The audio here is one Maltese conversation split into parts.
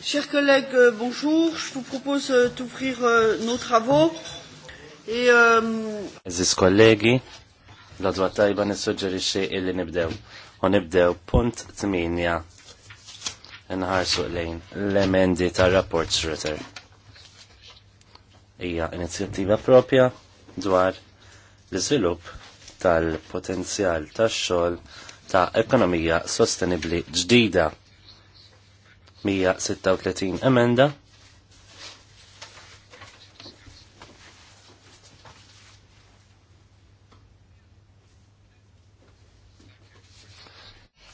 Chers collègues, euh, bonjour. Je vous propose euh, d'ouvrir euh, nos travaux. Et, Aziz kollegi, l-adwa tajba nissuġġerixi illi nibdew. U nibdew punt 8 nħarsu lejn l-emendi tar rapport Schroeter. Hija inizjattiva propja dwar l-iżvilupp tal-potenzjal tax-xogħol ta' ekonomija sostenibbli ġdida 136 emenda.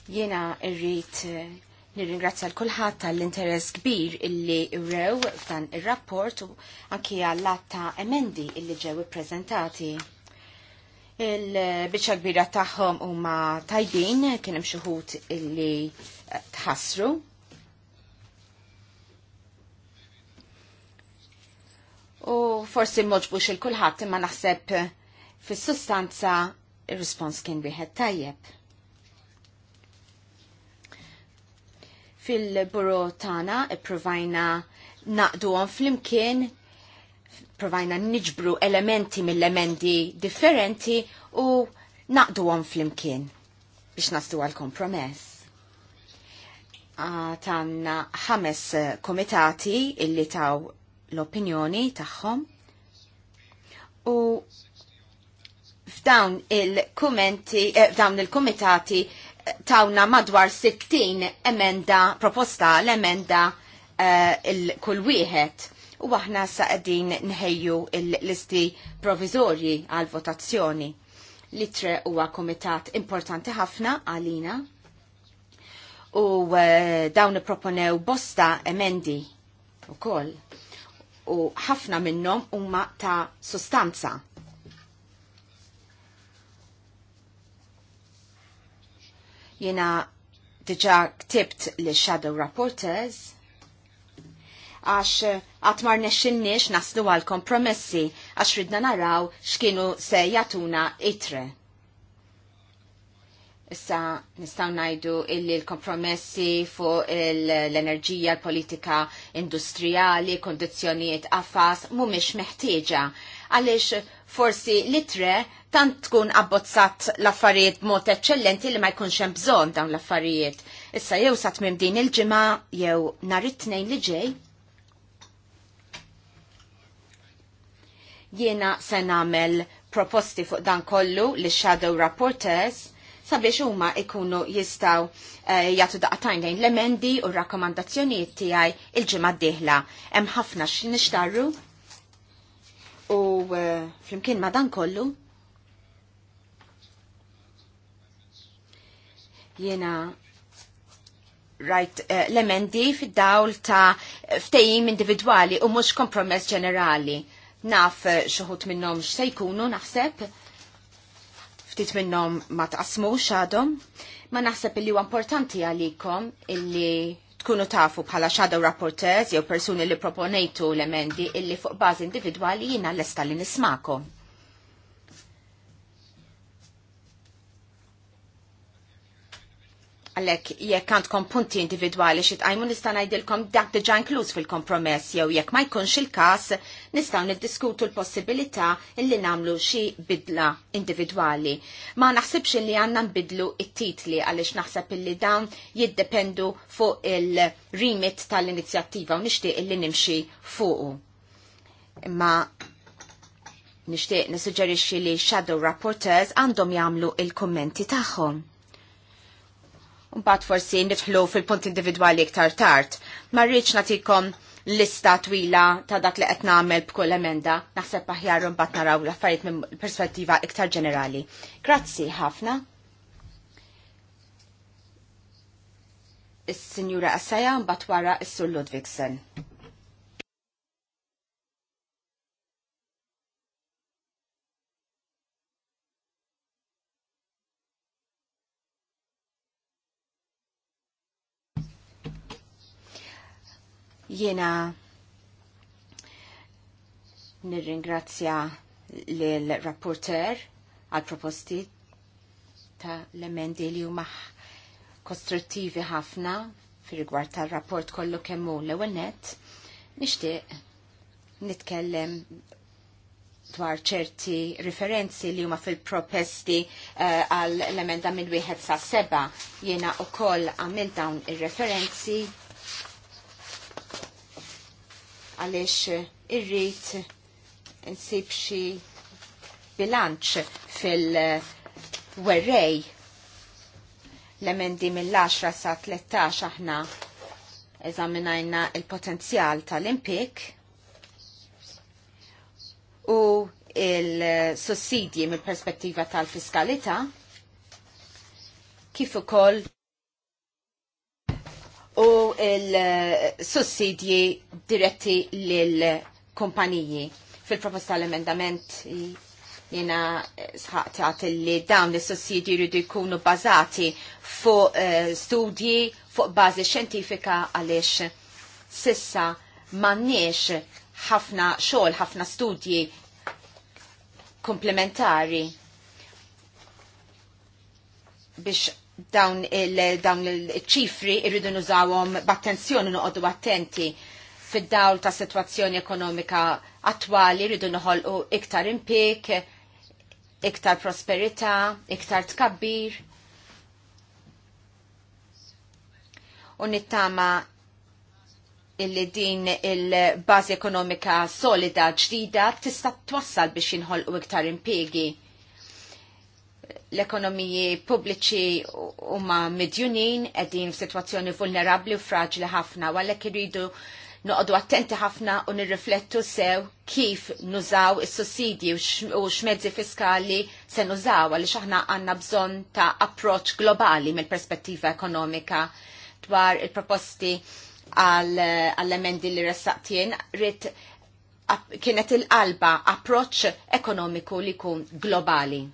Jena irrit eh, Nirringrazzja l-kulħadd tal-interess kbir illi rew f'dan ir-rapport u anki għall atta ta' emendi illi ġew ippreżentati. Il-biċċa kbira tagħhom huma tajbin kien hemm xi illi tħassru u forsi moġbux il-kulħadd imma naħseb fis-sustanza il rispons kien wieħed tajjeb. fil provajna tagħna ippruvajna naqduhom flimkien provajna niġbru elementi mill-elementi differenti u naqdu għom fl-imkien biex nasdu għal kompromess. Tanna ħames komitati illi taw l-opinjoni tagħhom u f'dawn il-kummenti, eh, f'dawn il-kumitati eh, tawna madwar 60 emenda proposta l-emenda eh, il-kull wieħed u aħna sa qegħdin nħejju l-listi provizorji għal votazzjoni. Litre huwa kumitat importanti ħafna għalina u dawn proponew bosta emendi u koll u ħafna minnhom huma ta' sostanza. Jena diġa ktibt li Shadow Rapporters għax għatmar nexxinniex naslu għal kompromessi għax ridna naraw xkienu se jatuna itre. Issa nistaw najdu illi l-kompromessi fuq l-enerġija, l-politika industrijali, għafas, mu miex meħtieġa għaliex forsi litre tant tkun abbozzat l-affarijiet mod eccellenti li ma jkunx hemm bżonn dawn l-affarijiet. Issa jew sat tmim din il-ġimgħa jew nhar it-tnejn li ġej. Jiena se nagħmel proposti fuq dan kollu li shadow rapporters sabiex huma ikunu jistaw uh, jagħtu tajn lejn l-emendi u rakkomandazzjonijiet tiegħi il-ġimgħa d-dieħla. Hemm ħafna x'nixtarru u eh, flimkien ma dan kollu jena rajt eh, l-emendi fid-dawl ta' ftejim individwali u mhux kompromess ġenerali naf xuħut minnom x'se jkunu naħseb, ftit minnhom ma taqsmux xadom. ma naħseb illi huwa importanti għalikom illi tkunu tafu bħala shadow rapporteurs jew persuni li proponejtu l-emendi illi fuq bażi individwali jiena lesta li nismakom. Għalek, jekk għandkom punti individuali xit għajmu nista' ngħidilkom dak diġà inkluż fil-kompromess jew jekk ma jkunx il-każ nistgħu niddiskutu l-possibilità illi nagħmlu xi bidla individwali. Ma naħsibx li għandna nbidlu it-titli għaliex naħseb illi dawn jiddependu fuq il-remit tal-inizjattiva u nixtieq illi nimxi fuqu. Imma nixtieq nissuġġerixxi li shadow rapporteurs għandhom jagħmlu il-kummenti tagħhom. Mbagħad forsi nifħlu fil-punt individwali iktar tard. Ma rridx nagħtikom lista twila ta' dak li qed nagħmel b'kull emenda. Naħseb aħjar mbagħad naraw l-affarijiet minn perspettiva iktar ġenerali. Grazzi ħafna. Is-Sinjura Assaja mbagħad wara is-Sur Ludvigsen. Jena nirringrazzja l-rapporter għal-proposti ta' l-emendi li huma kostruttivi ħafna fir rigward tal-rapport kollu kemmu l nett. nixtieq nitkellem dwar ċerti referenzi li huma fil-propesti eh, għal uh, l-emenda minn wieħed sa' seba' jiena ukoll għamil dawn ir-referenzi għaliex irrid nsib xi bilanċ fil-werrej l-emendi mill-10 sa 13 aħna eżaminajna il-potenzjal tal-impik u il-sussidji mill-perspettiva tal-fiskalità kif ukoll u il-sussidji diretti l-kumpaniji. Fil-proposta l-emendament jena sħaqtat li dawn is sussidji jridu jkunu bazati fuq eh, studji fuq bazi xjentifika għaliex sissa m'għandniex ħafna xogħol, ħafna studji komplementari biex dawn il-ċifri irridu nużawhom b'attenzjoni noqogħdu attenti fid-dawl ta' sitwazzjoni ekonomika attwali rridu noħolqu iktar impik, iktar prosperità, iktar tkabbir. U nittama illi din il-bazi ekonomika solida ġdida tista' twassal biex jinħolqu iktar impjegi l-ekonomiji pubbliċi huma midjunin qegħdin f'sitwazzjoni vulnerabbli u fraġli ħafna u għalhekk iridu noqogħdu attenti ħafna u nirriflettu sew kif nużaw is-sussidji u x'mezzi fiskali se nużaw għaliex aħna għandna bżonn ta' approċċ globali mill-perspettiva ekonomika dwar il-proposti għall-emendi li ressaqtien rrit kienet il-qalba approċċ ekonomiku li jkun globali.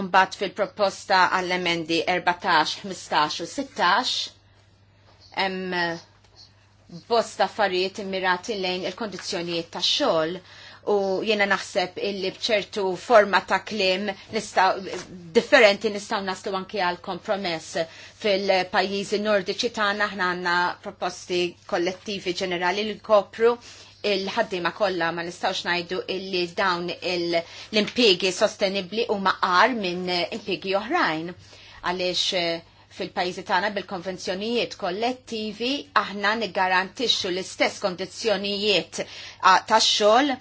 Umbat fil-proposta għall-emendi 14, 15 u 16 hemm bosta affarijiet immirati lejn il-kondizzjonijiet ta' xogħol u jiena naħseb illi bċertu forma ta' klim nistaw, differenti nistaw naslu anki għal kompromess fil-pajjiżi nordiċi tagħna aħna għandna proposti kollettivi ġenerali li kopru il-ħaddima kollha ma nistgħux ngħidu illi dawn l-impjiegi sostenibbli huma qar minn impjiegi oħrajn għaliex eh, fil-pajjiżi tagħna bil-konvenzjonijiet kollettivi aħna niggarantixxu l-istess kondizzjonijiet tax-xogħol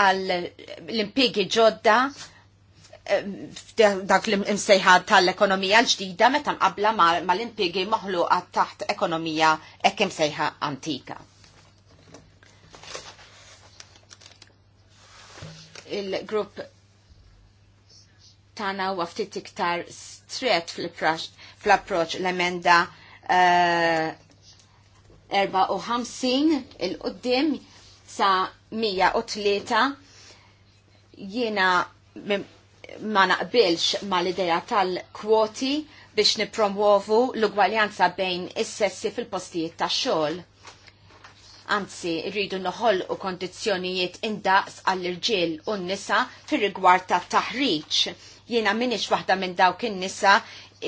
għal l-impjiegi ġodda eh, dak l-imsejħa tal-ekonomija l-ġdida meta mqabla mal-impjegi maħluqa taħt ekonomija ekk imsejħa antika. il-grupp tana u għaftit iktar stret fl-approċ l-emenda 54 eh, il-qoddim sa 103 jiena ma naqbilx ma l-ideja tal-kwoti biex nipromuovu l-ugwaljanza bejn is-sessi fil-postijiet ta' xogħol anzi rridu noħol u kondizjonijiet indaqs għall-irġiel u n-nisa fir rigward ta' taħriġ. Jiena minix waħda minn dawk in-nisa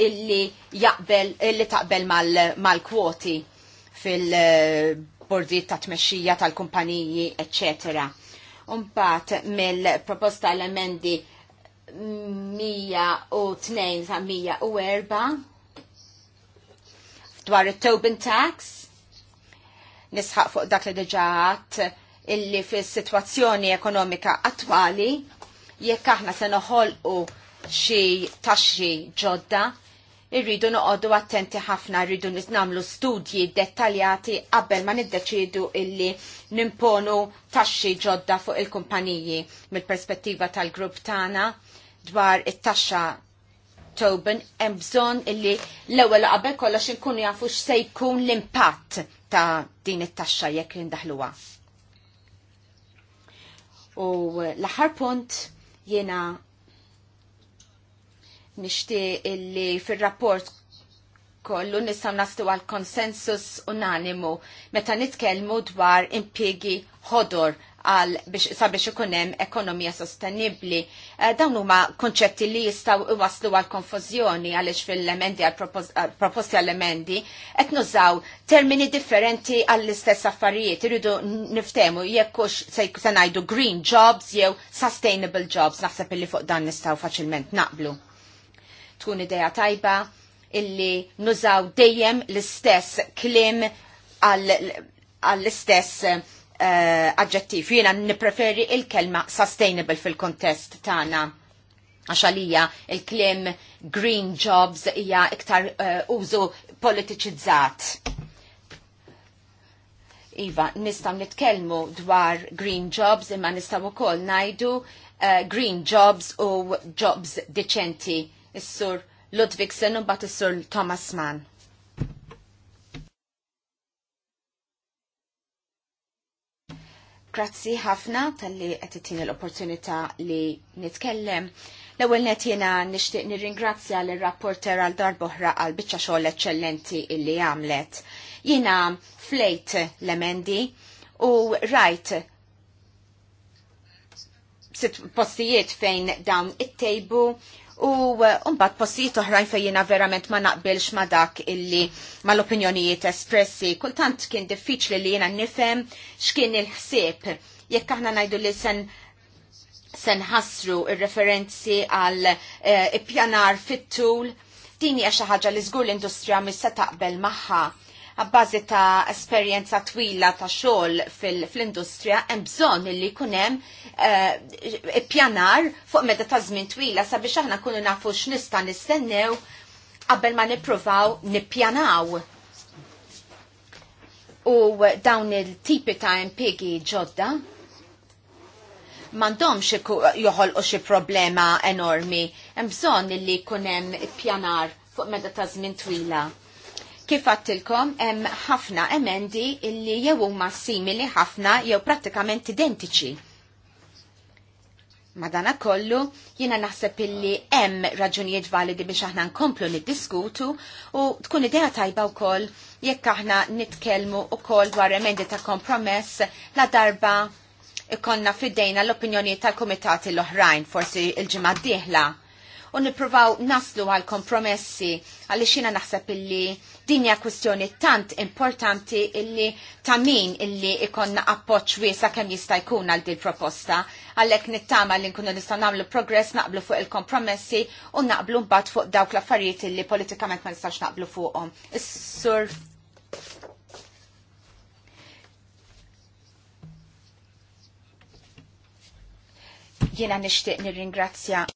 illi jaqbel illi taqbel mal-kwoti mal kwoti fil bordi ta' tmexxija tal-kumpaniji, eccetera. Umbat mill-proposta l-emendi 102 sa' 104 dwar it-Tobin Tax nisħaq fuq dak li diġaħat illi fis situazzjoni ekonomika attwali jekk aħna se noħolqu xi taxxi ġodda irridu noqogħdu attenti ħafna rridu nagħmlu studji dettaljati qabel ma niddeċidu illi nimponu taxxi ġodda fuq il-kumpaniji mill-perspettiva tal-grupp tagħna dwar it-taxxa Tobin hemm bżonn illi l-ewwel qabel kollox inkunu jafu x'se jkun l-impatt ta' din it-taxxa jekk indaħluha. U l-aħħar punt jiena nixtieq illi fir-rapport kollu nistgħu nastu għal konsensus unanimu meta nitkellmu dwar impjegi ħodor għal biex sabiex ikunem ekonomija sostenibli. Eh, dawn huma konċetti li jistaw waslu għal konfuzjoni għaliex fil-emendi għal eh, proposti għall-emendi qed nużaw termini differenti għall-istess affarijiet irridu niftemu jekkux se ngħidu green jobs jew sustainable jobs naħseb illi fuq dan nistgħu faċilment naqblu. Tkun idea tajba illi nużaw dejjem l-istess klim għall-istess eh, Eh, aġġettiv. Jiena nippreferi il-kelma sustainable fil-kontest tagħna għax għalija il-klim green jobs hija iktar eh, użu politiċizzat. Iva, nistaw nitkelmu dwar green jobs imma nistaw ukoll najdu uh, eh, green jobs u jobs deċenti. Is-sur Ludwigsen u bat is-sur Thomas Mann. Grazzi ħafna tal-li għetitin l-opportunità li nitkellem. L-ewel net jena nishtiq nirringrazzja l rapporter għal darboħra għal bicċa xogħol eccellenti illi għamlet. Jena flejt l-emendi u rajt sit postijiet fejn dawn it-tejbu u mbagħad eh, postijiet oħrajn fejn verament ma naqbilx ma dak illi mal-opinjonijiet espressi. Kultant kien diffiċli li jiena nifhem x'kien il-ħsieb jekk aħna ngħidu li sen senħasru il-referenzi għal eh, ippjanar fit-tul, dini għaxa ħaġa li zgur l-industrija mis se taqbel maħħa għabbażi ta' esperjenza twila ta' xogħol fil-industrija hemm bżonn li jkun hemm uh, eh, pjanar fuq meta ta' żmien twila sabiex aħna kunu nafu x'nista' nistennew qabel ma nippruvaw nippjanaw. U dawn il-tipi ta' impigi ġodda mandomx joħolqu xi problema enormi. Hemm bżonn li jkun hemm pjanar fuq meta ta' żmien twila Kif għattilkom, hemm ħafna emendi illi jew huma simili ħafna jew prattikament identiċi. Madana kollu, jina naħseb illi hemm raġunijiet validi biex aħna nkomplu niddiskutu u tkun idea tajba wkoll jekk aħna nitkellmu wkoll dwar emendi ta' kompromess la darba ikonna fidejna l-opinjoni tal-komitati l-oħrajn forsi il-ġimgħa d-dieħla u nippruvaw naslu għal kompromessi għaliex jiena naħseb illi dinja kwistjoni tant importanti illi tamin illi ikonna appoċ wiesa kemm jista' jkun għal din proposta għalhekk nittama li nkunu nistgħu nagħmlu progress naqblu fuq il-kompromessi u naqblu mbagħad fuq dawk l-affarijiet illi politikament ma nistax naqblu fuqhom. Is-sur jiena nixtieq nirringrazzja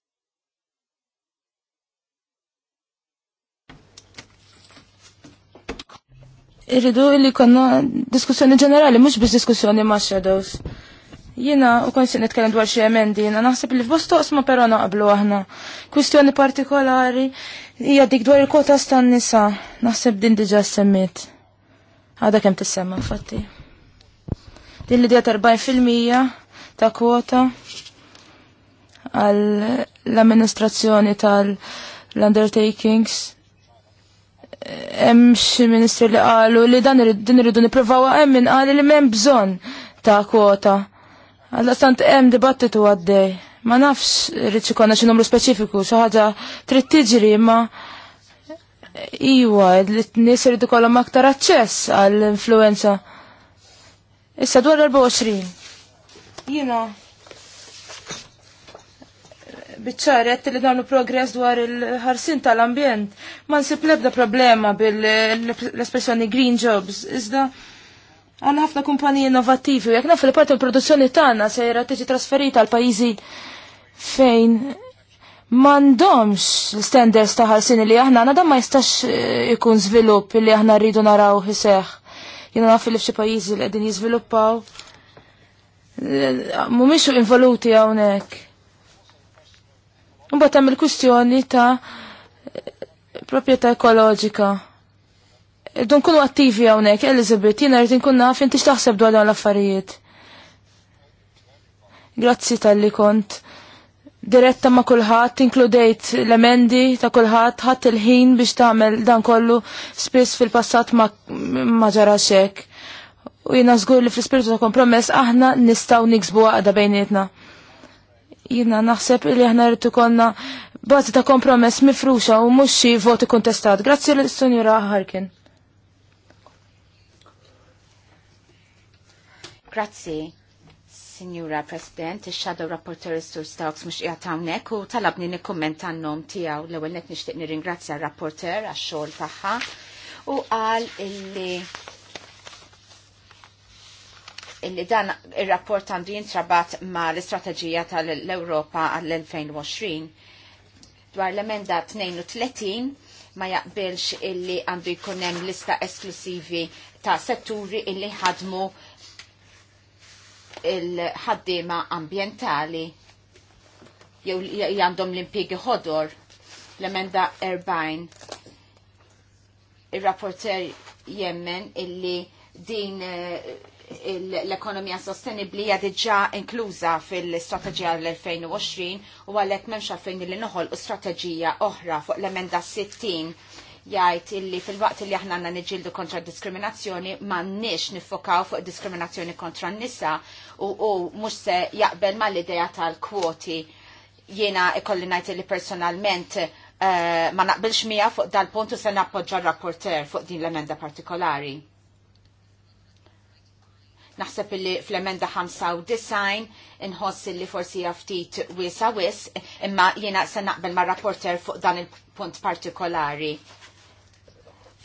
irridu li konna diskussjoni ġenerali, mux biex diskussjoni ma' shadows. Jina, u kon sin nitkellem dwar xie emendi, jina naħseb li f'bosta osma pero naqblu aħna. Kwistjoni partikolari, hija dik dwar il-kota stan nisa, naħseb din diġa semmit. Għada kem tissemma, fatti. Din li diet 40% ta' kwota għall-amministrazzjoni tal-undertakings hemm xi ministri li qalu li dan din irridu nippruvaw hemm min qali li m'hemm bżonn ta' kwota. Għalla stant hemm dibattitu għaddej. Ma nafx rrid xi konna xi numru speċifiku xi ħaġa trid tiġri ma iwa li nies irridu kollhom aktar aċċess għall-influenza. Issa dwar 24. Jiena. You know bitċaret li dawn progress dwar il-ħarsin tal-ambjent. Man si plebda problema bil-espressjoni green jobs, iżda għanna ħafna kumpaniji innovativi, jek naf li parti l-produzzjoni tagħna sejra tiġi trasferita għal pajjiżi fejn mandomx standards ta' ħarsin li aħna għandna ma jistax eh, ikun żvilupp li aħna rridu naraw hiseħ. Jiena naf li f'xi pajjiżi li qegħdin jiżviluppaw eh, mumiex involuti għawnek. Mbagħad hemm il-kwistjoni ta' proprjetà ekoloġika. Dun kunu attivi hawnhekk, Elizabeth, jiena rrid inkun naf intix taħseb dwar dawn l-affarijiet. Grazzi tal-li kont diretta ma' kulħadd, inkludejt l-emendi ta' kulħadd, ħadd il-ħin biex tagħmel dan kollu spiss fil-passat ma, ġarax hekk. U jiena żgur li fl-ispirtu ta' kompromess aħna nistgħu niksbu għaqda bejnietna. Jina naħseb li aħna rritu konna bazi ta' kompromess mifruxa u mux xi voti kontestat. Grazzi l-Sunjura Harkin. Grazzi. Signora President, il-Shadow Rapporteur Sur Stokes mux jgħatawnek u talabni nikkommenta għannom tijaw l-ewel net nishtiq nirringrazzja rapporteur għax xogħol tagħha u għal illi illi dan il-rapport għandu jintrabat ma l-istrateġija tal-Europa għall-2020 dwar l-emenda 32 ma jaqbilx illi għandu jkunem lista esklusivi ta' setturi illi ħadmu il-ħaddima ambientali jew għandhom l-impiegi ħodor l-emenda 40 il-rapporter jemmen illi din eh, l-ekonomija sostenibli hija diġà inkluża fil-istrateġija l-2020 u għalhekk m'hemmx għalfejn li noħolqu strateġija oħra fuq l-emenda 60 jgħid illi fil-waqt li aħna għandna niġildu kontra diskriminazzjoni m'għandniex niffokaw fuq diskriminazzjoni kontra n-nisa u, u mhux se jaqbel mal-idea tal-kwoti jiena ikolli ngħid li personalment uh, ma naqbilx mija fuq dal-punt u se nappoġġa r-rapporter fuq din l-emenda partikolari. Naħseb li fl-emenda 95 inħoss li forsi ftit wisa wis, imma jiena se naqbel ma' rapporter fuq dan il-punt partikolari.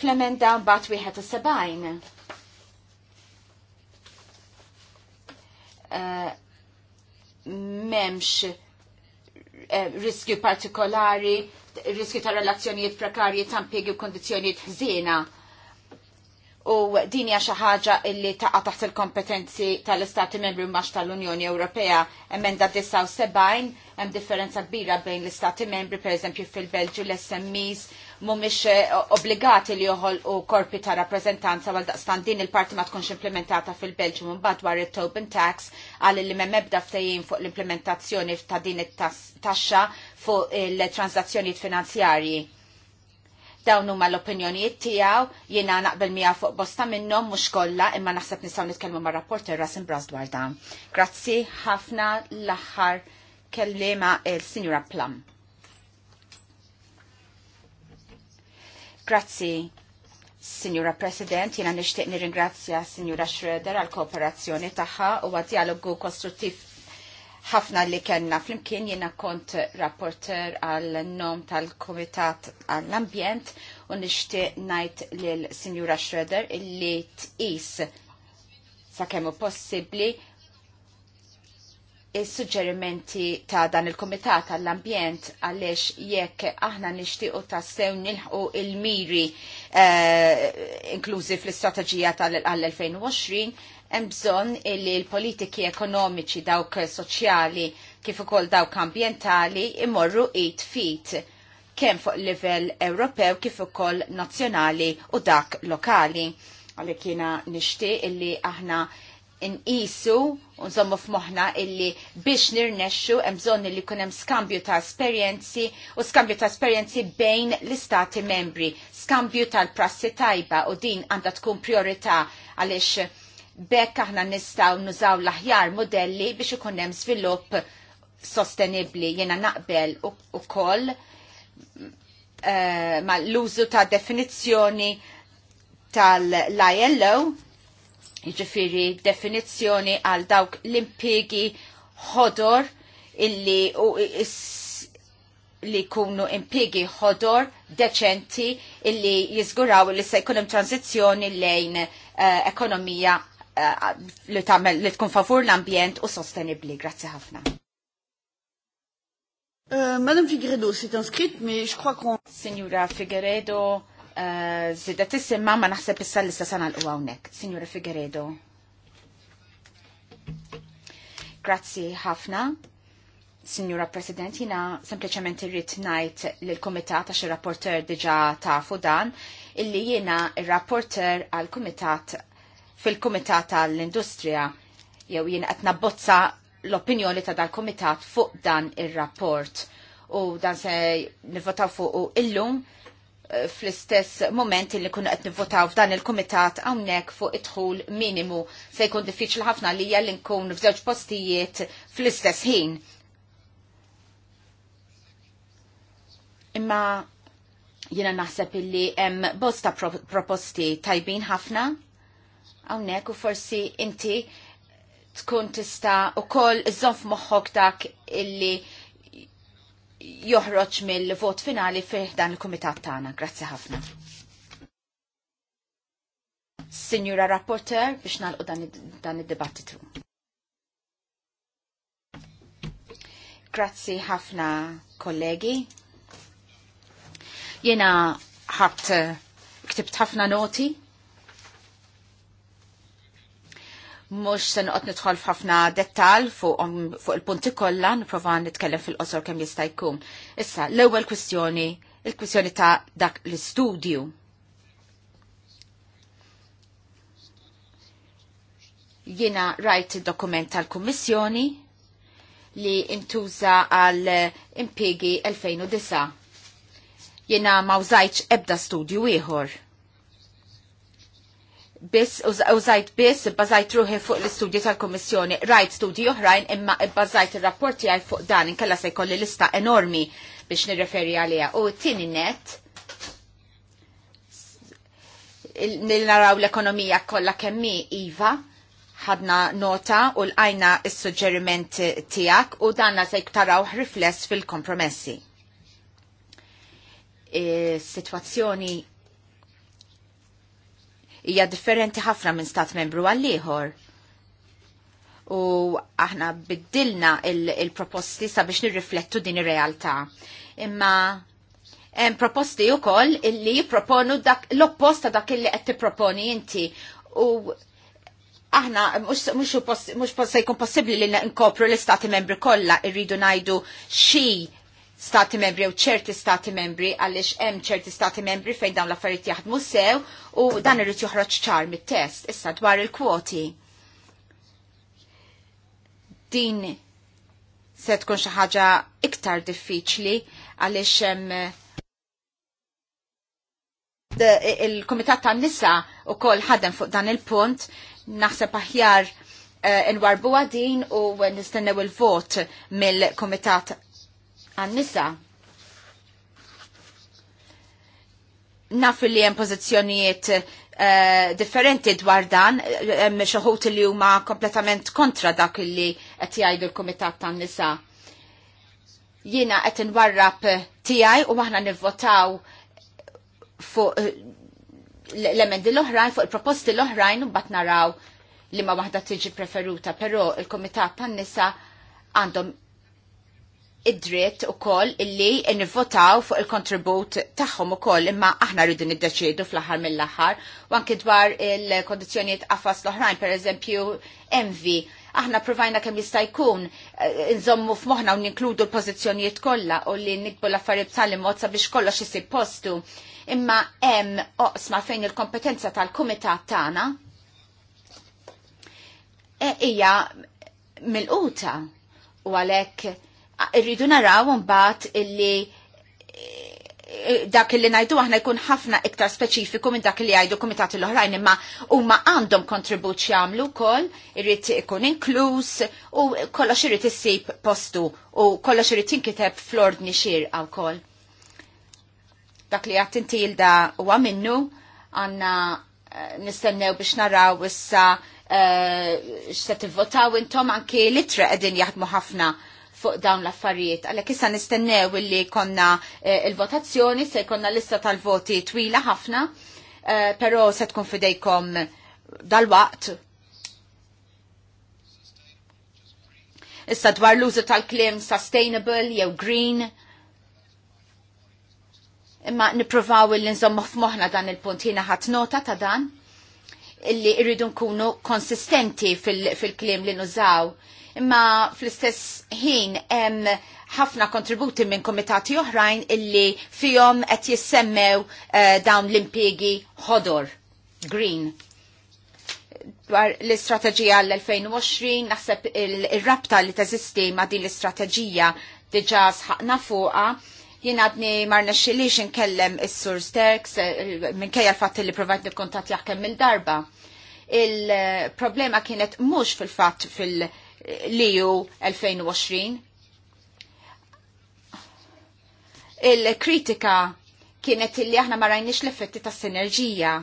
Fl-emenda mbagħad wieħed eh, memx eh, riskju partikolari, riskju ta' relazzjonijiet prekarji, tampiegi u kondizjonijiet ħżina u din hija xi ħaġa illi taqa' taħt il-kompetenzi tal-Istati Membri max tal-Unjoni Ewropea emenda 79 hemm differenza kbira bejn l-Istati Membri eżempju fil belġu l-SMEs mhumiex eh, obbligati li joħolqu korpi ta' rappreżentanza għal daqstan din il-parti ma tkunx implementata fil belġu mbagħad dwar it-Tobin Tax għal li m'hemm ebda ftehim fuq l-implementazzjoni ta' din it-taxxa fuq il-transazzjonijiet finanzjarji dawn huma l-opinjonijiet tiegħu jiena naqbel miegħu fuq bosta minnhom mhux kollha imma naħseb nistgħu nitkellmu ma' rapporter Rasim Bras dwar dan. Grazzi ħafna l-aħħar kellima il-Sinjura Plum. Grazzi, Signora President, jiena nixtieq nirringrazzja Signora Schroeder għall kooperazzjoni tagħha u għad dialogu kostruttiv ħafna li kellna flimkien jiena kont rapporter għal nom tal-Komitat għall-Ambjent u nixtieq ngħid l Sinjura Schroeder illi tqis kemmu possibbli il-suġġerimenti ta' dan il-Komitat għall-Ambjent għaliex jekk aħna nixtiequ tassew nilħu il-miri eh, inklużi fl-istrateġija tal-2020 hemm bżonn illi l-politiki ekonomiċi dawk soċjali kif ukoll dawk ambjentali imorru id feet kemm fuq livell Ewropew kif ukoll nazzjonali u dak lokali. Għalhekk jiena nixtieq illi aħna nqisu u nżommu f'moħħna illi biex nirnexxu hemm bżonn li jkun hemm skambju ta' esperjenzi u skambju ta' esperjenzi bejn l-istati membri, skambju tal-prassi tajba u din għandha tkun priorità għaliex Bekk aħna nistaw nużaw l-aħjar modelli biex ikun hemm żvilupp sostenibbli jiena naqbel ukoll uh, eh, ma l-użu ta' definizzjoni tal-ILO, jiġifieri definizzjoni għal dawk l-impjegi ħodor illi u li kunu impiegi ħodor deċenti illi jizguraw li se jkunem tranzizjoni lejn uh, ekonomija Eh, li li tkun favur l-ambjent u sostenibbli. Grazzi ħafna. Euh, Madame Figueredo s'est inscrite, mi je crois qu'on... Signora Figueredo, eh, zidet issimma ma naħseb issa l-issa sana l-għawnek. Signora Figueredo. Grazzi ħafna. Signora President, jina sempliciment irrit najt l-Komitat għax il-rapporter diġa tafu dan, illi jina il-rapporter għal-Komitat fil-Kumitat tal-Industrija jew jien qed nabbozza l-opinjoni ta' dal-Kumitat fuq dan ir-rapport u dan se nivvotaw fuq illum eh, fl-istess moment li kunu qed nivvotaw f'dan il-kumitat hawnhekk fuq idħul minimu se jkun diffiċli ħafna li hija li nkun f'żewġ postijiet fl-istess ħin. Imma jiena naħseb illi hemm bosta proposti tajbin ħafna Hawnhekk u forsi inti tkun tista' ukoll zonf moħħok dak illi joħroġ mill-vot finali fih dan il-kumitat tagħna. Grazzi ħafna. Signora Rapporteur biex nalqu dan id-dibattitu. Grazzi ħafna kollegi. Jena ħadd eh, ktibt ħafna noti Mux se noqgħod nidħol f'ħafna dettal fuq fu il-punti kollha nipprova nitkellem fil-qosor kemm jista' jkun. Issa, l-ewwel kwistjoni, il-kwistjoni ta' dak l-istudju. Jiena rajt id-dokument tal-Kummissjoni li intuża għal impigi 2009. Jiena ma użajtx ebda studju ieħor biss użajt biss bazajt ruħi fuq l-istudji tal komissjoni rajt studji oħrajn imma bazajt ir-rapporti għaj fuq dan inkella se jkolli lista enormi biex nirreferi għaliha. U tieni net naraw l-ekonomija kollha kemmi iva, ħadna nota u l-għajna s sugġeriment tijak u danna se taraw rifless fil-kompromessi. E, situazzjoni hija differenti ħafna minn stat membru għal ieħor. U aħna biddilna il-proposti il sabiex nirriflettu din ir-realtà. Imma hemm proposti wkoll illi jipproponu dak l-opposta dak illi qed tipproponi inti. U aħna mhux se jkun possibbli li nkopru l-istati membri kollha irridu ngħidu xi stati membri u ċerti stati membri għaliex hemm ċerti stati membri fejn dawn l-affarijiet jaħdmu sew u dan irid joħroġ ċar mit-test issa dwar il-kwoti. Din se tkun xi ħaġa iktar diffiċli għaliex hemm eh, il kumitat tan nisa u kol ħadem fuq dan il-punt naħseb aħjar uh, eh, nwarbu għadin u nistennew il-vot mill-Komitat għan-nisa. Naf li hemm pożizzjonijiet uh, differenti dwar dan, hemm xoħut li huma kompletament kontra dak li qed jgħidu l-Kumitat tan-nisa. Jiena qed inwarrab tiegħi u aħna nivvotaw fuq eh, l-emendi l-oħrajn, fuq il-proposti l-oħrajn u bat naraw li ma waħda tiġi preferuta, però il-Komitat tan-nisa għandhom id-dritt u koll illi nivvotaw fuq il-kontribut taħħom u koll imma aħna rridu niddeċidu fl-ħar mill-ħar u anki dwar il-kondizjoniet għafas l-oħrajn, per eżempju, envi. Aħna provajna kemm jista' jkun eh, nżommu f'moħħna u ninkludu l-pożizzjonijiet kollha u li nikbu l-affarijiet b'tali mod sabiex kollox isib postu. Imma hemm oqsma fejn il-kompetenza tal-kumitat tagħna eh, hija e, milquta u għalhekk irridu naraw mbagħad illi eh, dak li ngħidu aħna jkun ħafna iktar speċifiku minn dak li jgħidu kumitati l-oħrajn imma huma għandhom kontribut jagħmlu wkoll, irrid ikun inkluż u kollox irid issib postu u kollox irid inkiteb fl-ordni xierqa wkoll. Dak li għat intilda huwa minnu għandna eh, nistennew biex naraw issa eh, x'se tivvotaw intom anke litra qegħdin jaħdmu ħafna fuq dawn l-affarijiet. Għalhekk issa nistennew illi konna eh, il-votazzjoni, se jkollna lista tal-voti twila ħafna, eh, però se tkun fidejkom dal-waqt. Issa dwar l-użu tal-klim sustainable jew green. Imma niprovaw il nżommu f'moħna dan il-punt jiena ħadd nota ta' dan illi irridu nkunu konsistenti fil-klim fil li nużaw imma fl-istess ħin hemm ħafna kontributi minn komitati oħrajn illi fihom qed jissemmew uh, dawn l-impjegi ħodor green dwar l-istrateġija l-2020 naħseb il-rabta li teżisti ma' din l-istrateġija diġa sħaqna fuqa jien għadni marna xilix nkellem is tax minn eh, minkejja l fat li provajt nikkontat jaħkem mill-darba. Il-problema kienet mhux fil-fatt fil-, fat fil li ju 2020. Il-kritika kienet illi aħna ma rajniex l-effetti ta' sinerġija.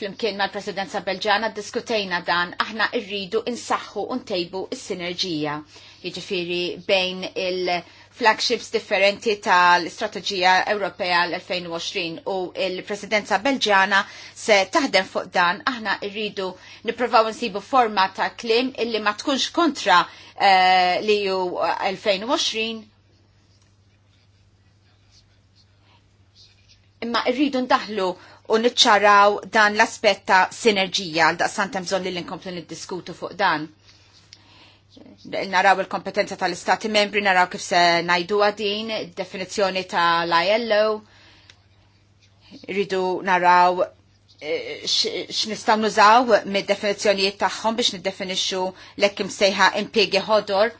Flimkien mal presidenza Belġana diskutejna dan, aħna irridu insaħħu untejbu s sinerġija Jiġifieri bejn il- flagships differenti tal-Istrateġija Ewropea l-2020 u il-Presidenza Belġjana se taħdem fuq dan aħna irridu niprovaw nsibu forma ta' klim illi ma tkunx kontra uh, li ju 2020 imma irridu ndaħlu u nitċaraw dan l aspetta ta' sinerġija għal daqsan temżon li l-inkomplu niddiskutu fuq dan naraw il-kompetenza tal-istati membri, naraw kif se najdu għadin, definizjoni tal-ILO, rridu naraw eh, x'nistgħu nużaw mid-definizzjonijiet tagħhom biex niddefinixxu kim sejħa impjiegi ħodor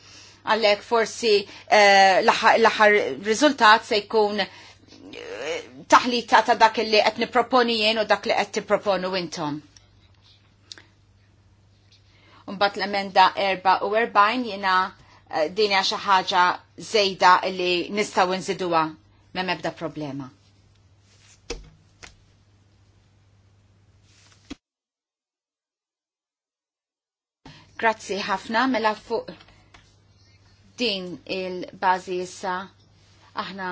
għalhekk forsi eh, l-aħħar riżultat se jkun eh, taħlita ta' dak li qed niproponi jien u dak li qed tipproponu intom. Mbagħad l-emenda 44 jiena eh, din hija xi ħaġa żejda li nistgħu nziduwa m'hemm ebda problema. Grazzi ħafna mela fuq din il-bażi issa aħna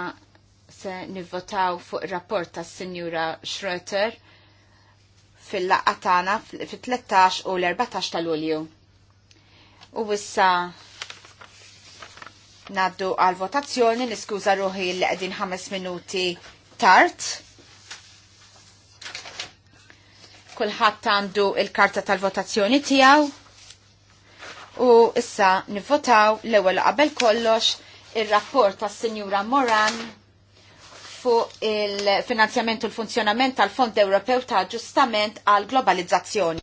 se nivvotaw fuq ir rapport tas-Sinjura Schroeter fil-laqqa tagħna fit-13 u l-14 ta' Lulju. U wissa naddu għal votazzjoni niskuża ruħi li qegħdin 5 minuti tard. Kulħadd għandu il-karta tal-votazzjoni tiegħu. U issa nivvotaw l-ewwel qabel kollox ir-rapport tas-Sinjura Moran fuq il-finanzjament u l-funzjonament tal-Fond Ewropew ta' ġustament għal globalizzazzjoni.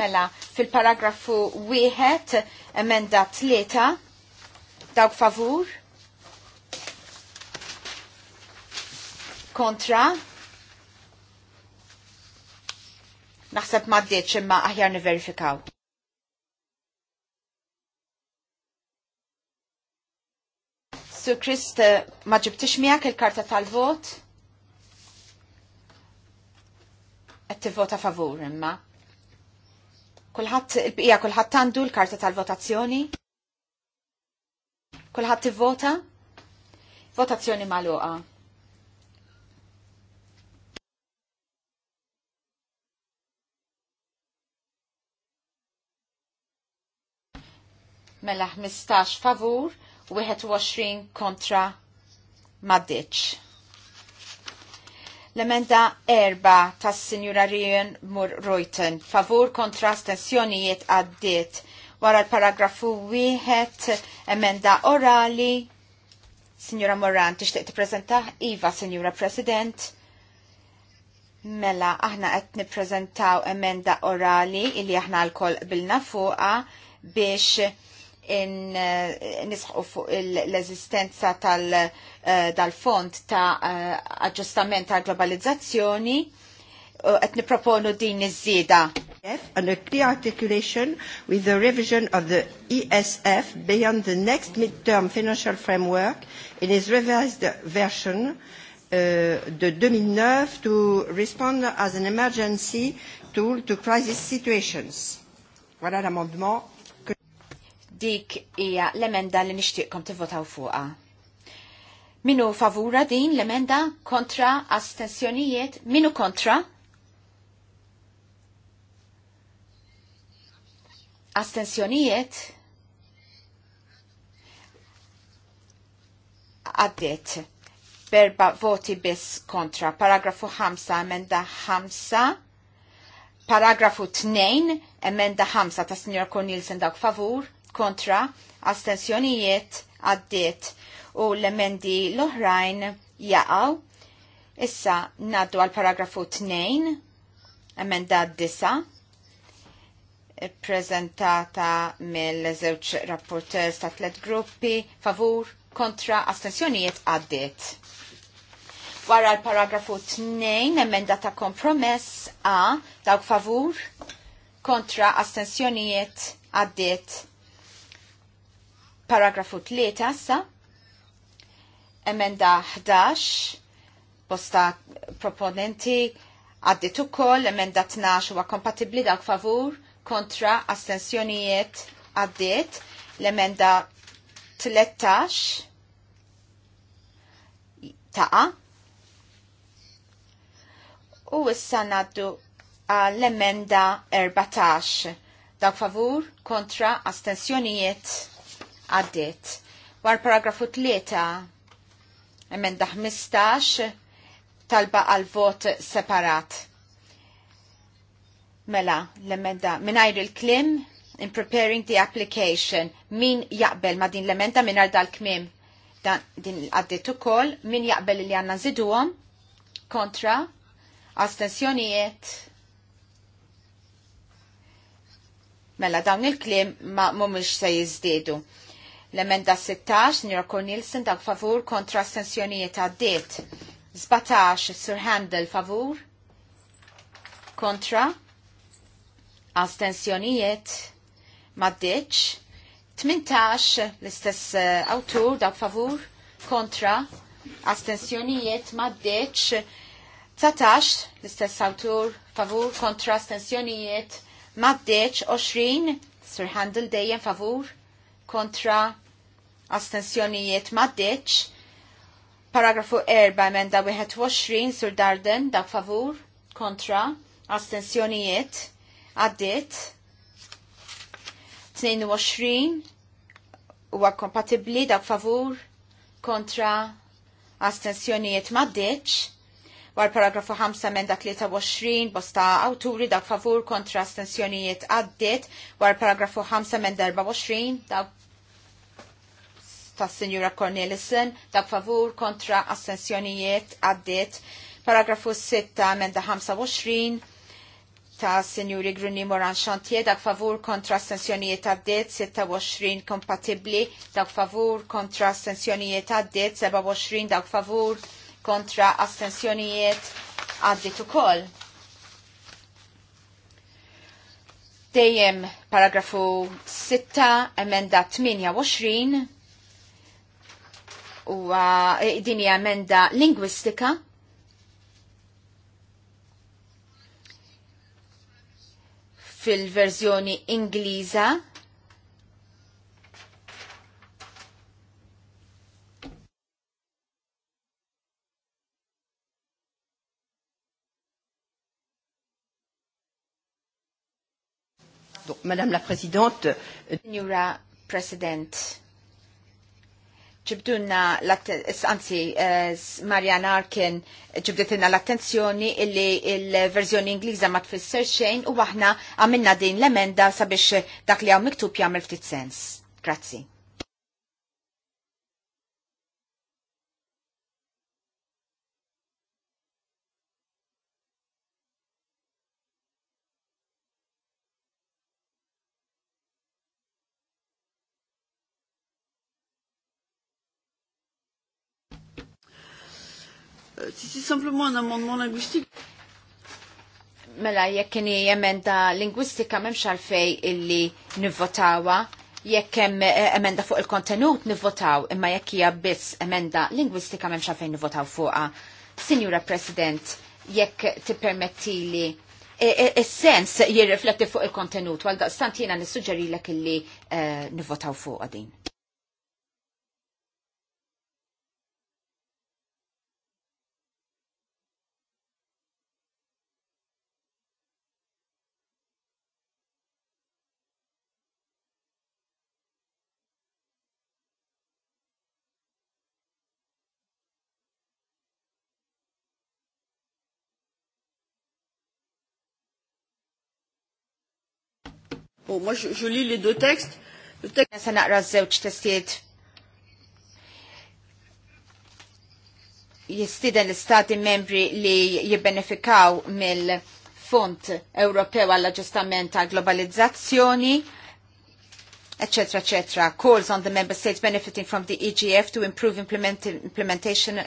Mela, fil-paragrafu wieħed emenda tlieta, dawk favur, kontra, naħseb ma' imma aħjar niverifikaw. Sur Krist, eh, ma ġibtix miegħek il-karta tal-vot? Qed tivvota favur imma. Kulħadd il-bqija kulħadd għandu l-karta tal-votazzjoni? Kulħadd tivvota? Votazzjoni magħluqa. mela 15 favur, 21 kontra maddiċ. L-emenda erba tas sinjura Rien Mur Reuten, favur kontra stensjonijiet għaddiet wara l-paragrafu wieħed emenda orali. Signora Moran, tixtieq tippreżenta? Iva, Signora President. Mela, aħna qed nippreżentaw emenda orali illi aħna l-koll bilna fuqa biex in eh, nisħu fuq l ezistenza tal-fond eh, ta' eh, aġġustament ta' globalizzazzjoni qed niproponu din iż-żieda. And a clear articulation with the revision of the ESF beyond the next midterm financial framework in its revised version uh, de 2009 to respond as an emergency tool to crisis situations. Voilà l'amendement Dik hija l-emenda li nixtieqkom tivvotaw fuqha. Minu favura din l-emenda kontra astensjonijiet, minu kontra? Astensjonijiet? Għaddit. Berba voti bis kontra. Paragrafu 5, emenda 5. Paragrafu 2, emenda 5 ta' Signor Cornelsen dawk favur kontra astensjonijiet għaddiet u l-emendi l-oħrajn jaqaw. Issa naddu għal paragrafu 2, emenda 9, prezentata mill-żewġ rapporter ta' tlet gruppi, favur, kontra astensjonijiet għaddiet. Wara l-paragrafu 2, emenda ta' kompromess A, dawk favur, kontra astensjonijiet għaddiet Paragrafu 3 sa emenda 11 bosta proponenti għaddit ukoll emenda 12 huwa kompatibli dak favur kontra astensjonijiet għaddit l-emenda 13 taqa u issa naddu l-emenda 14 dak favur kontra astensjonijiet għaddit. War paragrafu 3, emenda 15, talba għal vot separat. Mela, l-emenda minajri il-klim, in preparing the application, min jaqbel ma din l-emenda minar dal-kmim dan din għaddit ukoll min jaqbel li għanna ziduħom, kontra astensjonijiet mela dawn il-klim ma mumiex se jizdidu. L-emenda 16, Sr. Cornelsen, dak favur kontra astensjonijiet għaddit. 17, Sir Handel, favur kontra astensjonijiet maddiċ. 18, l-istess eh, autur, dak favur kontra astensjonijiet maddiċ. 19, l-istess autur, favur, kontra, stensjonijiet, maddeċ, 20, Sir Handel dejjem favur, kontra, astensjonijiet maddeċ. Paragrafu 4 emenda 21 sur Darden dak favur kontra astensjonijiet għaddit 22 huwa kompatibbli da favur kontra astensjonijiet maddeċ. War paragrafu 5 emenda 23 bosta awturi dak favur kontra astensjonijiet għaddit. War paragrafu 5 emenda 24 da ta' Signora Cornelissen, dak favur kontra assenzjonijiet għaddit Paragrafu 6 emenda 25 ta' Signori Gruni Moran Xantier, dak favur kontra assenzjonijiet għaddit 26 kompatibli, dak favur kontra assenzjonijiet għaddit 27 dak favur kontra assenzjonijiet u ukoll. Dejjem paragrafu 6, emenda 28, u eh, dini amenda lingwistika. fil-verżjoni Ingliża Madame la Présidente. Euh, Signora President, ġibdunna, anzi, eh, Marjan Arkin ċibdetina l-attenzjoni illi il-verżjoni Ingliża ma tfisser xejn u aħna għamilna din l-emenda sabiex dak li għaw miktub jagħmel ftit sens. Grazzi. c'est simplement un amendement linguistique. Mela, jekk kien emenda lingwistika m'hemmx għalfej illi nivvotawa, jekk hemm eh, emenda fuq il-kontenut nivvotaw, imma jekk hija biss emenda lingwistika m'hemmx għalfejn nivvotaw fuqha. Signora President, jekk tippermettili e, e, is-sens jirrifletti fuq il-kontenut, għal daqstant jiena nissuġġerilek illi eh, nivvotaw fuqha din. Bon, moi, je, je lis les deux textes. Le texte... naqra żewġ testijiet jistiden l stati membri li jibbenefikaw mill-Fond Ewropew għall-Aġġustament għal Globalizzazzjoni etc., etc., calls on the member states benefiting from the EGF to improve implement implementation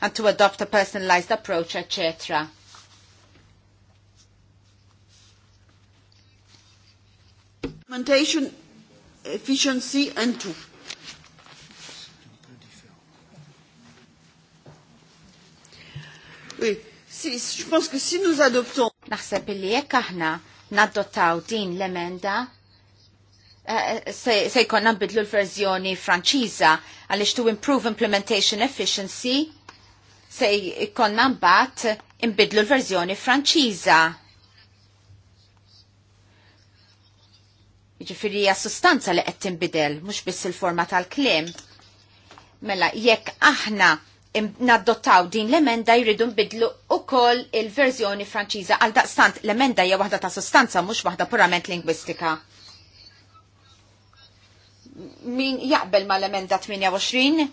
and to adopt a personalized approach, etc. Implementation efficiency and two. Oui, si, je pense que si nous adoptons... Naħseb li jekk aħna nadottaw din l-emenda, eh, eh, se jkonna nbidlu l-verżjoni franċiża għaliex to improve implementation efficiency se jkonna mbagħad inbidlu l-verżjoni franċiża Jiġifieri hija sustanza li qed tinbidel, mhux biss il-forma tal-kliem. Mela jekk aħna naddottaw din l-emenda jridu nbidlu ukoll il-verżjoni franċiża għal daqstant l-emenda hija waħda ta' sustanza mhux waħda purament lingwistika. Min jaqbel ma l-emenda 28?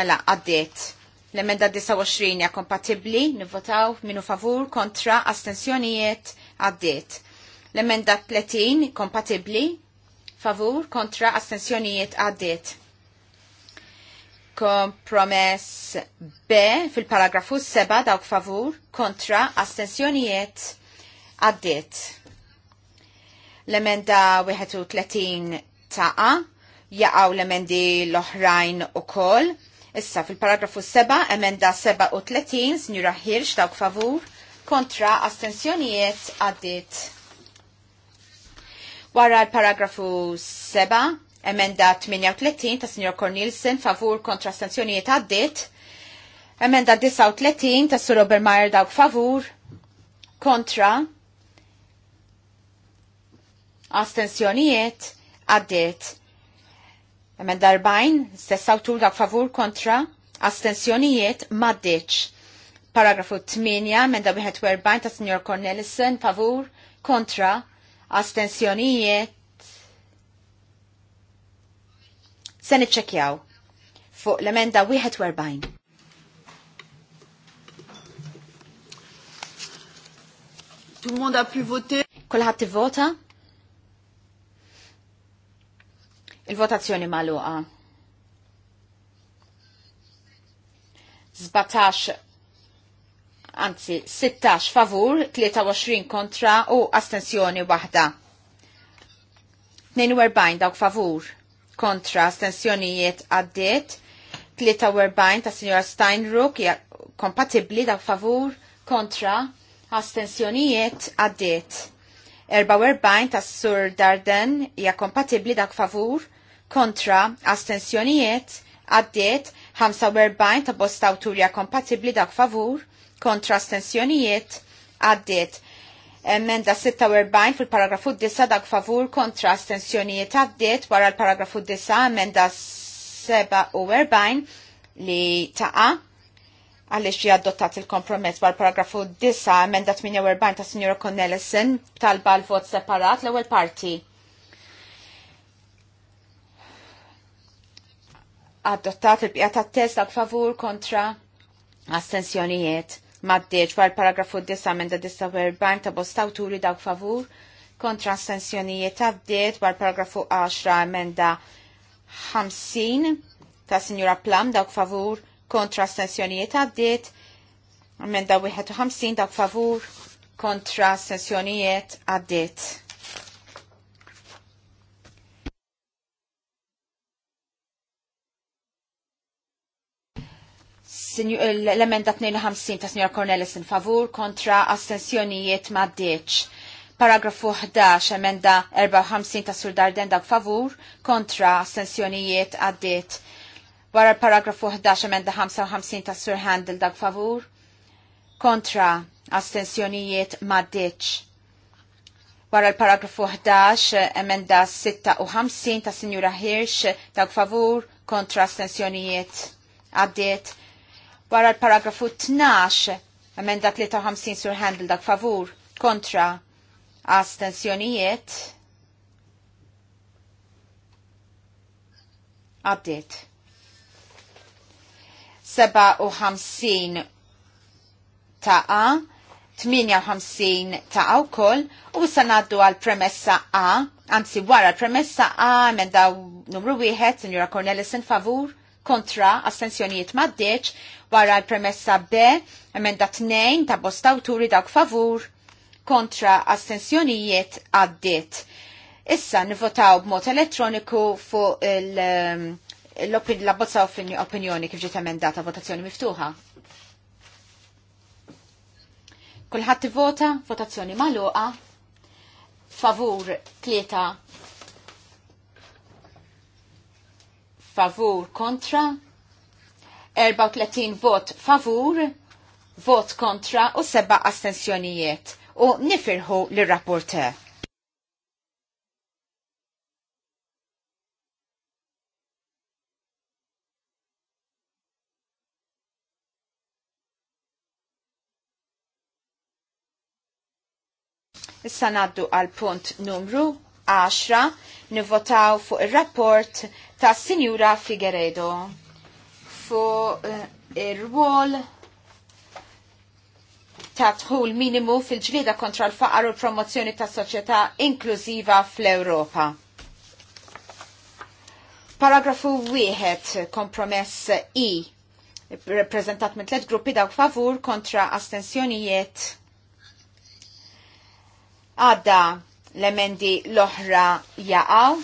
Mela għaddiet. L-emenda 29 hija kompatibbli, nivvotaw minu favur kontra astensjonijiet għaddiet. L-emenda 30 kompatibli favur kontra astensjonijiet għaddit. Kompromess B fil-paragrafu 7 dawk favur kontra astensjonijiet għaddit. L-emenda 31 taqa jaqaw l-emendi l-oħrajn u koll. Issa fil-paragrafu 7, emenda 37, snjura Hirsch dawk favur kontra astensjonijiet għaddiet Wara l-paragrafu 7, emenda 38 ta' Sr. Cornilsen, favur kontra sanzjonijiet għaddit. Emenda 39 ta' Sr. Robert Meyer dawk favur kontra astensjonijiet għaddit. Emenda 40, stess awtur dawk favur kontra astensjonijiet maddiċ. Paragrafu 8, emenda 41 ta' Signor Cornelsen favur kontra astensjonijiet, se niċċekjaw fuq l-emenda 41. Tout le monde a pu voter. Kulħadd ivvota? Il-votazzjoni magħluqa. 17 anzi 16 favur, 23 kontra u astensjoni waħda. 42 dawk favur kontra astensjonijiet għaddiet, 43 ta' Signora Steinruk hija kompatibbli dak favur kontra astensjonijiet għaddiet. 44 ta' Sur Darden hija kompatibbli dak favur kontra astensjonijiet għaddiet 45 ta' bosta awturja kompatibbli dak favur kontra stensjonijiet għaddiet. Emenda 46 fil-paragrafu 9 dak favur kontra stensjonijiet għaddiet wara l-paragrafu 9 emenda 47 li taqa għalix ġi adottat il-kompromess l paragrafu 9 emenda 48 ta' Signora Connellison talba l-vot separat l ewwel parti. Adottat il-bqija ta' test dak favur kontra astensjonijiet maddeċ għal paragrafu d menda 49 ta' bosta awturi dawk favur kontra d għaddiet għal paragrafu 10 emenda 50 ta' Signora Plam dawk favur kontra astensjonijiet għaddiet emenda 51 dawk favur kontra astensjonijiet għaddiet. l-emenda 52 ta' Signor Cornelis in favur kontra astensjonijiet ma' deċ. Paragrafu 11, emenda 54 ta' Sur Darden dak favur kontra astensjonijiet għaddit. Wara paragrafu 11, emenda 55 ta' Sur Handel dak favur kontra astensjonijiet ma' deċ. Wara l-paragrafu 11, emenda 56 ta' Signora Hirsch dak favur kontra astensjonijiet għaddit Wara l-paragrafu 12, emenda 53 sur handle dak favur, kontra astensjonijiet. Għabdiet. 57 taqa, 58 taqa u koll, u sanaddu għal premessa A, għanzi wara l-premessa A, emenda numru 1, Signora in favur, kontra astensjonijiet maddeċ wara l-premessa B, emenda 2 ta' bosta awturi dawk favur kontra astensjonijiet għaddit. Issa nivotaw b'mod elettroniku fuq l um, bozza opinjoni kif ġiet emendata votazzjoni miftuħa. Kulħadd ivota, votazzjoni magħluqa, favur tlieta favur kontra, 34 vot favur, vot kontra u seba astensjonijiet u nifirħu l rapporte Issa naddu għal punt numru 10 nivotaw fuq il-rapport ta' Sinjura Figueredo fuq eh, ir-rwol ta' tħul minimu fil-ġlieda kontra l-faqar u promozzjoni ta' soċjetà inklużiva fl-Ewropa. Paragrafu wieħed kompromess I reprezentat minn tliet gruppi dawk favur kontra astensjonijiet għadda l-emendi l-oħra jaqaw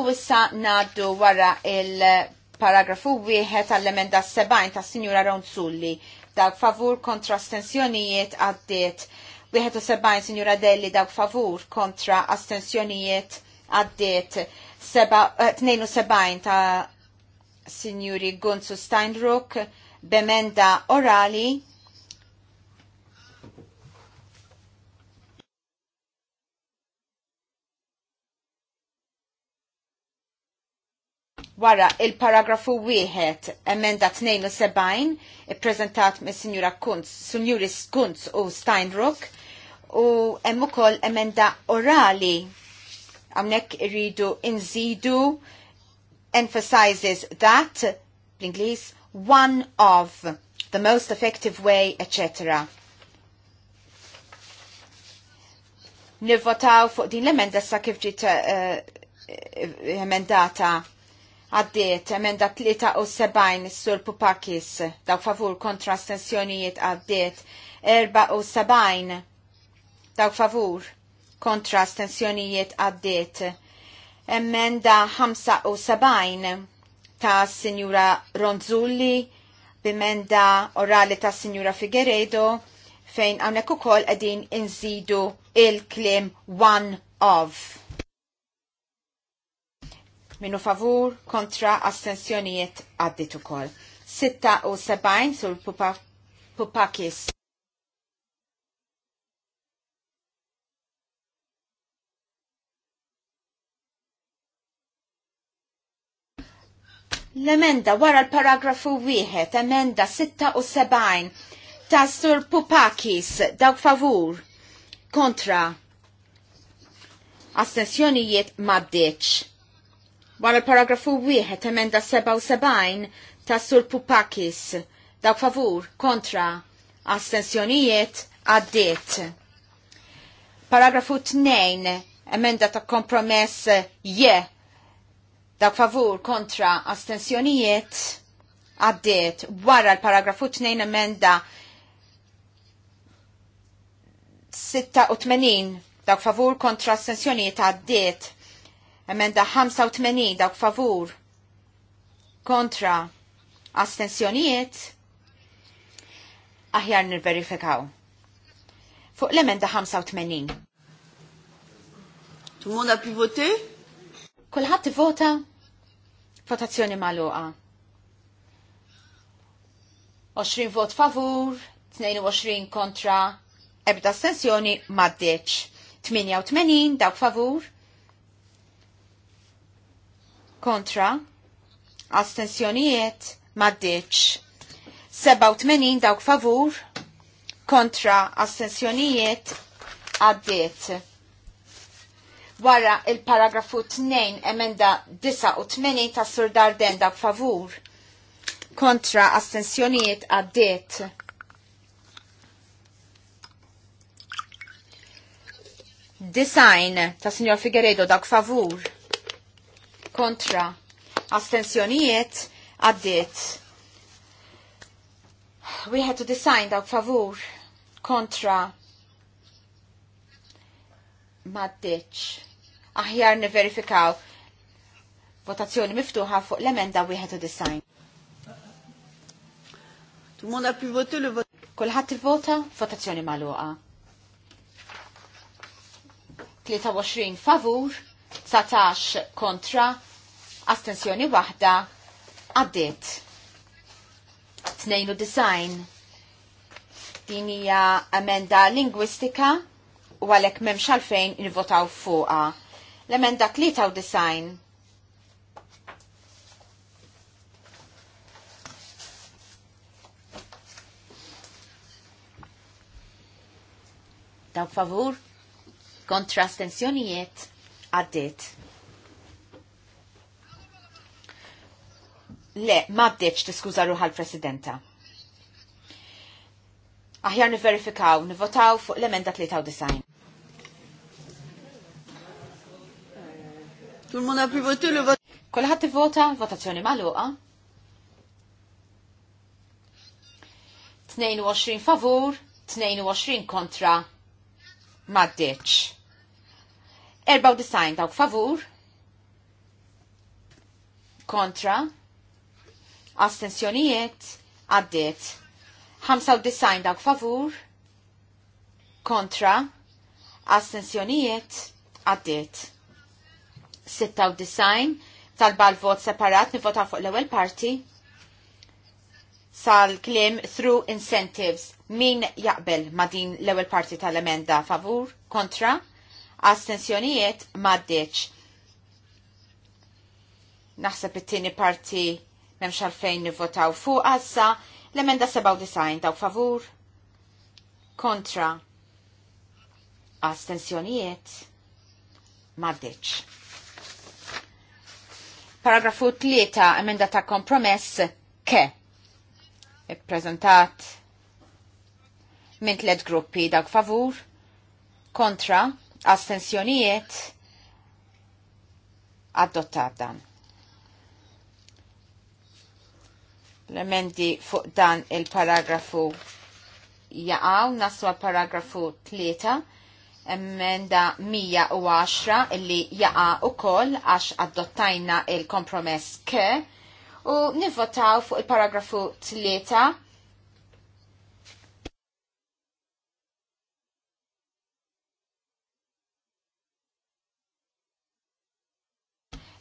u issa naddu wara il-paragrafu wieħed għall-emenda 70 ta' Sinjura Ronzulli dawk favur kontra astensjonijiet għaddiet. 71 Sinjura Delli dawk favur kontra astensjonijiet għaddiet. 72 eh, ta' Sinjuri Gunzu Steinruck bemenda orali Wara il-paragrafu wieħed emenda 72 ippreżentat mis sinjura Kunz, Sunjuris Kunz u Steinbrook u hemm ukoll emenda orali hawnhekk iridu inżidu emphasizes that bl-Ingliż one of the most effective way, etc. Nivvotaw fuq din l-emenda sa kif ġiet uh, emendata għaddiet emenda 73 sur Pupakis daw favur kontra astensjonijiet għaddiet 74 daw favur kontra astensjonijiet għaddiet emenda 75 ta' Sinjura Ronzulli b'emenda orali ta' Sinjura Figueredo fejn għamneku ukoll qegħdin inżidu il-klim one of Minu favur kontra astensjonijiet għaddit ukoll. 76 sur Pupakis. L-emenda wara l-paragrafu wieħed, emenda 76 ta' sur Pupakis, dawk favur, kontra, astensjonijiet maddeċ. Wara l-paragrafu wieħed emenda 77 ta' Sur Pupakis. Dawk favur, kontra, astensjonijiet, għaddiet. Paragrafu 2, emenda ta' kompromess je. Dawk favur, kontra, astensjonijiet, għaddiet. Wara l-paragrafu 2, emenda 86, dak favur, kontra, astensjonijiet, għaddiet Emenda 85 dawk favur kontra astensjonijiet aħjar nirverifikaw. Fuq l-emenda 85. Tumuna pivoti? Kulħadd vota votazzjoni magħluqa. 20 vot favur, 22 kontra, ebda astensjoni maddeċ. 88 dawk favur, kontra, astensjonijiet maddiċ. 87 dawk favur, kontra astensjonijiet għaddiet. Wara il-paragrafu 2 emenda 89 ta' Sur Darden dawk favur, kontra astensjonijiet għaddiet. Design ta' Signor Figueredo dawk favur kontra astensjonijiet għaddiet. Wieħed to design dawk favur kontra maddiċ. Aħjar niverifikaw votazzjoni miftuħa fuq l-emenda wieħed u design. Tout le monde Kulħadd votazzjoni magħluqa. 23 favur, 19 kontra, astensjoni waħda għaddit. design. Din hija emenda lingwistika u għalhekk m'hemmx għalfejn nivvotaw fuqha. L-emenda design. Daw favur kontra astensjonijiet għaddit. Le, ma bdeċ tiskuża l presidenta. Aħjar niverifikaw, nivotaw fuq l-emenda 93. Tout le monde a pu voter le vote. Kolħat vota, votazzjoni maluqa. 22 favur, 22 kontra maddeċ. 94 dawk favur, kontra astensjonijiet għaddiet. 95 dawk favur kontra astensjonijiet għaddiet. 96 talba l-vot separat nivota fuq l-ewwel parti sal-klim through incentives. Min jaqbel ma din l-ewwel parti tal-emenda favur kontra astensjonijiet maddeċ. Naħseb it-tieni parti memx għalfejn nivvotaw fuq għassa l-emenda 97 dawk favur kontra astensjonijiet maddeċ. Paragrafu 3 emenda ta' kompromess ke prezentat minn tlet gruppi dawk favur kontra astensjonijiet adottat dan. l-emendi fuq dan il-paragrafu jaqaw, naswa paragrafu 3, emenda 110 illi jaqa u koll għax addottajna il-kompromess ke u nivvotaw fuq il-paragrafu 3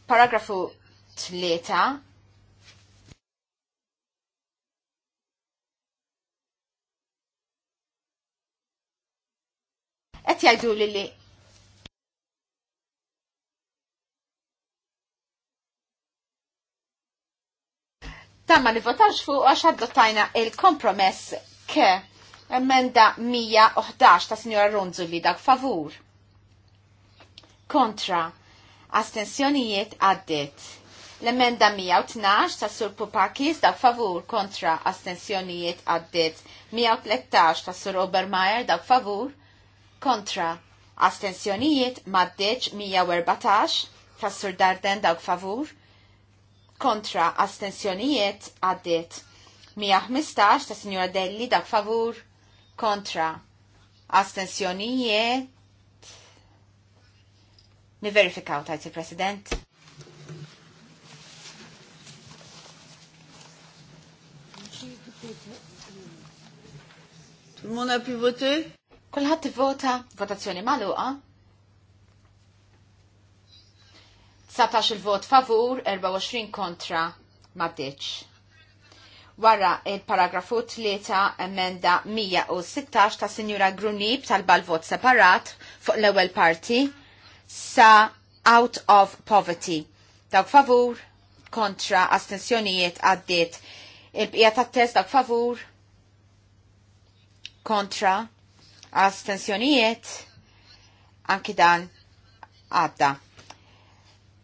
paragrafu 3 qed jgħidu li li Dan fuq għax adottajna il-kompromess ke emenda 111 ta' Signora li dak favur. Kontra, astensjonijiet għaddit. L-emenda 112 ta' Sur Pupakis dak favur kontra astensjonijiet għaddit. 113 ta' Sur Obermeyer, dak favur kontra astensjonijiet maddeċ 114 ta' Sur Darden dawk favur kontra astensjonijiet għaddiet 115 ta' Signora Delli dawk favur kontra astensjonijiet Niverifikaw tajt il-President. Tout le monde a pu voter Kulħadd ivvota votazzjoni magħluqa. 19 il-vot favur, 24 kontra m'għaddiċ. Wara il-paragrafu 3 emenda 116 ta' Sinjura Grunib tal-balvot separat fuq l-ewwel parti sa out of poverty. Dawk favur, kontra astensjonijiet għaddiet. Il-bqija tat-test dawk favur, kontra astensjonijiet anki dan għadda.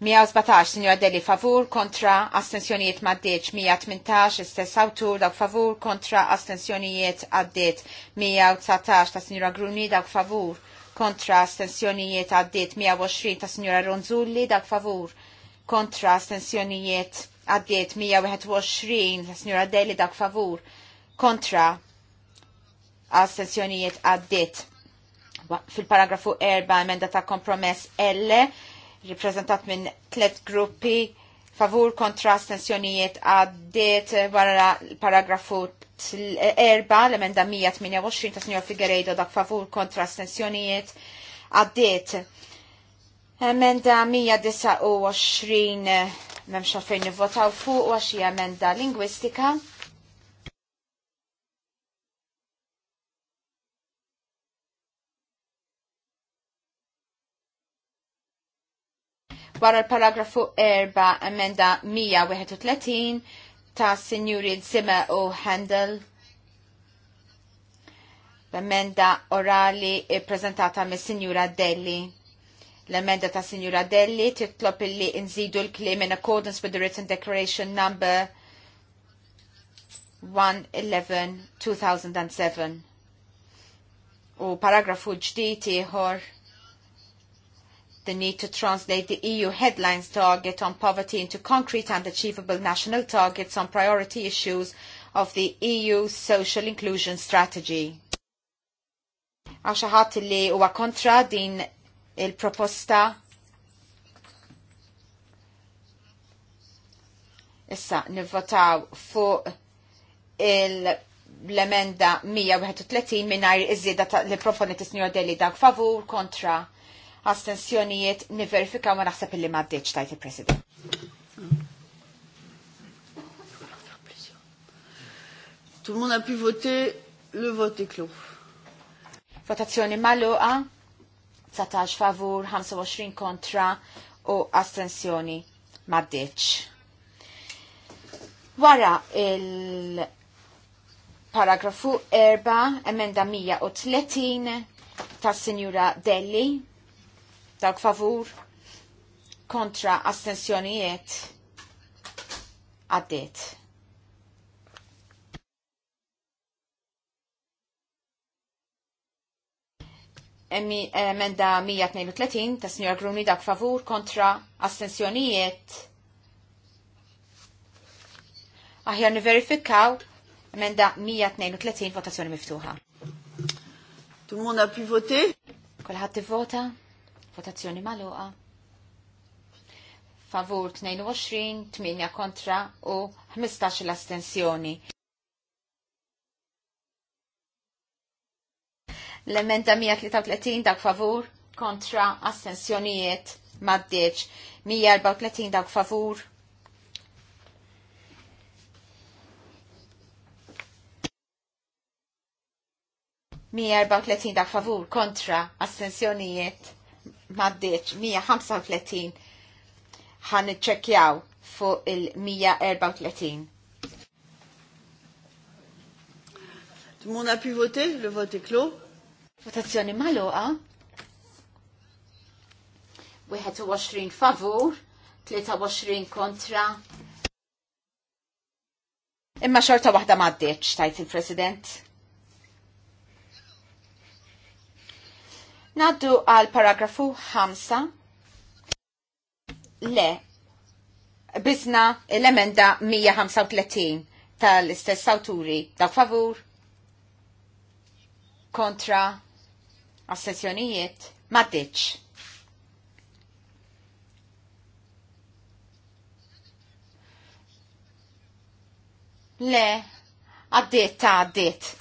117 Sinjor Deli favur kontra astensjonijiet maddeċ 118 istess awtur dawk favur kontra astensjonijiet għaddit 119 ta' Sinjora Gruni dawk favur kontra astensjonijiet għaddiet 120 ta' Sinjora Ronzulli dawk favur kontra astensjonijiet għaddit 121 ta' Sinjora Deli dawk favur kontra sessjonijiet għaddit. Fil-paragrafu 4 emenda ta' kompromess L, riprezentat minn tlet gruppi, favur kontra astensjonijiet għaddit wara paragrafu 4 l-emenda 128 ta' Signor Figueredo dak favur kontra sessjonijiet għaddit. Emenda 129 memxa fejn nivvotaw fuq għaxi emenda lingwistika. Wara l-paragrafu 4 emenda 131 ta' Signuri Zimmer u Handel l-emenda orali prezentata me Signura Delli. L-emenda ta' Signura Delli titlop illi nżidu l-klim in accordance with the written declaration number 111-2007. U paragrafu ġdijt ieħor the need to translate the EU headlines target on poverty into concrete and achievable national targets on priority issues of the EU social inclusion strategy. Għaxaħat li huwa kontra din il-proposta issa nivvotaw fuq l-emenda 131 minnajr iż-żieda li proponi t-snjor deli dak favur kontra astensjonijiet niverifika ma naħseb illi maddiċ tajt il-President. Tout le monde a pu voter, le vote est clos. Votazzjoni maluqa, 19 favur, 25 kontra u astensjoni maddiċ. Wara il- paragrafu 4, emenda 130 ta' Sinjura Delli. Dak favur kontra astensjonijiet għaddiet. Emenda 132 ta' Signor Gruni dak favur kontra astensjonijiet. Aħjar niverifikaw emenda 132 votazzjoni miftuħa. Tout le monde a pu voter? vota? Votazzjoni maluqa. Favur 22, 8 kontra u 15 l-astensjoni. L-emenda 133 dak favur kontra astensjonijiet maddeċ 134 dak favur Mi 134 dak favur kontra astensjonijiet maddeċ 135 ħan iċċekjaw fuq il-134. Tout pi voti, le voti klu? Votazzjoni maluqa. 21 favur, 23 kontra. Imma xorta waħda maddeċ, tajt il-President. Naddu għal paragrafu 5. Le, bizna l-emenda 135 tal-istess awturi dak favur kontra assessjonijiet ma ditx. Le, għaddiet ta' għaddiet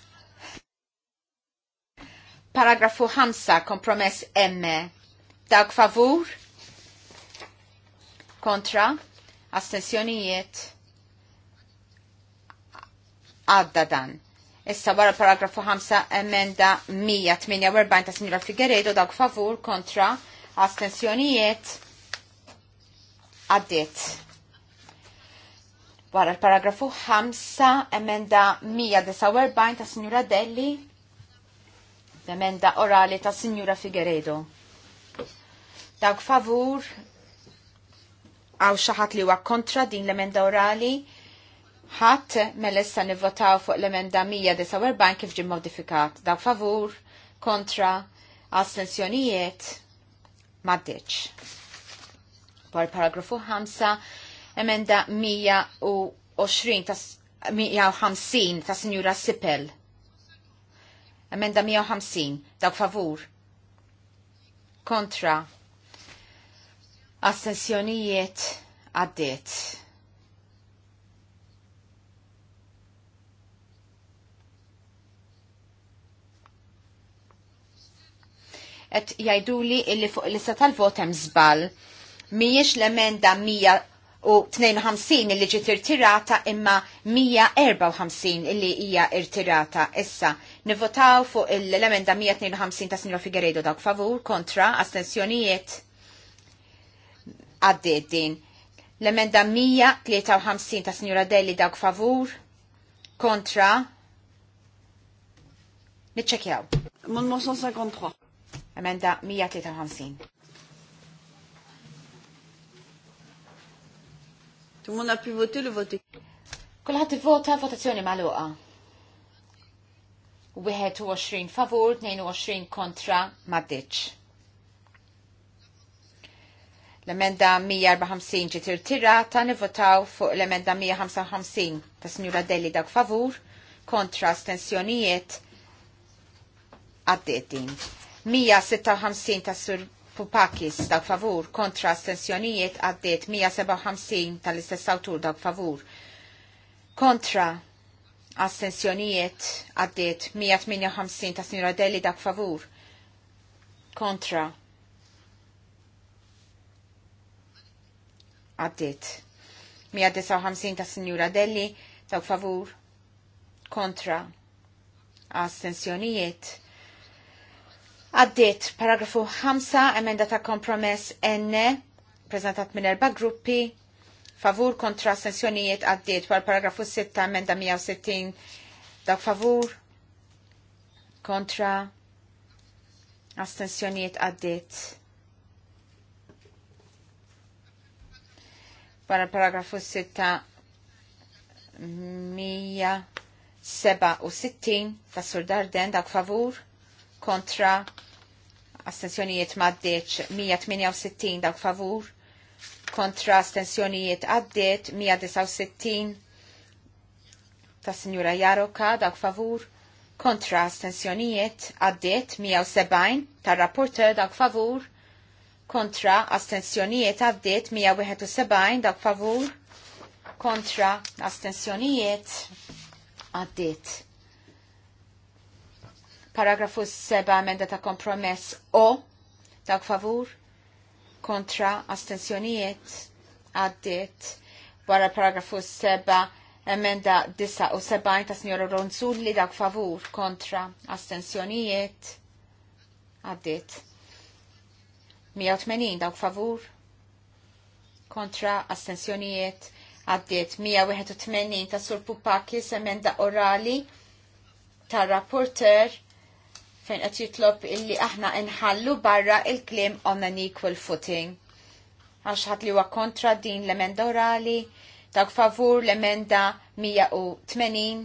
Paragrafu 5, kompromess M. Dawk favur? Kontra? Astensjonijiet? Għadda dan. Issa wara paragrafu 5, emenda 148 ta' signora Figueredo, dawk favur? Kontra? Astensjonijiet? Għaddit. Wara l-paragrafu 5, emenda 149 ta' Signora Delli, l-emenda orali ta' Signora Figueredo. Dawk favur għaw xaħat li huwa kontra din l-emenda orali ħadd mel-issa nivvotaw fuq l-emenda 149 kif ġim modifikat. Dawk favur, kontra, astensjonijiet, maddeċ. Par paragrafu 5, emenda 120 ta' 150 ta' Signora Sipel. Emenda 150, dawk favur. Kontra. Astensjonijiet għaddiet. Et jajduli illi fuq l-lista tal votem hemm żball mhijiex l-emenda 100 u 52 li ġiet irtirata imma 154 illi hija irtirata. Issa, nivvotaw fuq l-emenda 152 ta' Sinro Figueredo dawk favur kontra astensjonijiet għaddiet din. L-emenda 153 ta' Sinjora Delli dawk favur kontra Niċċekjaw. Mon 953. Emenda 153. Tout le monde a pu voter Kulħadd ivvota votazzjoni magħluqa. 21 favur, 22 kontra maddiċ. L-emenda 154 ġiet ta' nivotaw fuq l-emenda 155 ta' Sinjura Delli dak favur kontra stensjonijiet għaddetin. 156 ta' Sur Pupakis dak favur kontra astensjonijiet għaddiet 157 tal-istess awtur dak favur kontra astensjonijiet għaddiet 158 ta' Sinjora Delli dak favur kontra għaddiet 159 ta' Sinjura Delli dak favur kontra astensjonijiet Għaddit paragrafu 5, emenda ta' kompromess N, prezentat minn erba gruppi, favur kontra sensjonijiet għaddiet għal paragrafu 6, emenda 160, dak favur kontra astensjonijiet għaddit. Għal paragrafu 6, 167 ta' Sur Darden dak favur kontra astensjonijiet maddeċ 168 dawk favur kontra astensjonijiet għaddiet 169 ta' Sinjura Jaroka dawk favur kontra astensjonijiet għaddiet 170 ta' rapporter dawk favur kontra astensjonijiet għaddiet 171 dawk favur kontra astensjonijiet għaddiet Paragrafu 7 emenda ta' kompromess O dak favur kontra astensjonijiet għaddiet wara paragrafu 7 emenda 7 ta' signora Ronzulli dak favur kontra astensjonijiet għaddiet. 180 dawk favur, kontra astensjonijiet għaddiet 181 ta' Sur Pupakis emenda orali ta' rapporter fejn qed jitlob illi aħna nħallu barra il-klim on an equal footing. Għax ħadd li huwa kontra din l-emenda orali, dak favur l-emenda 180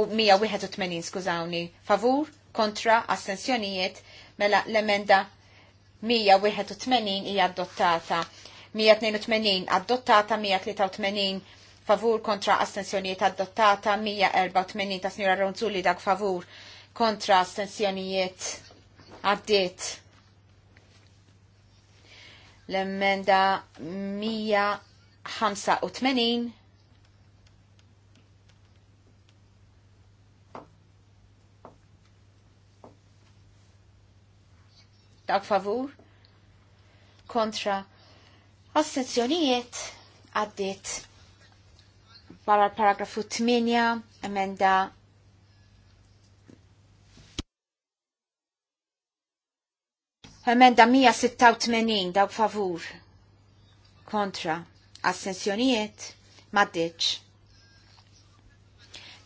u 181 skużawni, favur, kontra, astensjonijiet, mela l-emenda 181 hija adottata, 182 adottata, 183 favur kontra astensjonijiet adottata, 184 ta' Snira Ronzulli dak favur kontra astensjonijiet għaddiet. L-emenda 185 dak favur kontra astenzjonijiet għaddit barra paragrafu 8 emenda Emenda 186 dawk favur. Kontra. Assenzjonijiet. Maddiċ.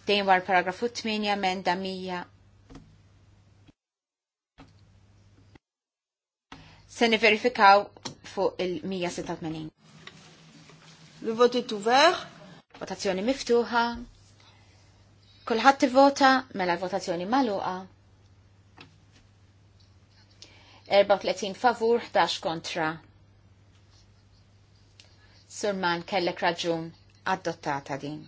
Dejn war paragrafu 8 emenda 100. Se verifikaw fuq il-186. Le vote est ouvert. Votazzjoni miftuħa. Kulħadd vota mela votazzjoni maluqa. 34 favur, 11 kontra. Surman kellek raġun adottata din.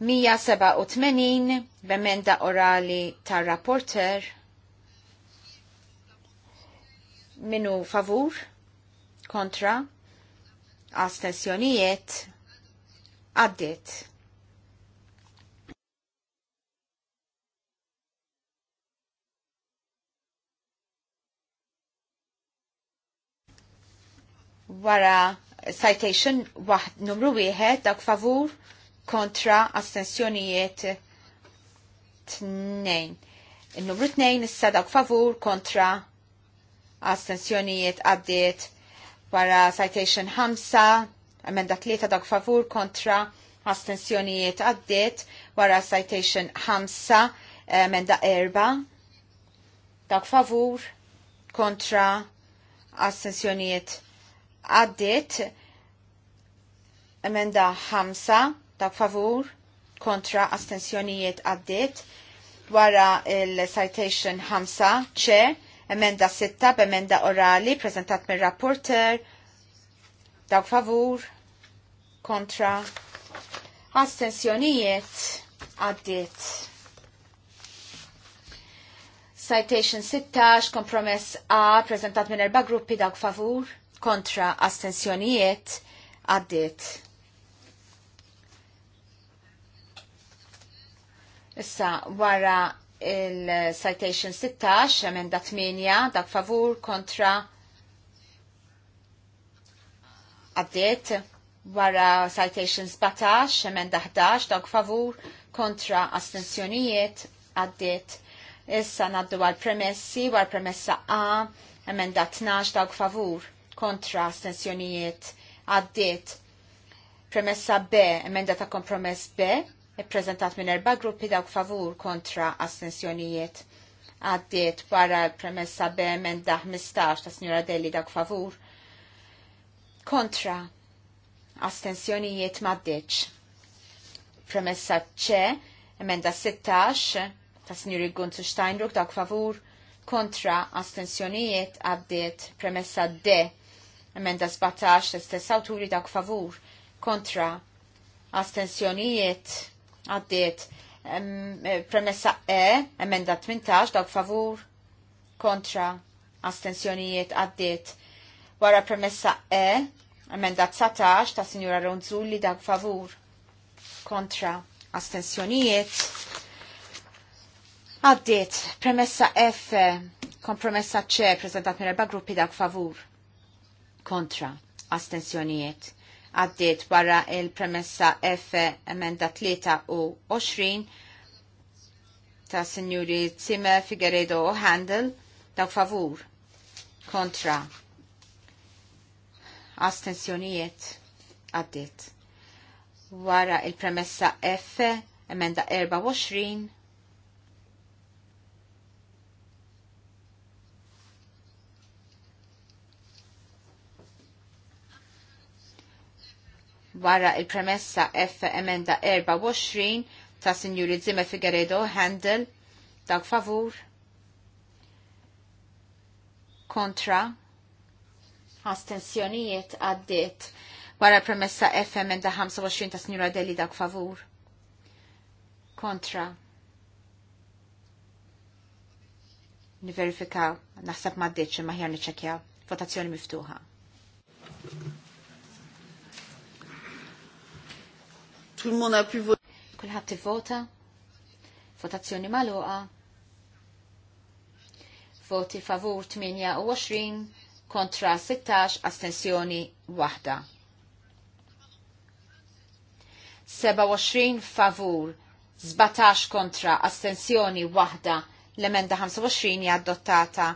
187 b'emenda orali tar rapporter minu favur kontra astensjonijiet għaddit. wara citation waħd numru wieħed dak favur kontra astensjonijiet tnejn. Il-numru tnejn issa dak favur kontra astensjonijiet għaddiet wara citation 5, emenda tlieta dak favur kontra astensjonijiet għaddiet wara citation 5, emenda erba' dak favur kontra astensjonijiet għaddit emenda 5 ta' favur kontra astensjonijiet għaddit wara il-citation 5 ċe emenda 6 b'emenda orali prezentat mir rapporter ta' favur kontra astensjonijiet għaddit Citation 16, kompromess A, prezentat minn erba gruppi dawk favur kontra astensjonijiet għaddit. Issa wara il-citation 16, emenda 8, dak favur kontra għaddit. Wara citation 17, emenda 11, dak favur kontra astensjonijiet għaddit. Issa naddu għal premessi, għal premessa A, emenda 12, dak favur kontra astensjonijiet għaddiet premessa B, emenda ta' kompromess B, prezentat minn erba' gruppi dawk favur kontra astensjonijiet għaddit wara premessa B, emenda 15 ta' Signora Delli dawk favur kontra astensjonijiet maddiċ. Premessa C, emenda 16 ta' Signori Gunzu Steinruck dawk favur kontra astensjonijiet għaddit premessa D Emenda 17 l-istess awturi dak favur kontra astensjonijiet għaddiet eh, premessa E, emenda 18 dak favur kontra astensjonijiet għaddiet wara premessa E, emenda 19 ta' Sinjura Ronzulli dak favur kontra astensjonijiet għaddiet premessa F kompromessa C prezentat minn erba' gruppi dak favur kontra astensjonijiet għaddiet wara il-premessa F emenda u 23 ta' Signori Zimmer, Figueredo u Handel daw favur kontra astensjonijiet għaddiet wara il-premessa F emenda 24 wara il-premessa F emenda 24 ta' Sinjuri Zime Figueredo, Handel, dak favur, kontra, astensjonijiet għaddit wara premessa F emenda 25 ta' Sinjura Deli dak favur, kontra, niverifikaw, naħseb ma' d-deċi maħjar niċekjaw, votazzjoni miftuħa. Tout le monde a pu voter. Kulħadd ivvota. Votazzjoni magħluqa. Voti favur 28 kontra 16 astensjoni waħda. 27 favur, 17 kontra astensjoni waħda l-emenda 25 adottata.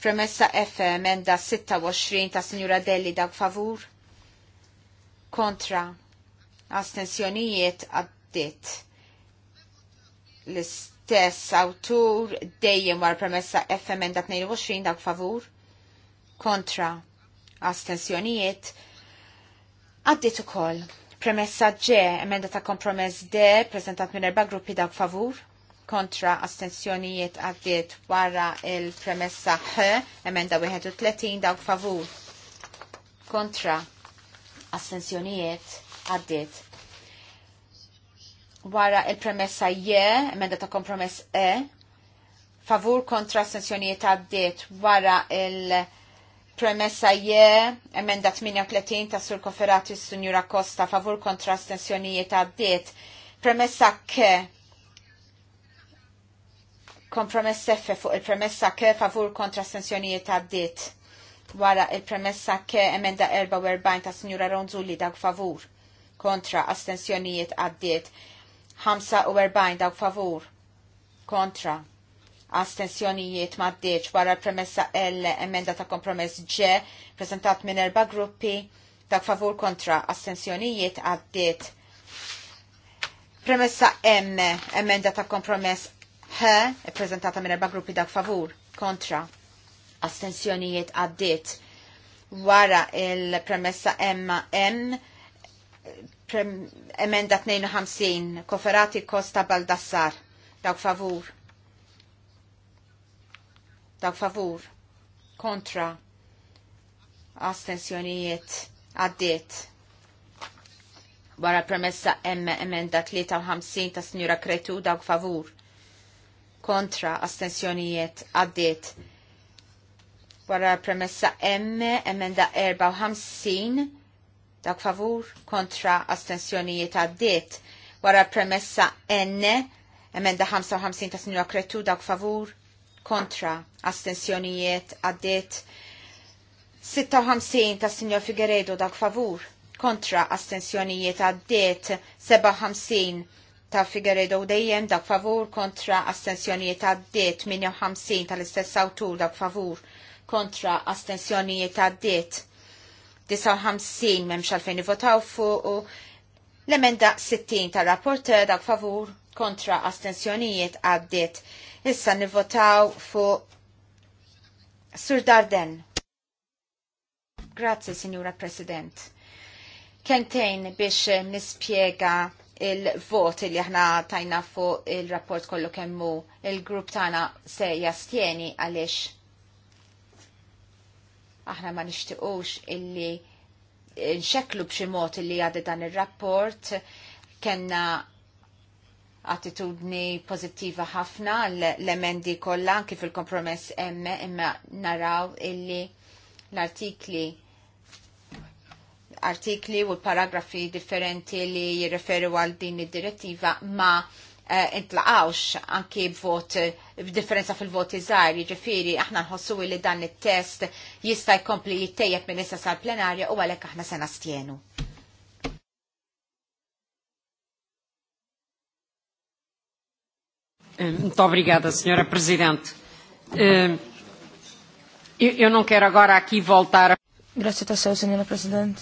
Premessa F emenda 26 ta' Signora Delli dag favur. Kontra astensjonijiet għaddit. L-istess awtur dejjem war premessa F emenda 22 dak favur kontra astensjonijiet għaddit ukoll. Premessa G emenda ta' kompromess D prezentat minn erba' gruppi dak favur kontra astensjonijiet għaddit wara il-premessa H emenda 31 dak favur kontra astensjonijiet għaddit. Wara il-premessa je, emenda ta' kompromess e, favur kontra astensjonijiet għaddit. wara il-premessa je, emenda 38 ta' sur koferati s-sunjura Kosta, favur kontra astensjonijiet għaddit. Premessa ke, kompromess F fuq il-premessa ke favur kontra astensjonijiet għaddit. wara il-premessa ke emenda 44 ta' Sinjura Ronzulli dak favur kontra astensjonijiet għaddiet 45 dawk favur kontra astensjonijiet maddiċ wara l-premessa L emenda ta' kompromess G prezentat minn erba gruppi ta' favur kontra astensjonijiet għaddiet premessa M emenda ta' kompromess H prezentata minn erba gruppi dak favur kontra astensjonijiet għaddiet wara il-premessa M M emenda 52, Koferati Kosta Baldassar. Dawk favur. Dawk favur. Kontra. Astensjonijiet. Addiet. Wara premessa M emenda 53 ta' Sinjura Kretu dawk favur. Kontra. Astensjonijiet. Addiet. Wara premessa M emenda 54 Dak favur kontra astensjonijiet għaddiet. Wara premessa N, emenda 55 ta' Sinjora Kretu, dak favur kontra astensjonijiet għaddiet. 56 ta' Sinjor Figueredo, dak favur kontra astensjonijiet għaddiet. 57 ta' Figueredo dejjem dak favur kontra astensjonijiet għaddiet 58 tal-istess awtur dak favur kontra astensjonijiet għaddiet 59 memx għalfejn votaw fuq u l-emenda 60 ta' rapport dak favur kontra astensjonijiet għaddit. Issa nivotaw fuq Sur Darden. Grazie, Signora President. Kentejn biex nispiega il-vot li aħna tajna fuq il-rapport kollu kemmu il-grupp tana se jastjeni għalix Aħna ma nixtiqux illi nxeklu b'xi mod illi għaddi dan ir-rapport kenna attitudni pozittiva ħafna l-emendi kollha kif fil-kompromess emme imma naraw illi l-artikli artikli u paragrafi differenti li jirreferu għal din id-direttiva ma Eh, intlaqawx anki b'vot b'differenza fil-voti iżgħar, jiġifieri aħna nħossu li dan it-test jista' jkompli jittejjeb minn issa sal-plenarja u għalhekk aħna se nastjenu. Eh, muito obrigada, Sra. Presidente. Eh, eu não quero agora aqui voltar. Grazie a Deus, Sra. Presidente.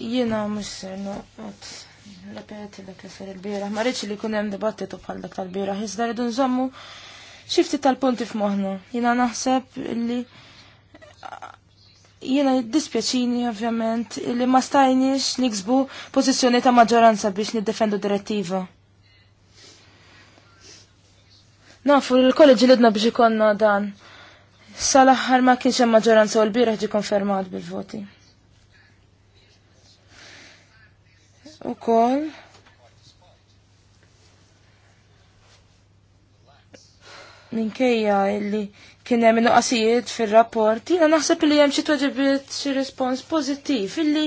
Jena, Mr. Not l dak e li il-bira. Ma reċi li jkun hemm dibattitu bħal dak tal-bira, iżda rridu nżommu xifti tal-punti f'moħħna. Jiena naħseb li jiena dispjaċini ovvjament li ma stajniex niksbu pożizzjoni ta' maġġoranza biex niddefendu direttiva. Nafu l-kolleġi lidna biex ikonna dan. sal ħar ma kienx hemm maġġoranza u l-bira ġi konfermat bil-voti. u kol minkejja illi kien hemm nuqqasijiet fir-rapport, jiena naħseb li hemm xi tweġibiet xi rispons pożittiv illi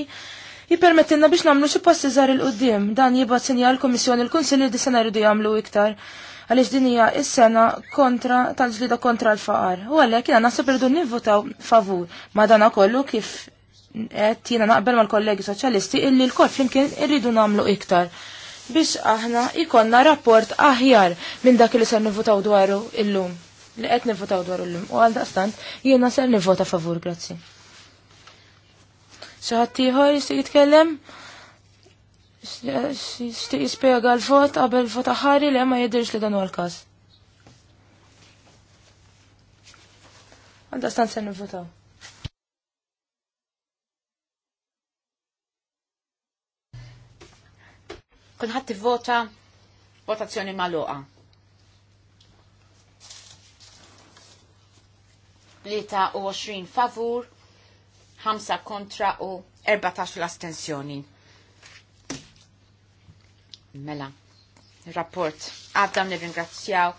jippermettilna biex nagħmlu xi passi żgħar il qudiem dan jibgħat sinjal kummissjoni l-Kunsill li sena jridu jagħmlu iktar għaliex din hija s-sena kontra tal-ġlida kontra l-faqar. U għalhekk jiena naħseb irdu nivvutaw favur ma dan kollu kif qed jiena naqbel mal-kollegi soċjalisti illi l-kol flimkien irridu nagħmlu iktar biex aħna ikonna rapport aħjar minn dak li ser nivvotaw dwaru illum li qed nivvotaw dwaru illum u għal daqstant jiena ser nivvota favur grazzi. Xi ħadd ieħor jista' jitkellem? Xtiq jispjega l-vot qabel vot aħari li ma jidhirx li dan huwa l-każ. Għal daqstant ser nivvotaw. ħadd tivvota votazzjoni magħluqa. Li ta' 20 favur, 5 kontra u 14 l-astensjoni. Mela, rapport. Għadda nirringrazzjaw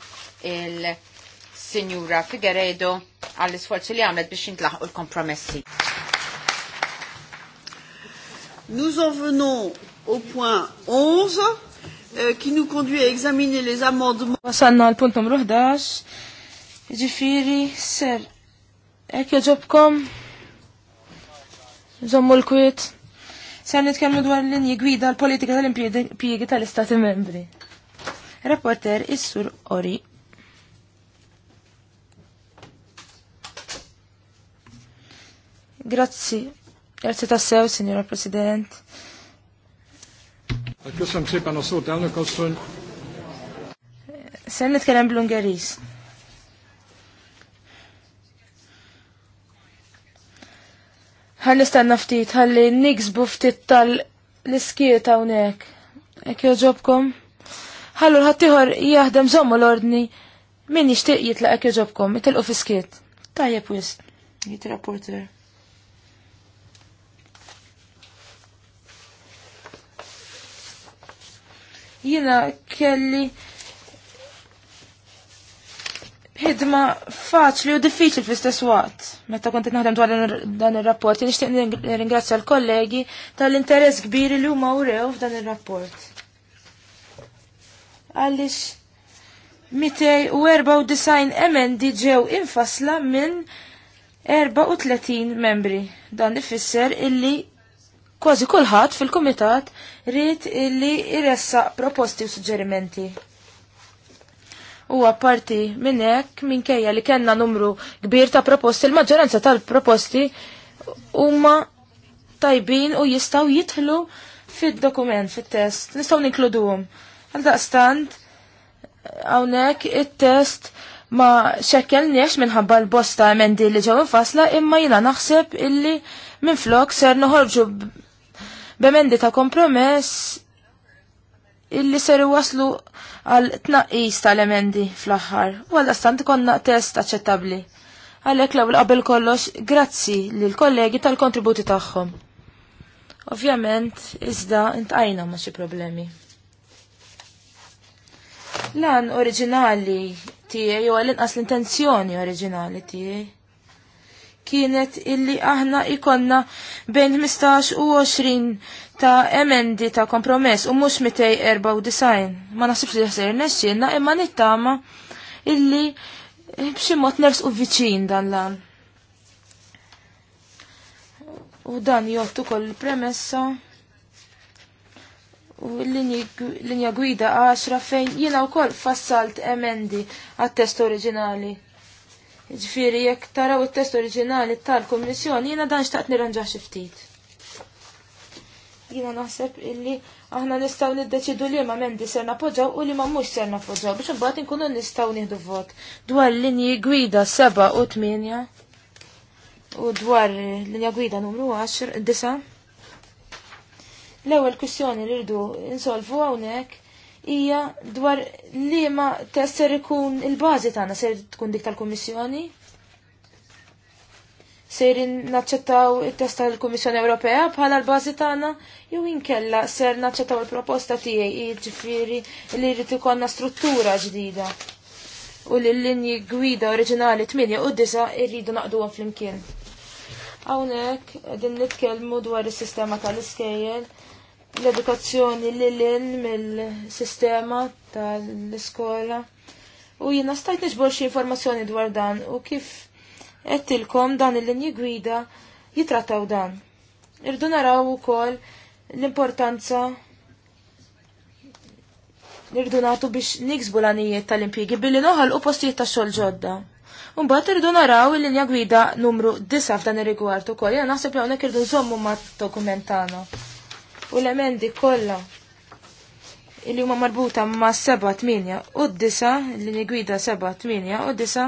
il-Sinjura Figueredo għall-isforzi li għamlet biex jintlaħqu l-kompromessi. Nous en venons au point 11 euh, qui nous conduit à examiner les amendements. Wasalna l punt numru 11. Ġifiri, sir. ek joġobkom, zommu l-kwiet, ser nitkellmu dwar l-linji gwida l-politika tal-impjegi tal-istati membri. Reporter Issur Ori. Grazzi, grazzi tassew, signora President. Köszönöm szépen a szót, elnök asszony. Sen nitkellem bl-Ungeris. Ħalli ftit, ħalli niksbu ftit tal-iskiet hawnhekk. Hekk joġobkom. Ħallu l-ħaddieħor jaħdem zommu l-ordni min jixtieq jitlaq hekk joġobkom, itilqu fiskiet. Tajjeb wisq. jitil rapporter. Jina kelli ħidma faċli u diffiċli fl-istess waqt. Meta kont naħdem dwar dan ir-rapport, jien nixtieq nirringrazzja l-kollegi tal-interess kbir li huma wrew f'dan ir-rapport. Għaliex 294 emendi ġew infasla minn 34 membri. Dan ifisser illi Kważi kulħadd fil-kumitat rrit illi jressa proposti u suġġerimenti. U apparti minn hekk minkejja li kellna numru kbir ta' proposti, il-maġġoranza tal-proposti huma tajbin u jistgħu jidħlu fid-dokument, fit-test, nistgħu ninkluduhom. Għal daqstant, hawnhekk it-test ma xekkelniex minħabba l-bosta emendi li ġew infasla imma jina naħseb illi minflok ser noħorġu b'emendi ta' kompromess illi seru waslu għal tnaqqis tal-emendi fl-aħħar. U għal stant konna test aċċettabli. Għalek l qabel kollox, grazzi lill-kollegi tal-kontributi tagħhom. Ovvjament, iżda intajna ma' xi problemi. Lan oriġinali tiegħi u għal inqas l-intenzjoni oriġinali tiegħi kienet illi aħna ikonna bejn 15 u 20 ta' emendi ta' kompromess u mux 294. Ma nasibx li ħsir nesċinna imma nittama illi eh, bximot nefs u viċin dan lan. U dan jottu koll premessa u l-linja gwida 10 fejn jina u koll fassalt emendi għat-test oriġinali Ġifiri, jekk taraw il-test oriġinali tal-Kommissjoni, jina dan xtaqt nirranġa ftit. Jina naħseb illi aħna nistaw niddeċidu li ma mendi ser napoġaw u li ma mux ser napoġaw biex mbagħad inkunu nistaw nieħdu vot dwar linji gwida 7 u 8 u dwar linja gwida numru 10 9. L-ewwel kwistjoni li rridu insolvu hawnhekk hija dwar li ma tesser ikun il-bażi tagħna ser tkun dik tal-Kummissjoni. Ser naċċettaw it-test tal-Kummissjoni Ewropea bħala l-bażi tagħna jew inkella ser naċċettaw il-proposta tiegħi jiġifieri li jrid ikollna struttura ġdida u li l-linji gwida oriġinali 8 u 9 irridu naqduhom flimkien. Hawnhekk din nitkellmu dwar is-sistema tal-iskejjel l-edukazzjoni li l-in mill-sistema tal-iskola. U jina stajt neġbor xie informazzjoni dwar dan u kif għettilkom dan il-linji gwida jitrataw dan. Irdu naraw u kol l-importanza irdu natu biex niksbu l-anijiet tal-impjegi billi noħal u postijiet ta' xol ġodda. Unbat irdu naraw il-linja gwida numru 9 f'dan ir-rigward ukoll. Jena nasib hawnhekk irdu zommu ma' dokumentana u l-emendi kollha li huma marbuta ma' 7-8 u d-disa li nigwida 7-8 u d-disa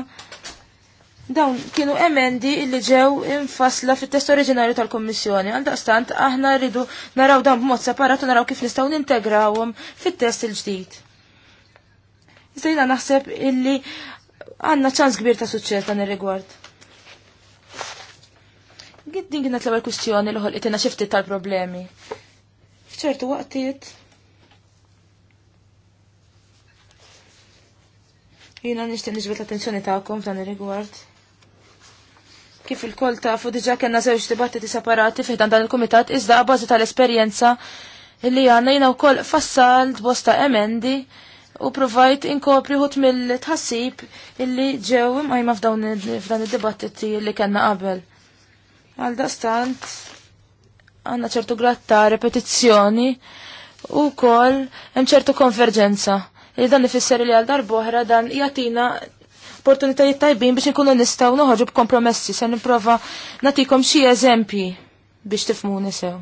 dawn kienu emendi illi ġew infasla fit-test oriġinarju tal-Kommissjoni. stant aħna rridu naraw dan b'mod separat u naraw kif nistgħu nintegrawhom fit-test il-ġdid. Iżda jiena naħseb illi għandna ċans kbir ta' suċċess dan ir-rigward. Giddin għinna kienet l-ewwel kwistjoni li ħolqit xi ftit tal-problemi fċertu waqtiet jina nishtin nġbet l-attenzjoni ta'kom f'dan ir-rigward. Kif il kol ta' fu diġa kena zewġ dibattiti separati fiħdan dan il-komitat, iżda għabazi tal-esperienza li għanna jina u kol fassal bosta emendi u provajt inkopri hut mill-tħassib illi ġew imqajma f'dan id-dibattiti li kena qabel. Għal dastant, għanna ċertu gratta' repetizzjoni u kol hemm ċertu konverġenza. Li dan ifisser li għal darboħra dan jatina opportunitajiet tajbin biex nkunu nistgħu noħorġu b'kompromessi se nipprova natikom xi eżempji biex tifmuni sew.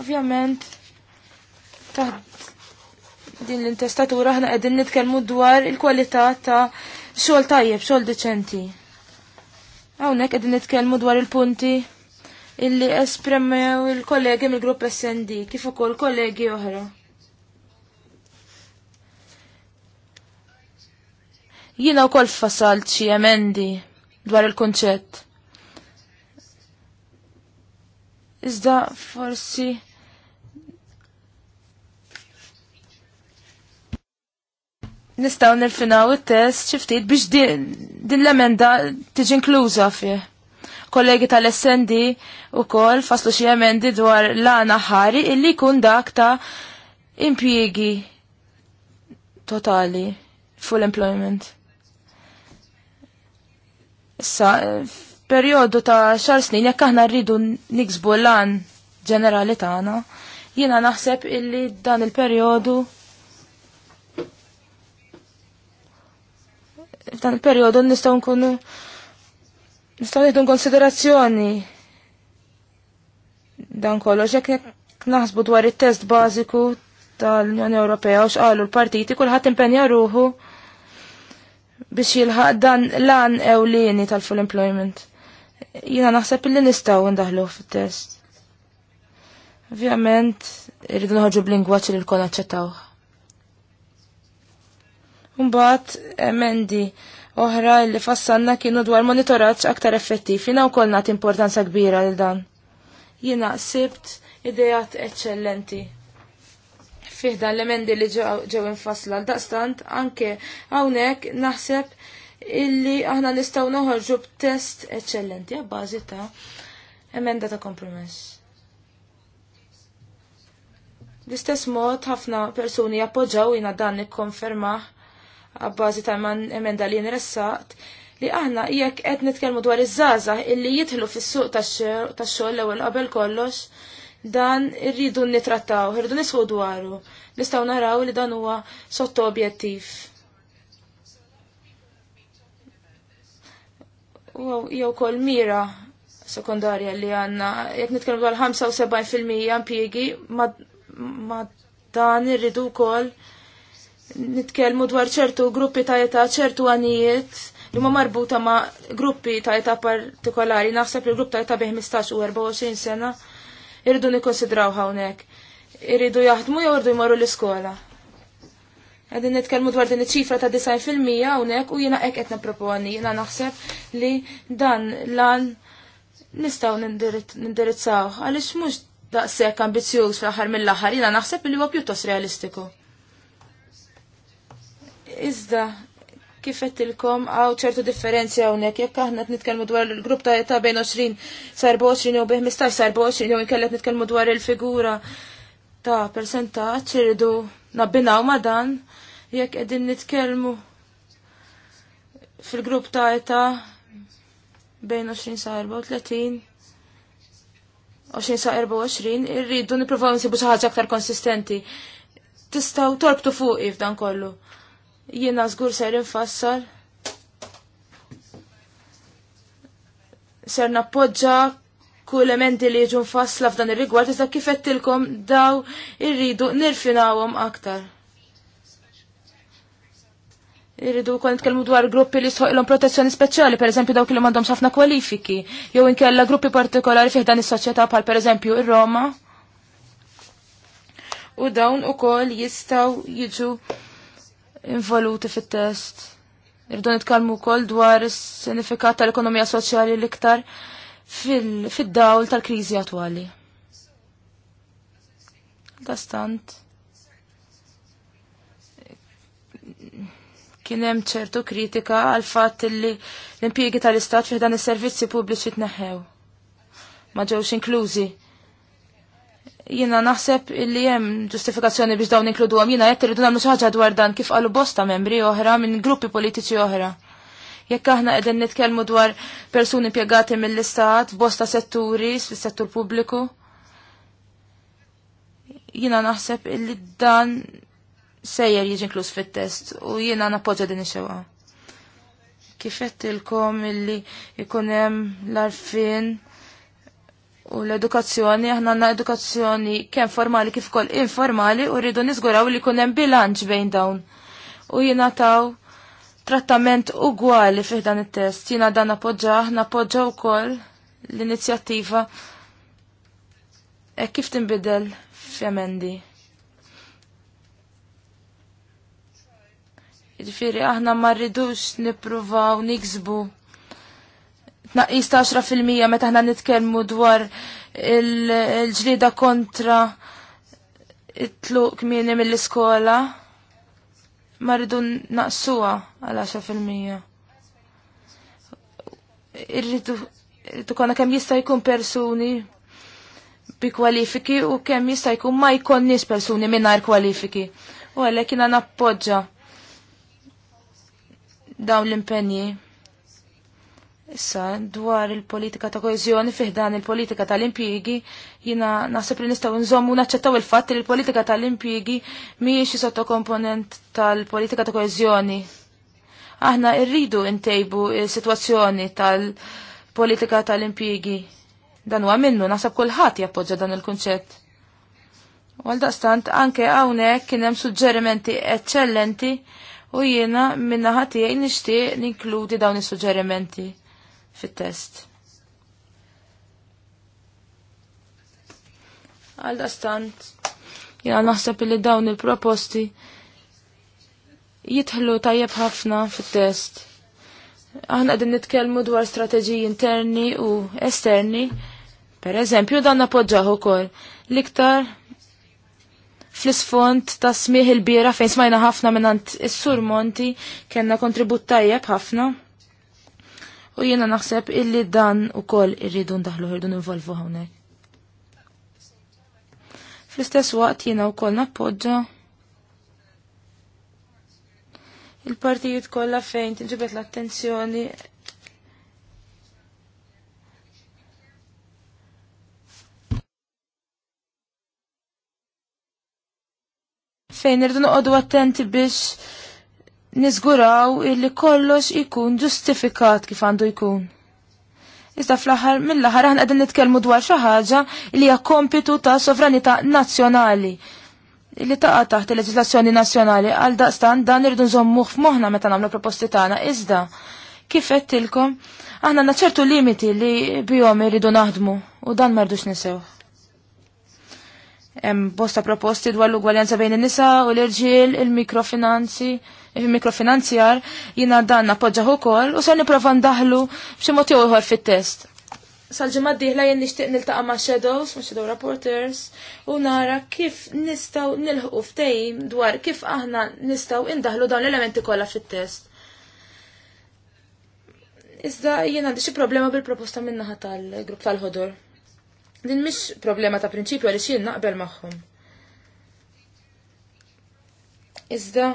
Ovvjament, taħt din l-intestatura ħna qegħdin nitkellmu dwar il-kwalità ta' xogħol tajjeb, xogħol deċenti. Hawnhekk qegħdin nitkellmu dwar il-punti illi espremew il-kollegi mill-grupp SND kif ukoll kollegi oħra. Jiena wkoll fasalt xi emendi dwar il-kunċett. Iżda forsi nistaw nirfinaw il-test xiftit biex din, din l-emenda tiġi inkluża fih. Kollegi tal-SND u kol faslu xie emendi dwar l-għana ħari illi kun dak ta' impiegi totali, full employment. Issa, periodu ta' xar snin, jekk aħna rridu niksbu l-għan ġenerali tagħna, jiena naħseb illi dan il-periodu f'dan il-perjodu nistgħu nkunu nistgħu nieħdu konsiderazzjoni dan kollox jekk naħsbu dwar it-test bażiku tal-Unjoni Ewropea u x'qalu l-partiti kulħadd impenja ruħu biex jilħaq dan lan ewlieni tal-full employment. Jiena naħseb illi nistgħu ndaħlu fit-test. Ovvjament, irridu noħorġu b'lingwaġġ li l-kon aċċettawh. Mbagħad emendi eh, oħra li fassanna kienu dwar monitoraġġ aktar effettiv. Jiena wkoll nagħti importanza kbira l dan. Jiena sibt idejat eċċellenti. Fih dan l-emendi li ġew l daqstant anke hawnhekk naħseb illi aħna nistgħu noħorġu b'test eċċellenti għabbażi ta' emenda ta' kompromess. L-istess mod ħafna persuni appoġġaw jina dan konfermaħ għabbażi ta' emenda li nressaqt li aħna jekk qed nitkellmu dwar iż-żgħażagħ illi jidħlu fis-suq tax-xogħol l-ewwel qabel kollox, dan irridu nitrattaw, irridu nisħu dwaru. Nistgħu naraw li dan huwa sotto objettiv. Jew kol mira sekundarja li għanna, jek nitkellmu dwar 75% impjiegi ma, ma dan irridu wkoll nitkellmu dwar ċertu gruppi ta' età, ċertu għanijiet li ma marbuta ma' gruppi ta' età partikolari, naħseb li grupp ta' età bi 15 u 24 sena, irridu nikkonsidraw hawnhekk. Irridu jaħdmu jew irridu jmorru l-iskola. Għadin nitkellmu dwar din iċ-ċifra ta' 90% hawnhekk u jiena hekk qed nipproponi, jiena naħseb li dan lan nistgħu nindirizzaw għaliex mhux daqshekk ambizjuż fl-aħħar mill-aħħar, jiena naħseb li huwa pjuttost realistiku. Iżda kifet ilkom għaw ċertu differenzi għawnek, jekk aħna t-nitkelmu dwar il-grupp ta' jeta' bejn 20 sar 20 u bejn 15 sar 20 jew inkellet nitkelmu dwar il-figura ta' percentaċ irridu nabbinaw ma' dan jekk edin nitkelmu fil-grupp ta' jeta' bejn 20 sar 30, 20 sa' 24 irridu niprofaw nsibu xi ħaġa aktar konsistenti. Tistgħu torbtu fuqi f'dan kollu jiena żgur ser infassar ser nappoġġa kull elementi li jiġu nfassla f'dan ir-rigward iżda kif qedtilkom daw irridu nirfinawhom aktar. Irridu kon nitkellmu dwar gruppi li sħoqilhom protezzjoni speċjali, pereżempju dawk li m'għandhomx ħafna kwalifiki, jew inkella gruppi partikolari fih dan is-soċjetà bħal pereżempju ir-Roma. U dawn ukoll jistgħu jiġu involuti fit-test. Irdu nitkellmu wkoll dwar s sinifikat tal-ekonomija soċjali l-iktar fid-dawl tal-kriżi attwali. Dastant. Kien hemm ċertu kritika għal fatt li l-impjiegi tal-istat fih dan is-servizzi pubbliċi tneħħew. Ma ġewx inklużi Jina naħseb illi jem ġustifikazzjoni biex dawn inkludu għam jina jett irridu namlu xaħġa dwar dan kif għallu bosta membri oħra minn gruppi politiċi oħra. Jekk aħna qegħdin nitkellmu dwar persuni impjegati mill-istat, bosta setturi, fis-settur pubbliku. Jina naħseb illi dan sejjer jiġi inkluż fit-test u jiena nappoġġa din ix-xewqa. Kif qed illi ikun hemm l-arfin U l-edukazzjoni, aħna għandna edukazzjoni kemm formali kif ukoll informali u rridu niżguraw li jkun hemm bilanċ bejn dawn. U taw trattament ugwali fih dan it-test. Jiena dan appoġġa, aħna appoġġa wkoll l-inizjattiva e kif timbidel f'emendi. Ġifiri, aħna ma rridux nippruvaw niksbu naqis ta' 10% meta ħna nitkellmu dwar il-ġlida kontra it-tluq kmieni mill-iskola ma rridu naqsuha għal 10%. Irridu irridu konna kemm jista' jkun persuni bi kwalifiki u kemm jista' jkun ma jkonniex persuni mingħajr kwalifiki. U għalhekk jiena nappoġġa dawn l-impenji Issa, dwar il-politika ta' koezjoni fiħdan il-politika tal-impjigi, jina naħseb li nistaw nżommu naċċettaw il-fatt li l-politika tal-impjigi miex komponent tal-politika ta' koezjoni. Aħna irridu intejbu il-situazzjoni tal-politika tal-impjigi. Dan huwa minnu, naħseb kulħadd jappoġġa dan il-kunċett. Għaldaqstant, anke hawnhekk kien hemm suġġerimenti eċċellenti u jiena minna ħatijaj nixtieq ninkludi dawn is-suġġerimenti fit-test. Għal dastant, jena naħseb li dawn il-proposti jitħlu tajjeb ħafna fit-test. Aħna din nitkellmu dwar strateġiji interni u esterni, per eżempju dan appoġġaħ ukoll l-iktar fl-isfond ta' smieħ il-bira fejn smajna ħafna minnant is-sur Monti kellna kontribut tajjeb ħafna u jiena naħseb illi dan ukoll irridu ndaħlu irridu nivolvu hawnhekk. Fl-istess waqt jiena wkoll nappoġġa il-partijiet kollha fejn tinġibet l-attenzjoni fejn irridu noqogħdu attenti biex nizguraw illi kollox ikun ġustifikat kif għandu jkun. Iżda fl-aħħar mill-aħħar aħna qegħdin nitkellmu dwar xi ħaġa li hija kompitu ta' sovranità nazzjonali li taqa' taħt il-leġislazzjoni nazzjonali għal daqstan dan irridu nżommuh f'moħħna meta nagħmlu proposti tagħna iżda kif qedtilkom aħna naċertu limiti li bihom irridu naħdmu u dan mardux nisew. Hemm bosta proposti dwar l-ugwaljanza bejn in-nisa u l-irġiel, il-mikrofinanzi, il mikrofinanzi Eh, mikrofinanzjar jina dan appoġġaħ ukoll u sa' nipprova ndaħlu b'xi mod jew fit-test. Sal-ġimgħa d-dieħla jien nixtieq niltaqa' ma' shadows, ma' shadow reporters u nara kif nistgħu ħu ftehim dwar kif aħna nistgħu indaħlu dawn l-elementi kollha fit-test. Iżda jien għandi xi problema bil-proposta minnaħa tal-grupp tal-ħodur. Din mhix problema ta' prinċipju għaliex jien naqbel magħhom. Iżda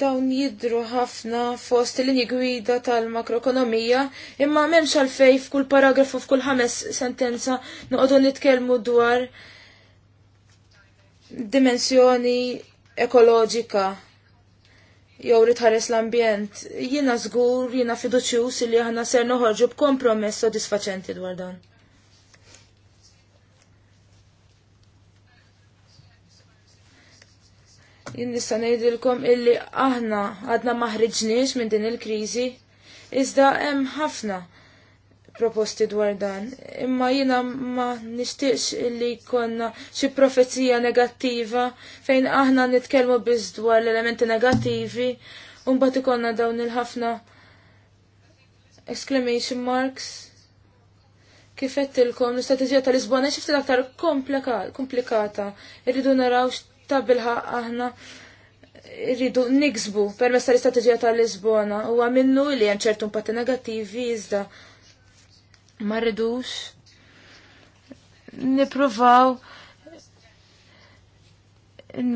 dawn jidru ħafna fost il-linji gwida tal-makroekonomija, imma memx għalfej f'kull paragrafu f'kull ħames sentenza noqogħdu nitkellmu dwar dimensjoni ekoloġika jew ritħares tħares l-ambjent. Jiena żgur, jiena fiduċjus li aħna ser noħorġu b'kompromess sodisfaċenti dwar dan. Jien nista' ngħidilkom illi aħna għadna ma ħriġniex minn din il-kriżi, iżda hemm ħafna proposti dwar dan. Imma jiena ma nishtiqx illi konna xi profezija negattiva fejn aħna nitkellmu biz dwar l-elementi negattivi u mbagħad konna dawn il-ħafna exclamation marks. Kif l-istrateġija tal izbona xifti aktar komplikata. Irridu naraw ta' bilħa aħna rridu niksbu permess tal-istrateġija tal-Lisbona u għaminnu li hemm ċertu impatti negattivi iżda ma rridux nippruvaw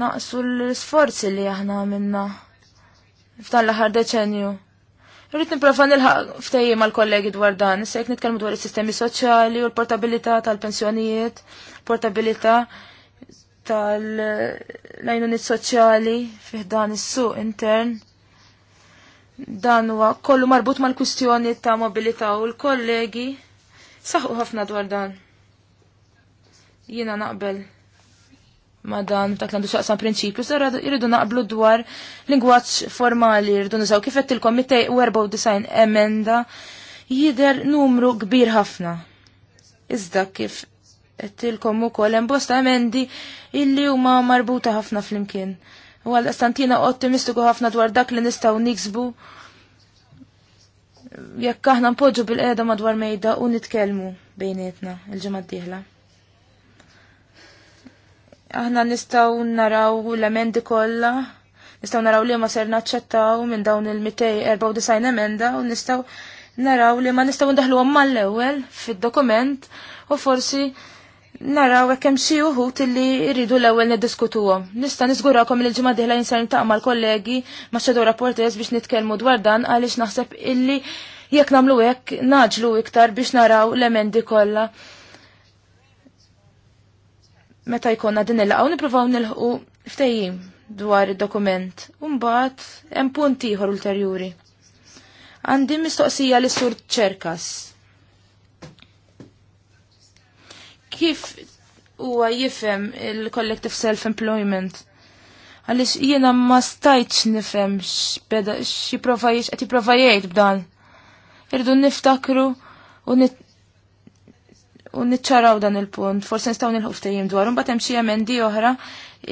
naqsu l-sforzi li aħna għamilna f'dan l-aħħar deċenju. Rrit niprofa nilħaq ftejjim mal kollegi dwar dan, issa jekk nitkellmu dwar is-sistemi soċjali u l-portabilità tal-pensjonijiet, portabilità tal-lajnuniet soċjali fih dan is-suq intern. Dan huwa kollu marbut mal-kwistjoni ta' mobilità u l-kollegi saħu ħafna dwar dan. Jiena naqbel ma dan ta' tlandu xaqsan prinċipju, sara irridu naqblu dwar lingwaċ formali, irridu nisaw kif qed ilkom 294 emenda jider numru kbir ħafna. Iżda kif għettilkom u kol bosta emendi illi huma marbuta ħafna fl-imkien. U għal stantina ottimistiku ħafna dwar dak li nistaw niksbu jekk aħna npoġġu bil-qeda madwar mejda u nitkellmu bejnietna il-ġimgħa d-dieħla. Aħna nistgħu naraw l-emendi kollha, nistgħu naraw li ma ser naċċettaw minn dawn il-294 emenda u nistgħu naraw li ma nistgħu ndaħluhom mal-ewwel fid-dokument u forsi naraw hekk hemm xi wħud illi jridu l-ewwel niddiskutuhom. Nista' niżgurakom il l-ġimgħa jinsan jinsar nitaq mal-kollegi ma' Shadow biex nitkellmu dwar dan għaliex naħseb illi jekk nagħmlu hekk naġlu iktar biex naraw l-emendi kollha. Meta jkollna din il niprofaw nippruvaw nilħqu ftejjim dwar id-dokument. Umbat, jem hemm punt ieħor ulterjuri. Għandi mistoqsija li sur ċerkas kif huwa jifhem il-collective self-employment. Għaliex jiena ma stajtx nifhem x'beda x'jipprova qed jipprova jgħid b'dan. Irdu niftakru u nitċaraw dan il-punt, forse nistaw nil ftehim dwar, imbagħad hemm xi emendi oħra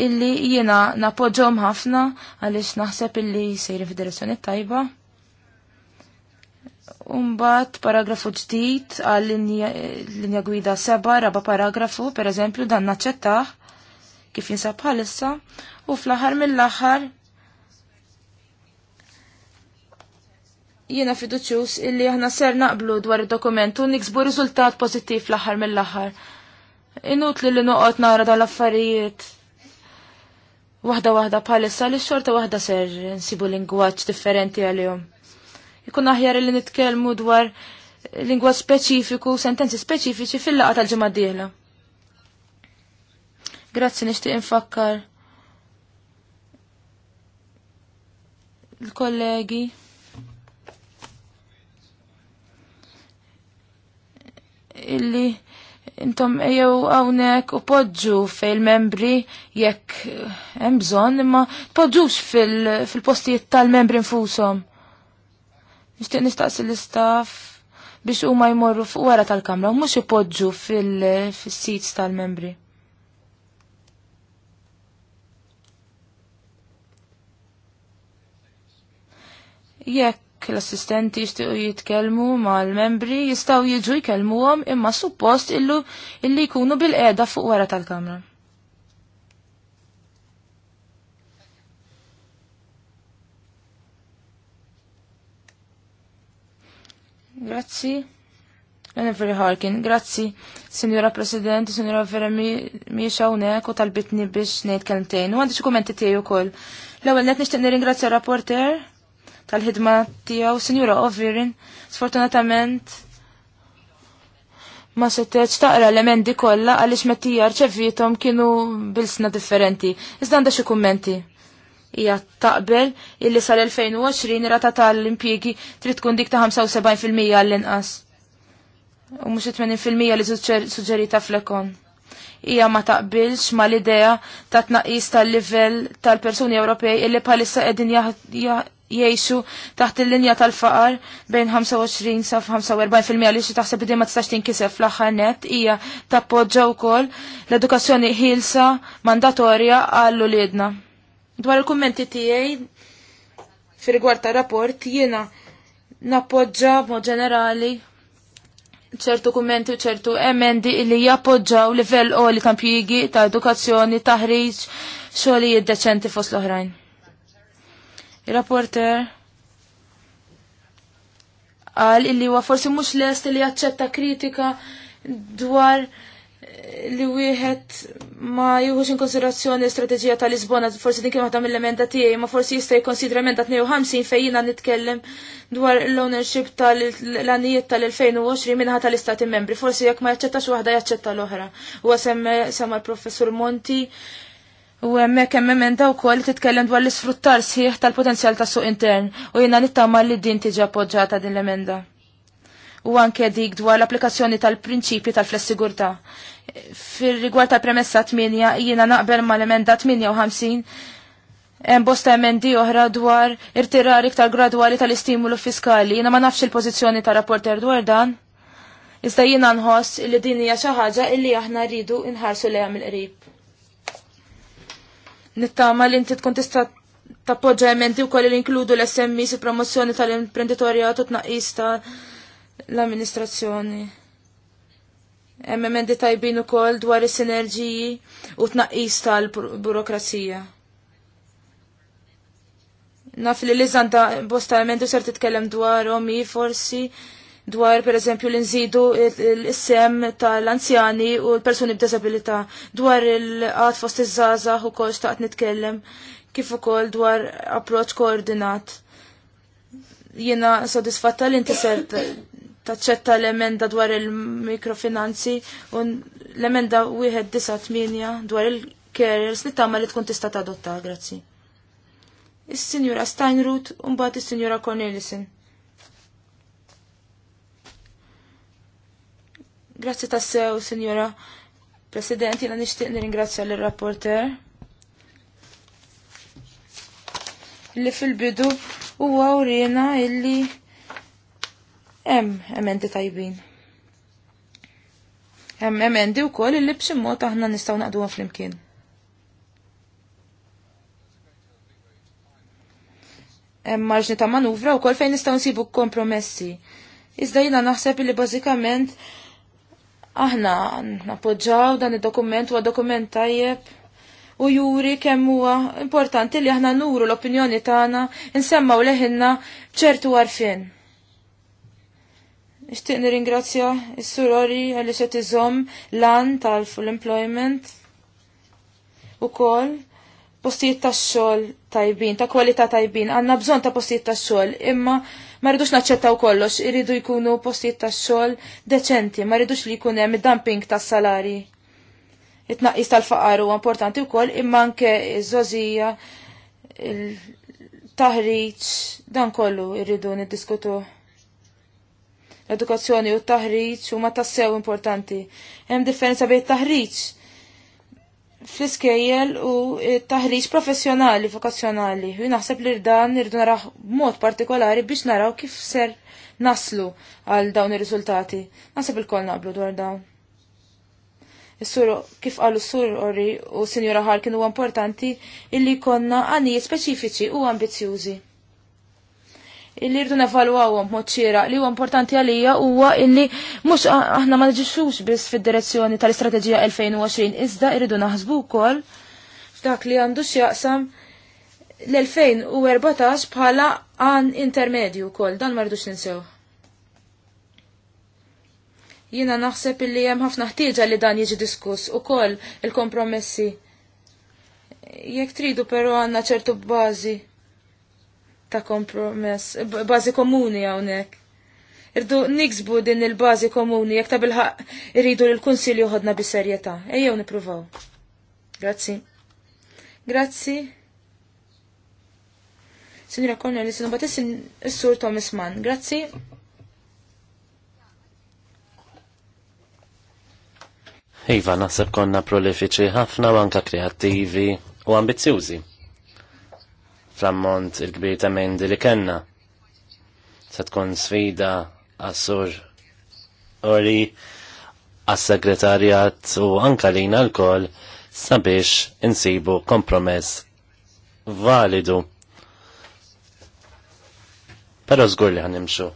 illi jiena napoġom ħafna għaliex naħseb illi sejri f'direzzjoni tajba. Umbat paragrafu ġdid għal linja gwida seba raba paragrafu, per eżempju, dan naċċettaħ kif jinsab bħalissa u fl-aħħar mill-aħħar jiena fiduċjus illi aħna ser naqblu dwar id-dokument u niksbu riżultat pożittiv fl-aħħar mill-aħħar. Inutli li noqgħod nara dal-affarijiet waħda waħda bħalissa li xorta waħda ser nsibu lingwaġġ differenti għalihom. Ikun aħjar li nitkellmu dwar lingwa speċifiku, sentenzi speċifiċi fil-laqa tal-ġimgħa d-dieħla. Grazzi nixtieq infakkar il-kollegi. Illi intom ejjew hawnhekk u poġġu fil-membri jekk hemm bżonn imma podġux fil-postijiet tal-membri nfushom. Nixtieq nistaqsi l-istaff biex huma jmorru fuq wara tal-kamra u mhux ipoġġu fil sits tal-membri. Jekk l-assistenti jixtiequ jitkellmu mal-membri jistgħu jiġu jkellmuhom imma suppost illu illi jkunu bil eda fuq wara tal-kamra. Grazzi. Jennifer Harkin, grazzi, Signora President, Signora Vera miex hawnhekk u talbitni biex ngħid kelmtejn. U għandix xi kummenti tiegħi wkoll. L-ewwel qed nixtieq nirringrazzja rapporter tal-ħidma tiegħu, Signora Ovirin, sfortunatament ma setteċ taqra l-emendi kollha għaliex mettija rċevietom kienu bil-sna differenti. Iżda għandha xi kummenti hija taqbel illi sal-2020 rata tal-impjiegi trid tkun dik ta' 75% għall-inqas. U mhux 80% li suġġerita flekon. Hija ma taqbilx ma l-idea ta' tnaqis tal-livell tal-persuni Ewropej illi bħalissa qegħdin jgħixu taħt il-linja tal-faqar bejn 25 sa 45% li xi taħseb li ma tistax tinkiseb fl-aħħar nett. hija tappoġġa wkoll l-edukazzjoni ħilsa mandatorja għall uliedna Dwar il-kommenti tiegħi fi rigward ta' rapport jiena nappoġġa b'mod ġenerali ċertu kummenti u ċertu emendi li jappoġġaw livell o li kampjigi ta' edukazzjoni, taħriġ, xogħlijiet deċenti fost l-oħrajn. Il-rapporter għal illi huwa forsi mhux lest li jaċċetta kritika dwar li wieħed ma jieħux inkonsiderazzjoni l-istrateġija tal-Lisbona, forsi din kien mill-emenda tiegħi, ma forsi jista' jikkonsidra emenda 52 fejn jiena nitkellem dwar l-ownership tal-anijiet tal-2020 minħa tal-Istati membri, forsi jekk ma jaċċettax waħda jaċċetta l-oħra. Huwa semma l-Professur Monti u hemmhekk hemm emenda wkoll li titkellem dwar l-isfruttar sħiħ tal-potenzjal ta' suq intern u jiena nittama li din tiġi appoġġjata din l-emenda u anke dik dwar l-applikazzjoni tal-prinċipju tal-flessigurta fil-rigward ta' premessa 8 jiena naqbel mal-emenda 58 hemm bosta emendi oħra dwar irtirar iktar gradwali tal-istimulu fiskali. Jiena ma nafx il-pożizzjoni tal rapporter dwar dan. Iżda jiena nħoss li din hija xi ħaġa li aħna rridu nħarsu għam il qrib Nittama li inti tkun tista' tappoġġa emendi wkoll li inkludu l-SMI si promozzjoni tal-imprenditorjat u tnaqqis l amministrazzjoni emmendi tajbin u kol dwar is-sinerġiji u tnaqqis tal-burokrazija. Naf li l-izanda bosta emendi ser titkellem dwar omi forsi dwar per eżempju li nżidu l-sem tal-anzjani u l-persuni b'disabilità dwar il-qat fost iż-żaza u kol staqt nitkellem kif ukoll dwar approċ koordinat. Jiena sodisfatta li inti taċċetta l-emenda dwar il-mikrofinanzi u l-emenda wieħed tminja dwar il-carers li tagħmel li tkun tista' tadotta, grazzi. Is-Sinjura Steinrut u mbagħad is-Sinjura Cornelisin. Grazzi tassew, Sinjora President, Jiena nishtiq nirringrazzja l-rapporter. Li fil-bidu u għawrina illi Hemm emendi tajbin. Hemm emendi wkoll il b'xi mod aħna nistgħu naqduha flimkien. Hemm marġni ta' manuvra wkoll fejn nistgħu nsibu kompromessi. Iżda jiena naħseb li bażikament aħna napoġġaw dan id-dokument huwa dokument tajjeb u juri kemm huwa importanti li aħna nuru l-opinjoni tagħna insemmaw leħinna ċertu għarfien. Ixtiq nirringrazzja s-surori għalli xet iżom lan tal-full employment u kol postijiet ta' xol tajbin, ta' kwalità tajbin. Għanna bżon ta' postijiet ta' xol, imma ma rridux naċċettaw kollox, irridu jkunu postijiet ta' xol deċenti, ma rridux li jkun hemm dumping ta' salari. It-naqqis tal-faqar huwa importanti wkoll, imma anke iż-żożija, il-taħriġ, dan kollu irridu niddiskutu l edukazzjoni u t-taħriġ huma tassew importanti. Hemm differenza bejn taħriġ fl-iskejjel u taħriġ professjonali, vokazzjonali. U naħseb li dan irdu naraħ mod partikolari biex naraw kif ser naslu għal dawn ir-riżultati. Naħseb il koll naqblu dwar dawn. Is-sur kif qalu s-sur Ori u Sinjora Harkin huwa importanti illi konna għanijiet speċifiċi u ambizjużi illi rridu nevalwawhom b'mod xieraq li huwa importanti għalija huwa illi mhux aħna ma nġixxux biss fid-direzzjoni tal-istrateġija 2020 iżda rridu naħsbu wkoll f'dak li għandu x'jaqsam l-2014 bħala għan intermedju wkoll dan ma rridux ninsew. Jiena naħseb illi hemm ħafna ħtieġa li dan jiġi diskuss ukoll il-kompromessi. Jekk tridu però għandna ċertu bażi ta' kompromess, bażi komuni hawnhekk. Irdu niksbu din il-bażi komuni jekk ta' bilħaq irridu l kunsilju ħodna bi serjetà. Ejjew nippruvaw. Grazzi. Grazzi. Sinjura Cornelis, nubat is-sur Thomas Mann. Grazzi. Iva, naħseb konna prolifiċi ħafna u anka kreattivi u ambizzjużi fl-ammont il-kbir ta' mendi li kenna. Se tkun sfida għassur ori għas-segretarjat u anka lina l-kol sabiex insibu kompromess validu. Pero zgur li għanimxu.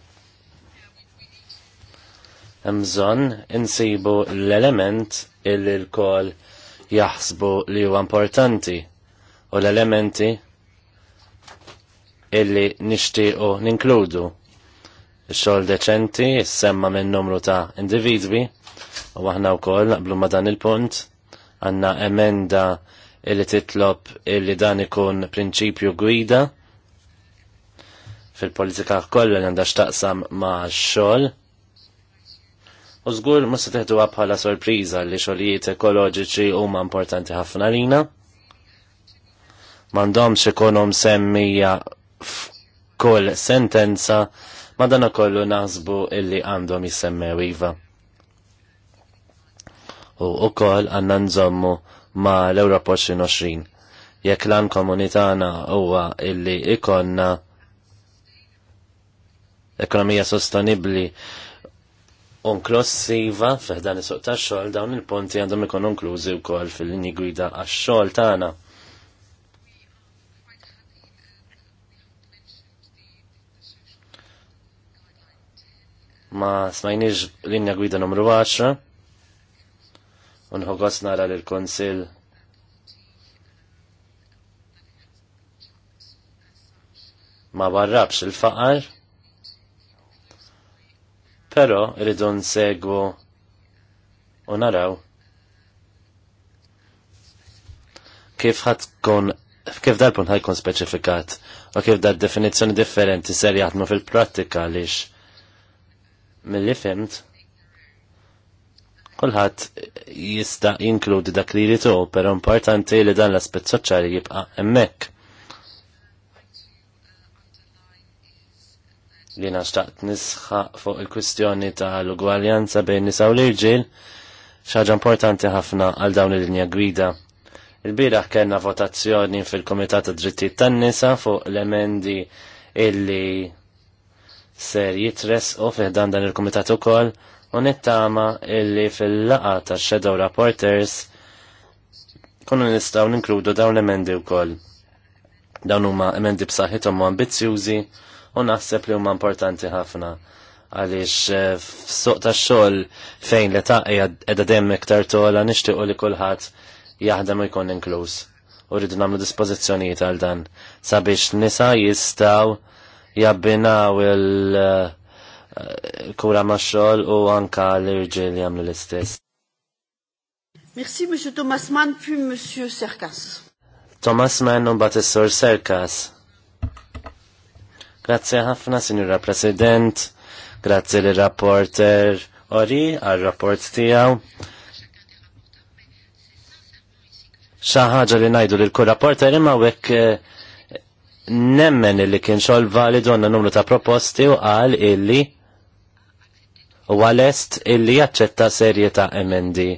Mżon insibu l-element il-kol jaħsbu li huwa importanti u l-elementi illi nixtiequ ninkludu. Xogħol deċenti semma minn numru ta' individwi u aħna wkoll naqblu ma' dan il-punt għandna emenda illi titlob illi dan ikun prinċipju gwida fil-politika kollha li għandha x'taqsam ma' xogħol. U żgur ma se teħdu bħala sorpriża li xogħlijiet ekoloġiċi huma importanti ħafna lina. M'għandhomx ikunhom semmija f'kull sentenza ma kollu naħsbu illi għandhom jisemmew iva. U ukoll għandna nżommu ma l-Europa 2020. Jekk lan komunitana huwa illi ikonna ekonomija sostenibli onklossiva fiħdan is-suq tax-xogħol dawn il-ponti għandhom ikun onklużi wkoll fil-linji gwida għax-xogħol tagħna. ma smajniġ linja gwida numru 10 unħogos nara l-konsil ma barrabx il-faqar pero rridu nsegwu u naraw kif ħatkun kif darbun ħajkun speċifikat u kif dar definizzjoni differenti ser jaħdmu fil-prattika għaliex mill-li fimt kulħadd jista' jinkludi dak li jritu, pero importanti li dan l-aspett soċjali jibqa' hemmhekk. Li naxtaqt nisħaq fuq il-kwistjoni tal-ugwaljanza bejn nisaw l-irġiel xaġa importanti ħafna għal dawn il-linja gwida. Il-biraħ kellna votazzjoni fil-Komitat tad-Drittijiet tan-Nisa fuq l-emendi illi ser jitres u fiħdan dan il-komitat ukoll u nittama illi fil-laqa ta' Shadow Reporters kunu nistaw ninkludu dawn l-emendi wkoll. Dawn huma emendi b'saħħithom u ambizzjużi u naħseb li huma importanti ħafna għaliex eh, f'suq ta' xogħol fejn li ta' qiegħda dejjem iktar tola nixtiequ li kulħadd jaħdem u jkun inkluż. U rridu nagħmlu dispożizzjonijiet għal dan sabiex nisa jistgħu jabbinaw il-kura eh, maċxol u anka l-irġil jamlu l-istess. Merci, Monsieur Thomas Mann, puis Monsieur Serkas. Thomas Mann un batessor Serkas. Grazie ħafna, Signora President. Grazie l-rapporter Ori għal-rapport tijaw xaħġa li najdu li l porter imma wek eh, nemmen illi kien xol valid għanna numru ta' proposti u għal illi u għalest illi jaċċetta serje ta' emendi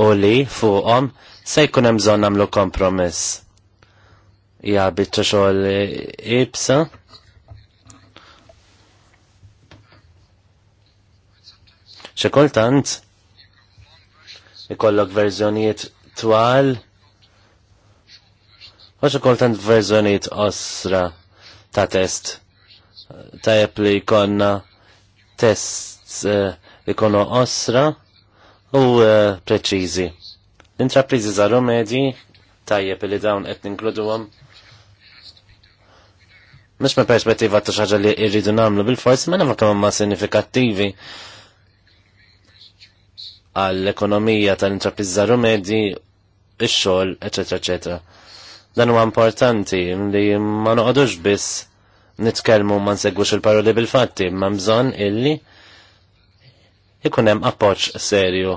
u li fuqom se jkun hemm bżonn nagħmlu kompromiss. Ja biċċa xogħol ibsa. Xi kultant ikollok verżjonijiet twal Għaxa xikultant verżjoniet osra ta' test. Tajab li konna test eh, li konna osra u eh, preċizi. L-intraprizi zaru medji tajjeb li dawn qed nkludu għom. Mux me perspettiva ta' xaġa li irridu namlu bil-forsi, ma nafra kamma sinifikattivi għall-ekonomija tal intraprizi zaru medji, ix-xogħol, eċetera, eċetera. Dan huwa importanti li ma noqogħdux biss nitkellmu ma nsegwux il-paroli bil-fatti, ma bżonn illi ikun hemm appoġġ serju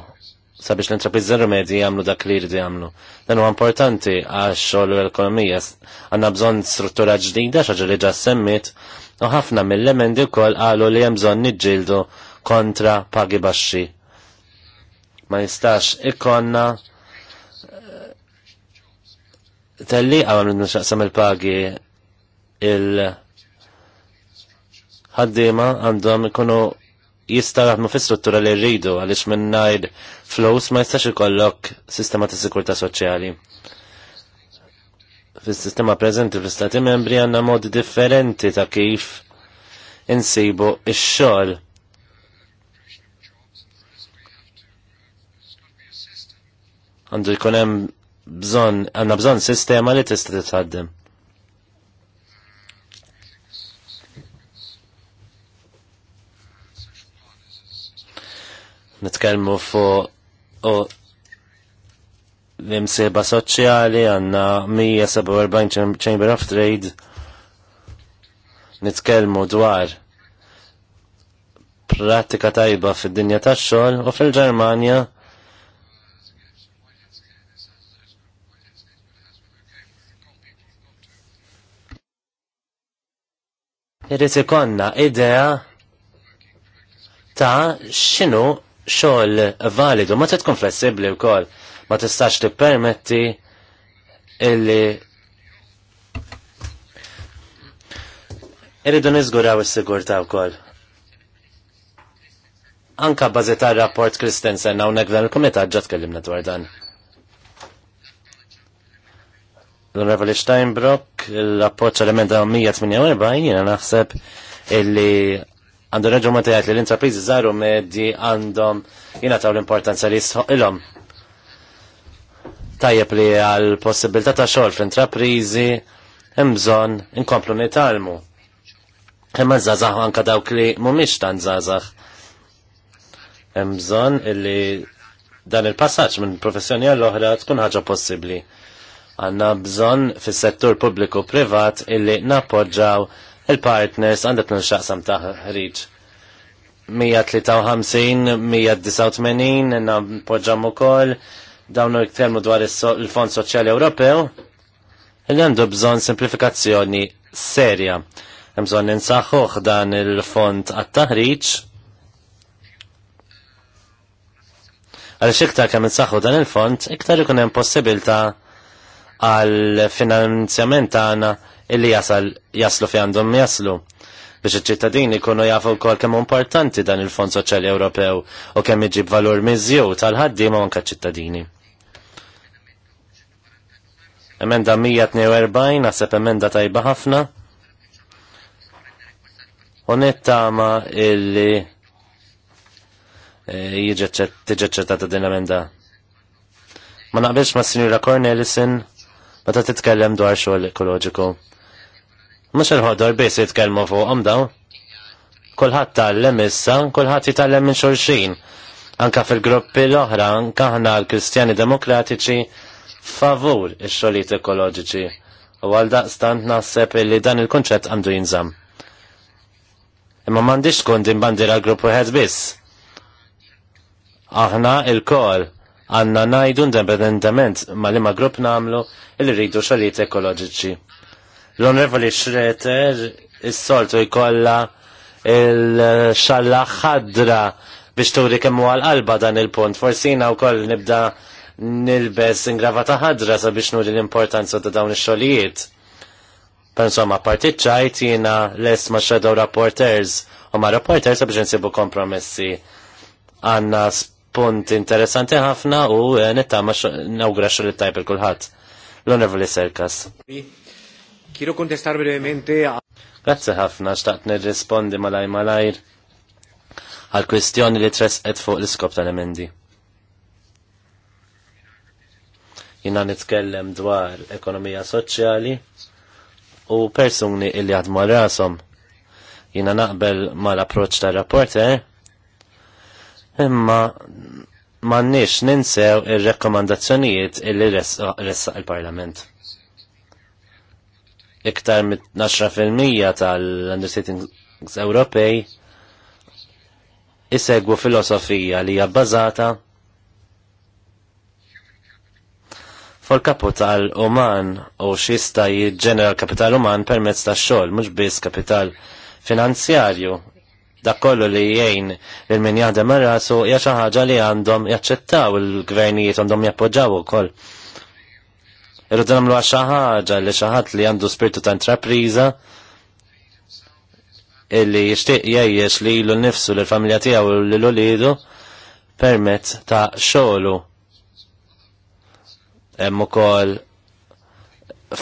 sabiex l-intrapriżi medji jagħmlu dak li jridu jagħmlu. Dan huwa importanti għax xogħol l-ekonomija għandna bżonn struttura ġdida xaġa li ġa semmit u ħafna mill-emendi wkoll qalu li hemm bżonn niġġieldu kontra pagi baxxi. Ma jistax ikonna Telli li għamil minn xaqsam il-pagi il-ħaddima għandhom ikunu jista raħmu fi struttura li rridu għalix minn flows ma jistax ikollok sistema ta' sikurta soċjali. Fis-sistema preżenti fl-Stati membri għandna modi differenti ta' kif insibu ix-xogħol. Għandu jkun hemm bżonn għandna bżonn sistema li tista' titħaddem. Nitkellmu fuq u l-imsiba soċjali għanna 147 Chamber of Trade nitkellmu dwar pratika tajba fid-dinja tax-xogħol u fil-Ġermanja Irrid ikonna idea ta' x'inhu xogħol validu, ma tkun flessibbli wkoll, ma tistax tippermetti illi Irridu niżguraw is-sigurtà wkoll. Anka bazita tar-rapport Kristensen hawnhekk dan il-kumitat ġa tkellimna dwar dan. l-Onorevoli Steinbrock, l-appoċ elementa 148, jena naħseb illi għandu reġu ma li l-intrapriżi zaru medji għandhom jina taw l-importanza li jisħoq ilhom. Tajjeb li għal possibilità ta' xogħol fl-intrapriżi hemm bżonn inkomplu nitalmu. Imma żgħażagħ anke dawk li mhumiex tant żgħażagħ. Hemm bżonn illi dan il-passaġġ minn professjoni għall oħra tkun ħaġa possibbli. Għanna bżon fis settur pubbliku privat illi nappoġġaw il-partners għandet x'aqsam taħriġ. 153, 189, nappoġġam ukoll dawn iktermu dwar il-Fond Soċjali Ewropew illi għandu bżon simplifikazzjoni serja. Bżon ninsaħħuħ dan il-fond għat-taħriġ. Għal xiktar kemm insaħħu dan il-fond, iktar ikun hemm possibilta' għal finanzjament tagħna illi jasal jaslu fi għandhom jaslu biex iċ-ċittadini jkunu jafu wkoll kemm importanti dan il-Fond Soċjali Ewropew u kemm iġib valur mizzju tal ma anke ċittadini. Emenda 142 naħseb emenda tajba ħafna. U nittama illi eh, jiġi ċettata din l-emenda. Ma naqbilx ma' Sinjura Cornelison meta titkellem dwar xogħol ekoloġiku. Mhux il-ħodor biss jitkellmu fuqhom daw. Kulħadd tgħallem issa, kulħadd jitgħallem minn xulxin. Anka fil-gruppi l-oħra, anka ħna l-Kristjani Demokratiċi favur ix-xogħlijiet ekoloġiċi. U għal daqstant naħseb li dan il-kunċett għandu jinżamm. Imma m'għandix tkun din bandira l-grupp wieħed biss. Aħna il-kol għanna najdu indipendentement ma li ma grupp namlu il-ridu xalit ekoloġiċi. l onrevoli Schroeter is-soltu jkolla il-xalla ħadra biex turi kemmu għal-qalba dan il-punt. Forsina u koll nibda nilbes ingravata ħadra sabiex nuri l-importanza ta' dawn ix-xogħlijiet. Per insomma, partit ċajt jina ma' shadow rapporters u ma' rapporters sabiex nsibu kompromessi għanna punt interessanti ħafna u eh, nittama nawgra xogħol it tajp il kulħadd. L-Onorevoli Serkas. Kiru kontestar brevemente. Grazzi ħafna xtaqt nirrispondi malaj malajr għal kwistjoni li tresqet fuq l-iskop tal-emendi. Jina nitkellem dwar ekonomija soċjali u persuni illi għadmu rasom. Jina naqbel mal-approċ tal-rapporter eh? imma mannix ninsew il-rekkomandazzjonijiet illi ressaq il-Parlament. Iktar mit 10% tal-Understatings Ewropej isegwu filosofija li hija bbażata kapital uman u xista jiġġenera kapital uman permezz tax-xogħol mhux biss kapital finanzjarju dak kollu li jgħin lil min jaħdem rasu hija xi ħaġa li għandhom jaċċettaw il-gvernijiet għandhom jappoġġaw ukoll. Irridu nagħmlu xi ħaġa li xi ħadd li għandu spirtu ta' intrapriża illi jixtieq jgħix li l nnifsu lill familja tiegħu u lil ulidu permezz ta' xogħlu. Hemm ukoll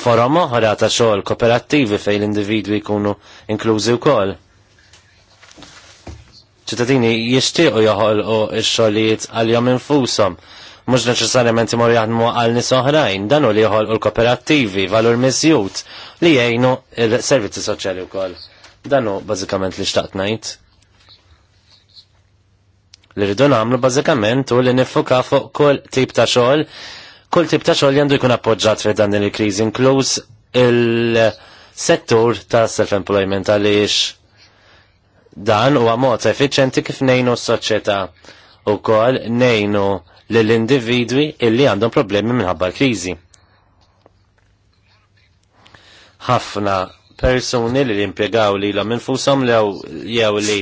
forom oħra ta' xogħol kooperattivi fejn l-individwi jkunu inklużi wkoll ċittadini jishtiqu joħolqu x-xogħlijiet għal-jom infushom. Mhux neċessarjament imur jaħdmu għal nies oħrajn, dan hu li joħolqu l-kooperattivi, valur miżjud li jgħinu l-servizzi soċjali wkoll. Dan hu bażikament li xtaqt ngħid. Li rridu nagħmlu bażikament u li nifuka fuq kull tip ta' xogħol, kull tip ta' xogħol jandu jkun appoġġat fi dan il-kriżi inkluż il-settur ta' self-employment għaliex dan huwa mod effiċenti kif nejnu s-soċjetà wkoll nejnu lill individwi illi għandhom problemi minħabba l-kriżi. Ħafna persuni li l-impiegaw li l-om infusom jew li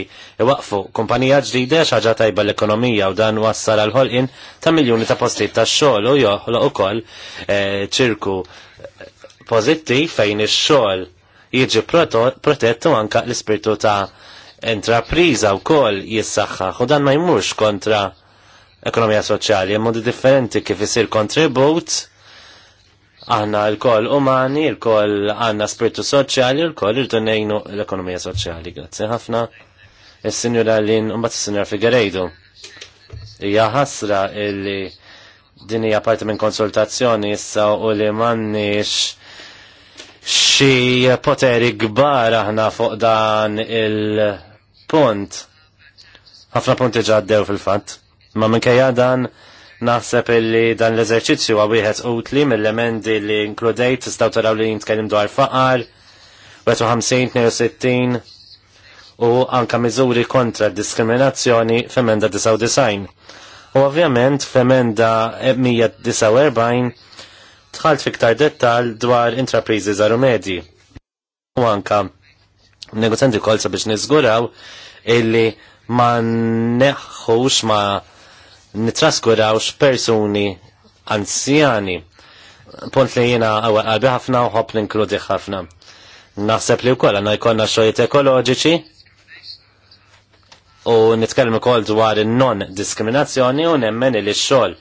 waqfu kumpanija ġdida xaġa tajba l-ekonomija u dan wassal għal-ħolqin ta' miljoni ta' postiet ta' xogħol u joħloq ukoll eh, ċirku pozittiv fejn ix-xogħol jiġi protettu anka l-ispirtu ta' intrapriża wkoll jissaħħaħ u dan ma jmurx kontra ekonomija soċjali, modi differenti kif isir kontribut aħna l-koll umani, l-koll għanna spiritu soċjali, l-koll irdu l-ekonomija soċjali. Grazie ħafna. Il-Sinjur Għallin, un-bat il-Sinjur Figueredo. Ija ħasra illi din hija parti minn konsultazzjoni issa u li m'għandniex xie poteri kbar aħna fuq dan il- Punt, Ħafna punti ġaddew fil-fatt. Ma minkejja dan naħseb li dan l-eżerċizzju huwa wieħed utli mill-emendi li inkludejt tistgħu taraw li jintkellim dwar faqar, 52, u anka miżuri kontra diskriminazzjoni f'emenda 99. U ovvjament f'emenda 149 tħalt fiktar dettal dwar intrapriżi zaru medji. U anka negozjanti kolza biex nizguraw illi ma neħħux ma nitraskurawx persuni anzjani. Punt li jina għawa qalbi ħafna u ħob ninkludi ħafna. Naħseb li wkoll għandna jkollna xogħlijiet ekoloġiċi u nitkellmu wkoll dwar in-non diskriminazzjoni u nemmen li x-xogħol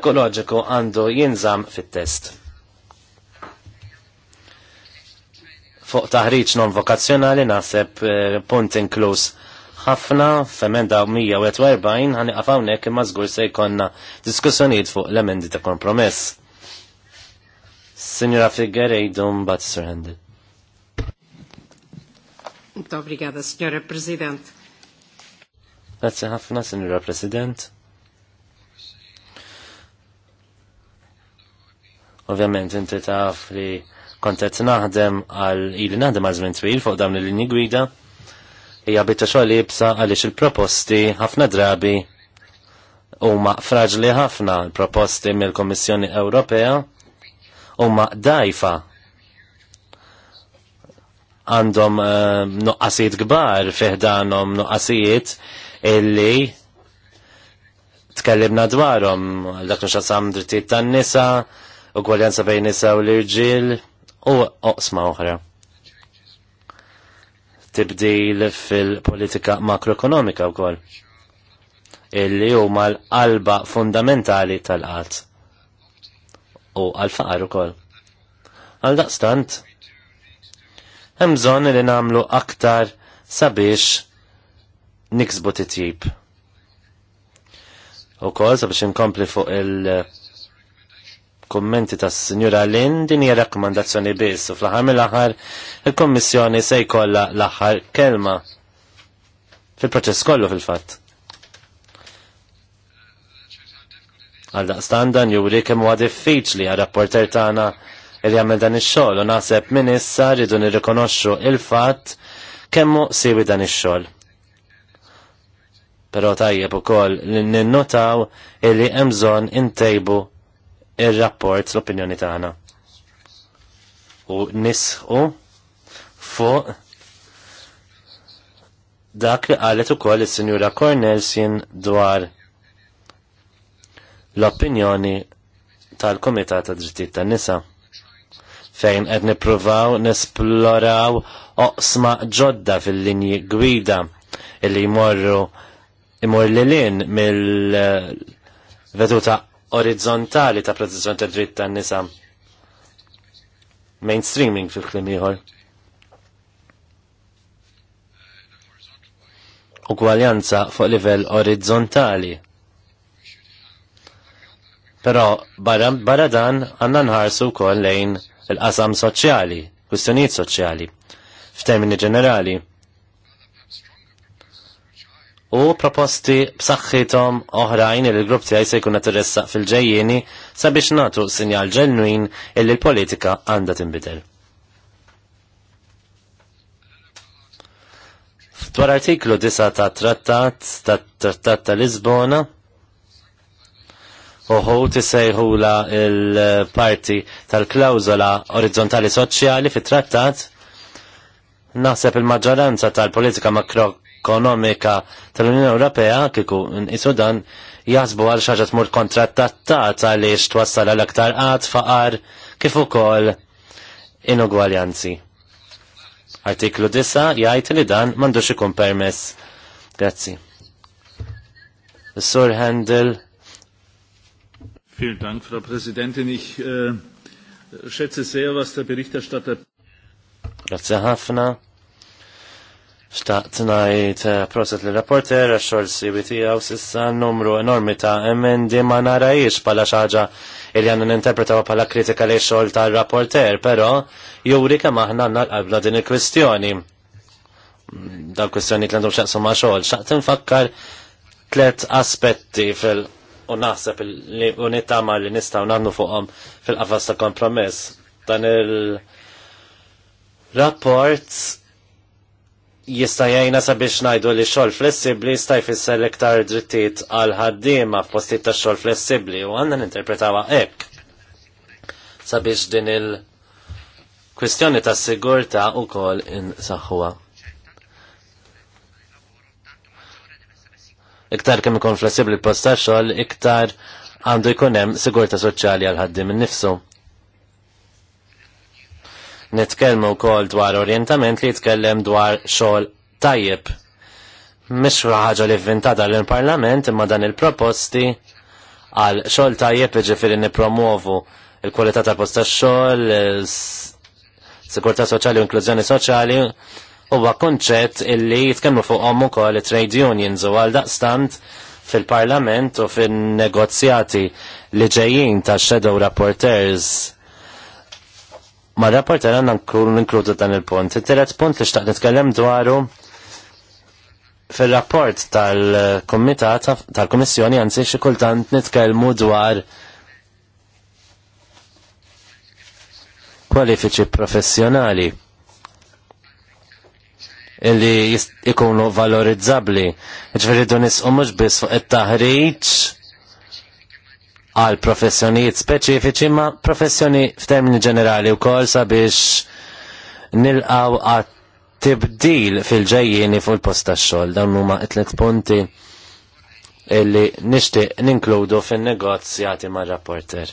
ekoloġiku għandu jinżam fit-test. fuq taħriġ non vokazzjonali naħseb eh, punt inkluż ħafna f'emenda 141 ħani għafawnek imma żgur se jkollna diskussjonijiet fuq l-emendi ta' kompromess. Signora idum bat surrendi. Muito obrigada, Signora Presidente. Grazie ħafna, Signora President. Ovvjament inti taf li kontet naħdem għal ili naħdem għal żmien twil fuq dawn il-linji gwida hija bitta xogħol jibsa għaliex il-proposti ħafna drabi huma fraġli ħafna l-proposti mill-Kommissjoni Ewropea huma dajfa għandhom uh, nuqqasijiet kbar fiħdanhom nuqqasijiet illi tkellimna dwarhom dak sam drittijiet tan-nisa, ugwaljanza bejn nisa u l-irġiel, u oqsma oħra. Tibdil fil-politika makroekonomika wkoll illi huma l-qalba fundamentali tal-qatt u għal-faqar ukoll. Għal daqstant, hemm bżonn li nagħmlu aktar sabiex niksbu titjib. U kol sabiex inkompli fuq il- kommenti tas sinjura Lin din hija rakkomandazzjoni biss u fl-aħħar mill-aħħar il-Kommissjoni se jkollha l-aħħar kelma fil-proċess kollu fil-fatt. Għal daqstan dan juri kemm huwa diffiċli għal rapporter tagħna li jagħmel dan ix-xogħol u naħseb minn issa rridu nirrikonoxxu il-fatt kemm siwi dan ix-xogħol. Però tajjeb ukoll ninnotaw illi hemm bżonn intejbu ir-rapport l-opinjoni tagħna. U nisħu fuq dak li qalet ukoll is-Sinjura Cornelsin dwar l-opinjoni tal kumitat ta' Drittijiet tan-Nisa fejn qed nippruvaw nesploraw oqsma ġodda fil-linji gwida illi jmorru imur lilin mill-veduta orizzontali ta' protezzjoni ta' dritt tan nisa mainstreaming fil-klim ieħor. Ugwaljanza fuq livell orizzontali. Però barra, barra dan għandna nħarsu wkoll lejn il-qasam soċjali, kwistjonijiet soċjali, f'termini ġenerali u proposti b'saħħithom oħrajn li l-grupp tiegħi se jkun qed fil-ġejjieni sabiex nagħtu sinjal ġenwin illi l-politika għandha tinbidel. Dwar artiklu 9 ta' trattat ta' trattat ta' Lisbona uħu la il-parti tal-klawzola orizzontali soċjali fit trattat naħseb il-maġġoranza tal-politika makro ekonomika tal-Unjoni Ewropea kieku nqisu dan jasbu għal xaġa tmur kontra trattat għaliex twassal għal aktar għad faqar kif ukoll inugwaljanzi. Artiklu 9 jgħid li dan m'għandux ikun permess. Grazzi. Sur Handel. Vielen Dank, Frau Präsidentin. Ich äh, schätze sehr, was der Berichterstatter Grazie ħafna. Xtaqt najt eh, proset li rapporter għaxxol sibi tijaw sissa numru enormi ta' emendi ma narajix pala xaġa il għanna interpretaw pala kritika li xor ta' rapporter, pero juri kem aħna l-qabla din il-kwistjoni. Dal kwistjoni t-lendu xaqsu ma xol, xaqt nfakkar tlet aspetti fil- u naħseb li ma' li nistaw nannu fuqom fil-qafas ta' kompromess. Dan il-rapport jista' jgħinna sabiex ngħidu li xogħol flessibbli jista' jfisser l-iktar drittijiet għal ma f'postijiet ta' xogħol flessibbli u għandna ninterpretawha hekk. Sabiex din il-kwistjoni ta' sigurta u kol insaħħuha. Iktar kemm ikun flessibbli l-post ta' xogħol, iktar għandu jkun hemm sigurta soċjali għal ħaddim innifsu. nifsu Nitkellmu wkoll dwar orientament li jitkellem dwar xogħol tajjeb. Mhix ħaġa li vvintada l-Parlament imma dan il-proposti għal xogħol tajjeb iġifieri nippromovu il-kwalità tal posta xogħol, sikurtà soċjali u inklużjoni soċjali huwa konċett illi jitkellmu fuqhom ukoll trade unions u għal daqstant fil-parlament u fin negozjati li ġejjin ta' shadow rapporteurs ma' rapporter għanna inkludu dan il-punt. Il-teret punt li xtaqt nitkellem dwaru fil-rapport tal-komitat, tal-komissjoni għanzi xikultant nitkellmu dwar kwalifiċi professjonali illi jikunu valorizzabli. Ġveri dunis u mux bis fuq it-taħriċ għal professjonijiet speċifiċi ma professjoni f'termini ġenerali u kol sabiex nilqaw għat tibdil fil-ġejjieni fuq il-post tax-xogħol dawn huma tliet punti illi nixtieq ninkludu fin-negozjati mar-rapporter.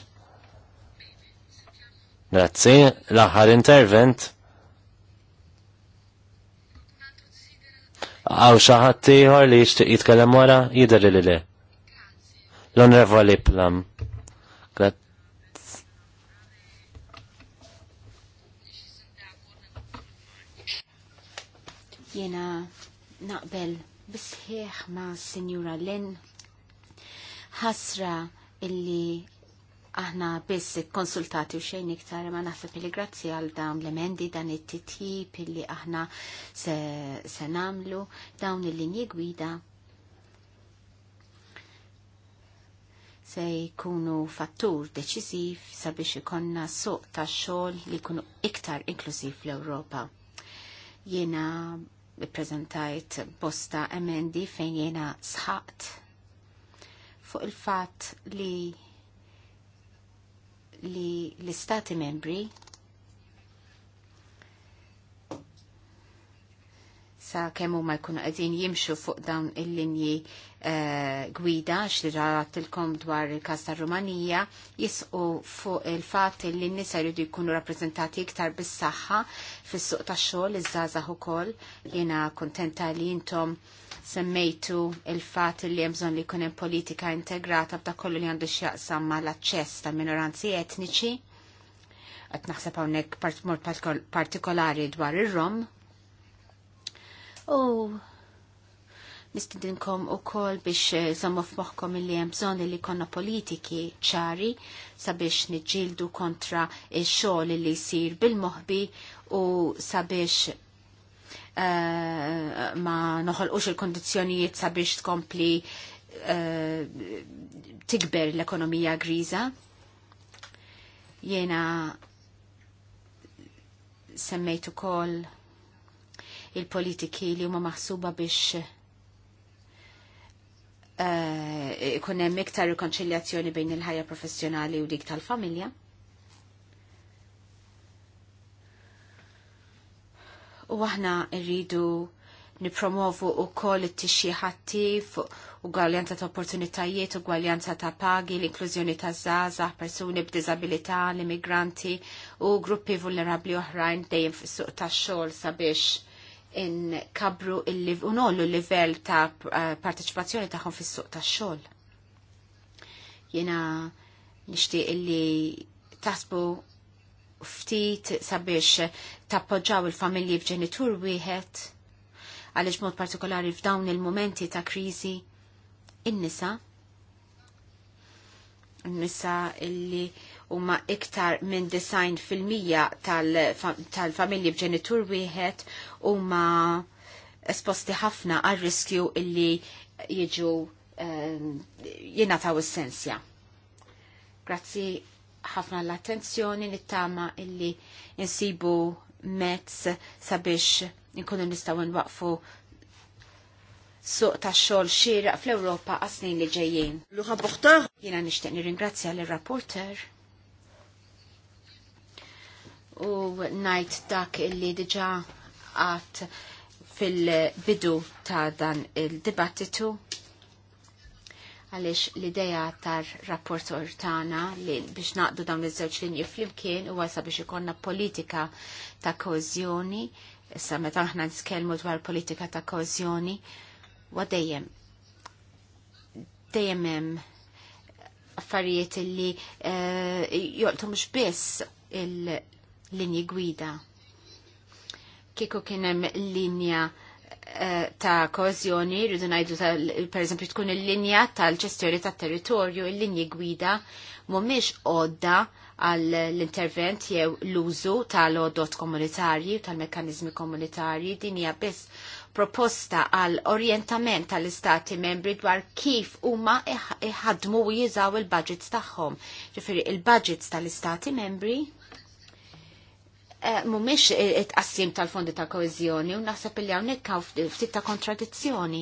Grazzi, l-aħħar intervent. Għaw xaħat tiħor li jishtiq jitkellem wara jidher li le. L-onrevoli plam. Jena naqbel bisħieħ ma' Signora Lynn ħasra illi aħna biss konsultati u xejn iktar ma naħseb pili grazzi għal dawn l-emendi dan it-titjib illi aħna se, se namlu dawn il-linji gwida se jkunu fattur deċiżiv sabiex ikonna suq ta' xogħol li jkunu iktar inklużiv fl-Ewropa. Jiena ippreżentajt bosta emendi fejn jiena sħaqt fuq il-fatt li li l-istati membri sa kemm huma jkunu qegħdin jimxu fuq dawn il-linji uh, gwida x'ratilkom dwar il-każ tar-Rumanija jisqu fuq il-fatt li n-nisa jridu jkunu rappreżentati iktar bis-saħħa fis-suq tax-xogħol iż-żgħażagħ ukoll jiena kuntenta li intom semmejtu il-fatt li hemm bżonn li jkun hemm politika integrata b'da kollu li għandu x'jaqsam mal-aċċess ta' minoranzi etniċi qed naħseb hawnhekk part partikolari dwar ir-Rom u nistidinkom u kol biex eh, zammu f'moħkom li hemm bżonn li konna politiki ċari sabiex niġġieldu kontra x-xogħol li jsir bil mohbi u sabiex uh, ma noħolqux il kondizjonijiet sabiex tkompli uh, tikber l-ekonomija griża. Jena semmejt ukoll il-politiki li huma maħsuba biex eh, ikun hemm iktar rikonċiljazzjoni bejn il-ħajja professjonali u dik tal-familja. U aħna rridu nipromovu u koll it-tixji ħattif u gwaljanza ta' opportunitajiet u gwaljanza ta' pagi, l-inklużjoni ta' zaza, persuni b'dizabilità, l-immigranti u gruppi vulnerabli oħrajn dejjem fis-suq tax-xogħol sabiex inkabru unollu l-livell ta' eh, parteċipazzjoni tagħhom fis-suq tax-xogħol. Jiena nixtieq illi tasbu ftit sabiex tappoġġaw il-familji b'ġenitur wieħed għaliex mod partikolari f'dawn il-momenti ta' kriżi in-nisa in-nisa illi huma iktar minn design fil-mija tal-familji b'ġenitur wieħed huma esposti ħafna għal riskju illi jiġu ehm, jingħataw essenzja. Grazzi ħafna l-attenzjoni nittama illi insibu mezz sabiex nkunu nistgħu nwaqfu suq ta' xogħol xieraq fl-Ewropa għas li ġejjin. L-rapporter jiena nixtieq nirringrazzja l-rapporter u najt dak illi diġa għat fil-bidu ta' dan il-dibattitu għalix l-ideja tar rapport tana li biex naqdu dawn iż-żewġ linji flimkien u għasa biex ikonna politika ta' kozjoni, issa meta aħna niskelmu dwar politika ta' kozjoni, wa dejjem dejjem hemm affarijiet li uh, eh, joqtu mhux biss il linji gwida. Kieku kienem linja eh, ta' kozjoni, rridu najdu per esempio tkun il-linja tal-ġestjoni ta' territorju, il-linji gwida, mumiex odda għall-intervent jew l-użu tal-odot komunitarji, tal-mekkanizmi komunitarji, din hija biss proposta għal orientament tal-istati membri dwar kif huma iħadmu u jizaw il-budgets tagħhom. Ġifieri il-budgets tal-istati membri Eh, mumiex it-qassim tal-fondi ta' koezjoni u naħseb li hawnhekk hawn ftit ta' kontradizzjoni.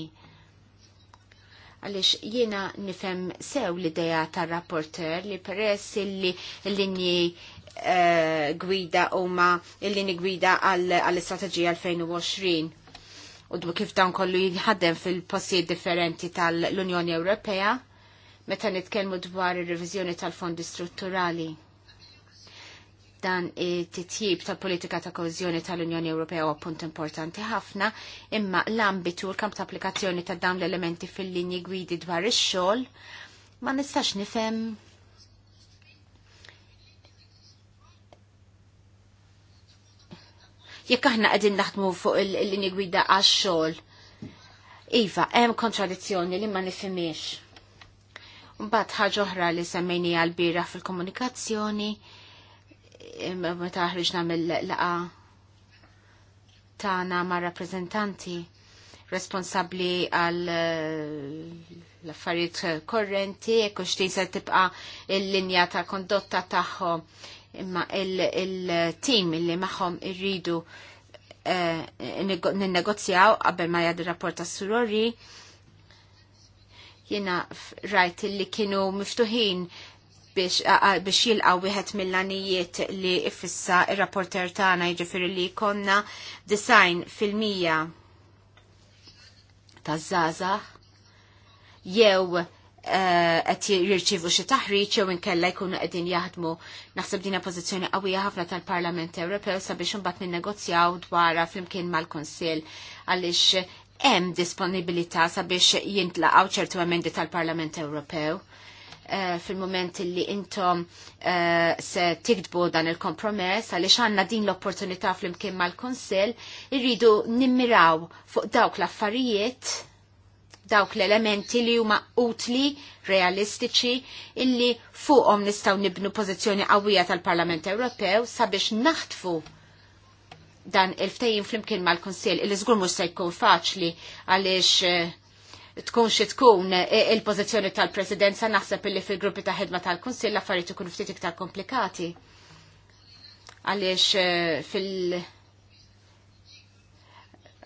Għaliex jiena nifhem sew l-idea tar-rapporter li peress li l-linji eh, gwida huma l-linji gwida għall-istrateġija 2020 u kif dan kollu jinħaddem fil-postijiet differenti tal-Unjoni Ewropea meta nitkellmu dwar ir-reviżjoni tal-fondi strutturali dan it-titjib tal-politika ta' kożjoni tal-Unjoni Ewropea huwa punt importanti ħafna, imma l-ambitu l-kamp ta' applikazzjoni ta' dawn l-elementi fil-linji gwidi dwar ix-xogħol ma nistax nifhem jekk aħna qegħdin naħdmu fuq il-linji gwida għax-xogħol. Iva, hemm kontradizzjoni li ma nifhimiex. Mbagħad ħaġa oħra li semmejni għal-bira fil-komunikazzjoni meta ħriġna mill-laqa tagħna ma' rappreżentanti responsabbli għal eh, l-affarijiet korrenti, ekku se tibqa il-linja ta' kondotta tagħhom imma il-tim il li magħhom irridu eh, ninnegozjaw qabel ma jgħaddi rapport ta' surori jiena rajt li kienu miftuħin biex jilqaw wieħed mill għanijiet li ifissa ir-rapporter tagħna jiġifieri li konna design fil-mija taż-żgħażagħ jew eh, qed jirċivu xi taħriġ jew inkella jkunu qegħdin jaħdmu. Naħseb dina pożizzjoni qawwija ħafna tal-Parlament Ewropew sabiex imbagħad ninnegozjaw dwarha flimkien mal-Kunsill għaliex hemm disponibilità sabiex jintlaqgħu ċertu emendi tal-Parlament Ewropew. Eh, fil-moment li intom eh, se tigdbu dan il-kompromess għaliex għandna din l-opportunità fl-imkien mal-Konsil irridu nimmiraw fuq dawk l-affarijiet dawk l-elementi li huma utli, realistiċi, illi fuqhom nistgħu nibnu pożizzjoni qawwija tal-Parlament Ewropew sabiex naħtfu dan il-ftejjin flimkien mal-Konsil, il-żgur mhux se jkun faċli għaliex eh, tkun xi tkun e, e, il-pożizzjoni tal-Presidenza naħseb illi fil-gruppi ta' ħidma tal-Kunsill affarijiet ikunu ftit iktar komplikati. Għaliex e, fil-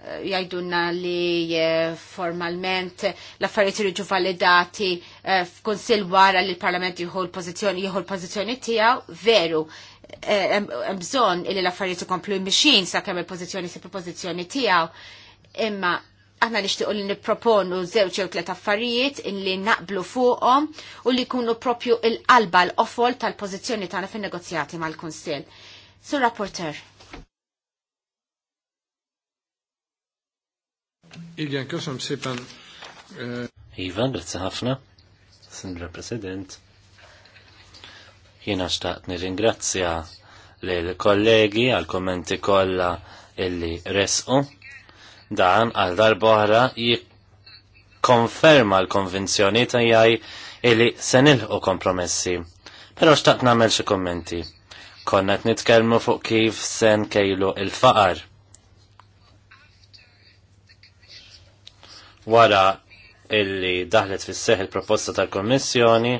jajdunna li formalment l-affarijiet iriġu validati f'kunsill wara li l-Parlament jieħu l-pożizzjoni jieħu l-pożizzjoni tiegħu veru hemm bżonn li l-affarijiet ikomplu mixin sakemm il-pożizzjoni sib il-pożizzjoni tiegħu imma aħna nixtiequ li nipproponu żewġ jew tliet affarijiet illi naqblu fuqhom u li jkunu propju il-qalba l-qofol tal-pożizzjoni tagħna fin-negozjati mal-Kunsill. Sur rapporter. Igen, kosom sipan. Eh, Ivan, grazzi ħafna, Sindra President. Jiena xtaqt nirringrazzja lill kollegi għall kommenti kollha illi resqu Dan għal darboħra jikkonferma l-konvenzjoni tajaj illi senil u kompromessi. Pero xtaqt namel xie kommenti. Konnet nitkelmu fuq kif sen kejlu il-faqar. Wara illi daħlet fis seħ il-proposta tal-Kommissjoni,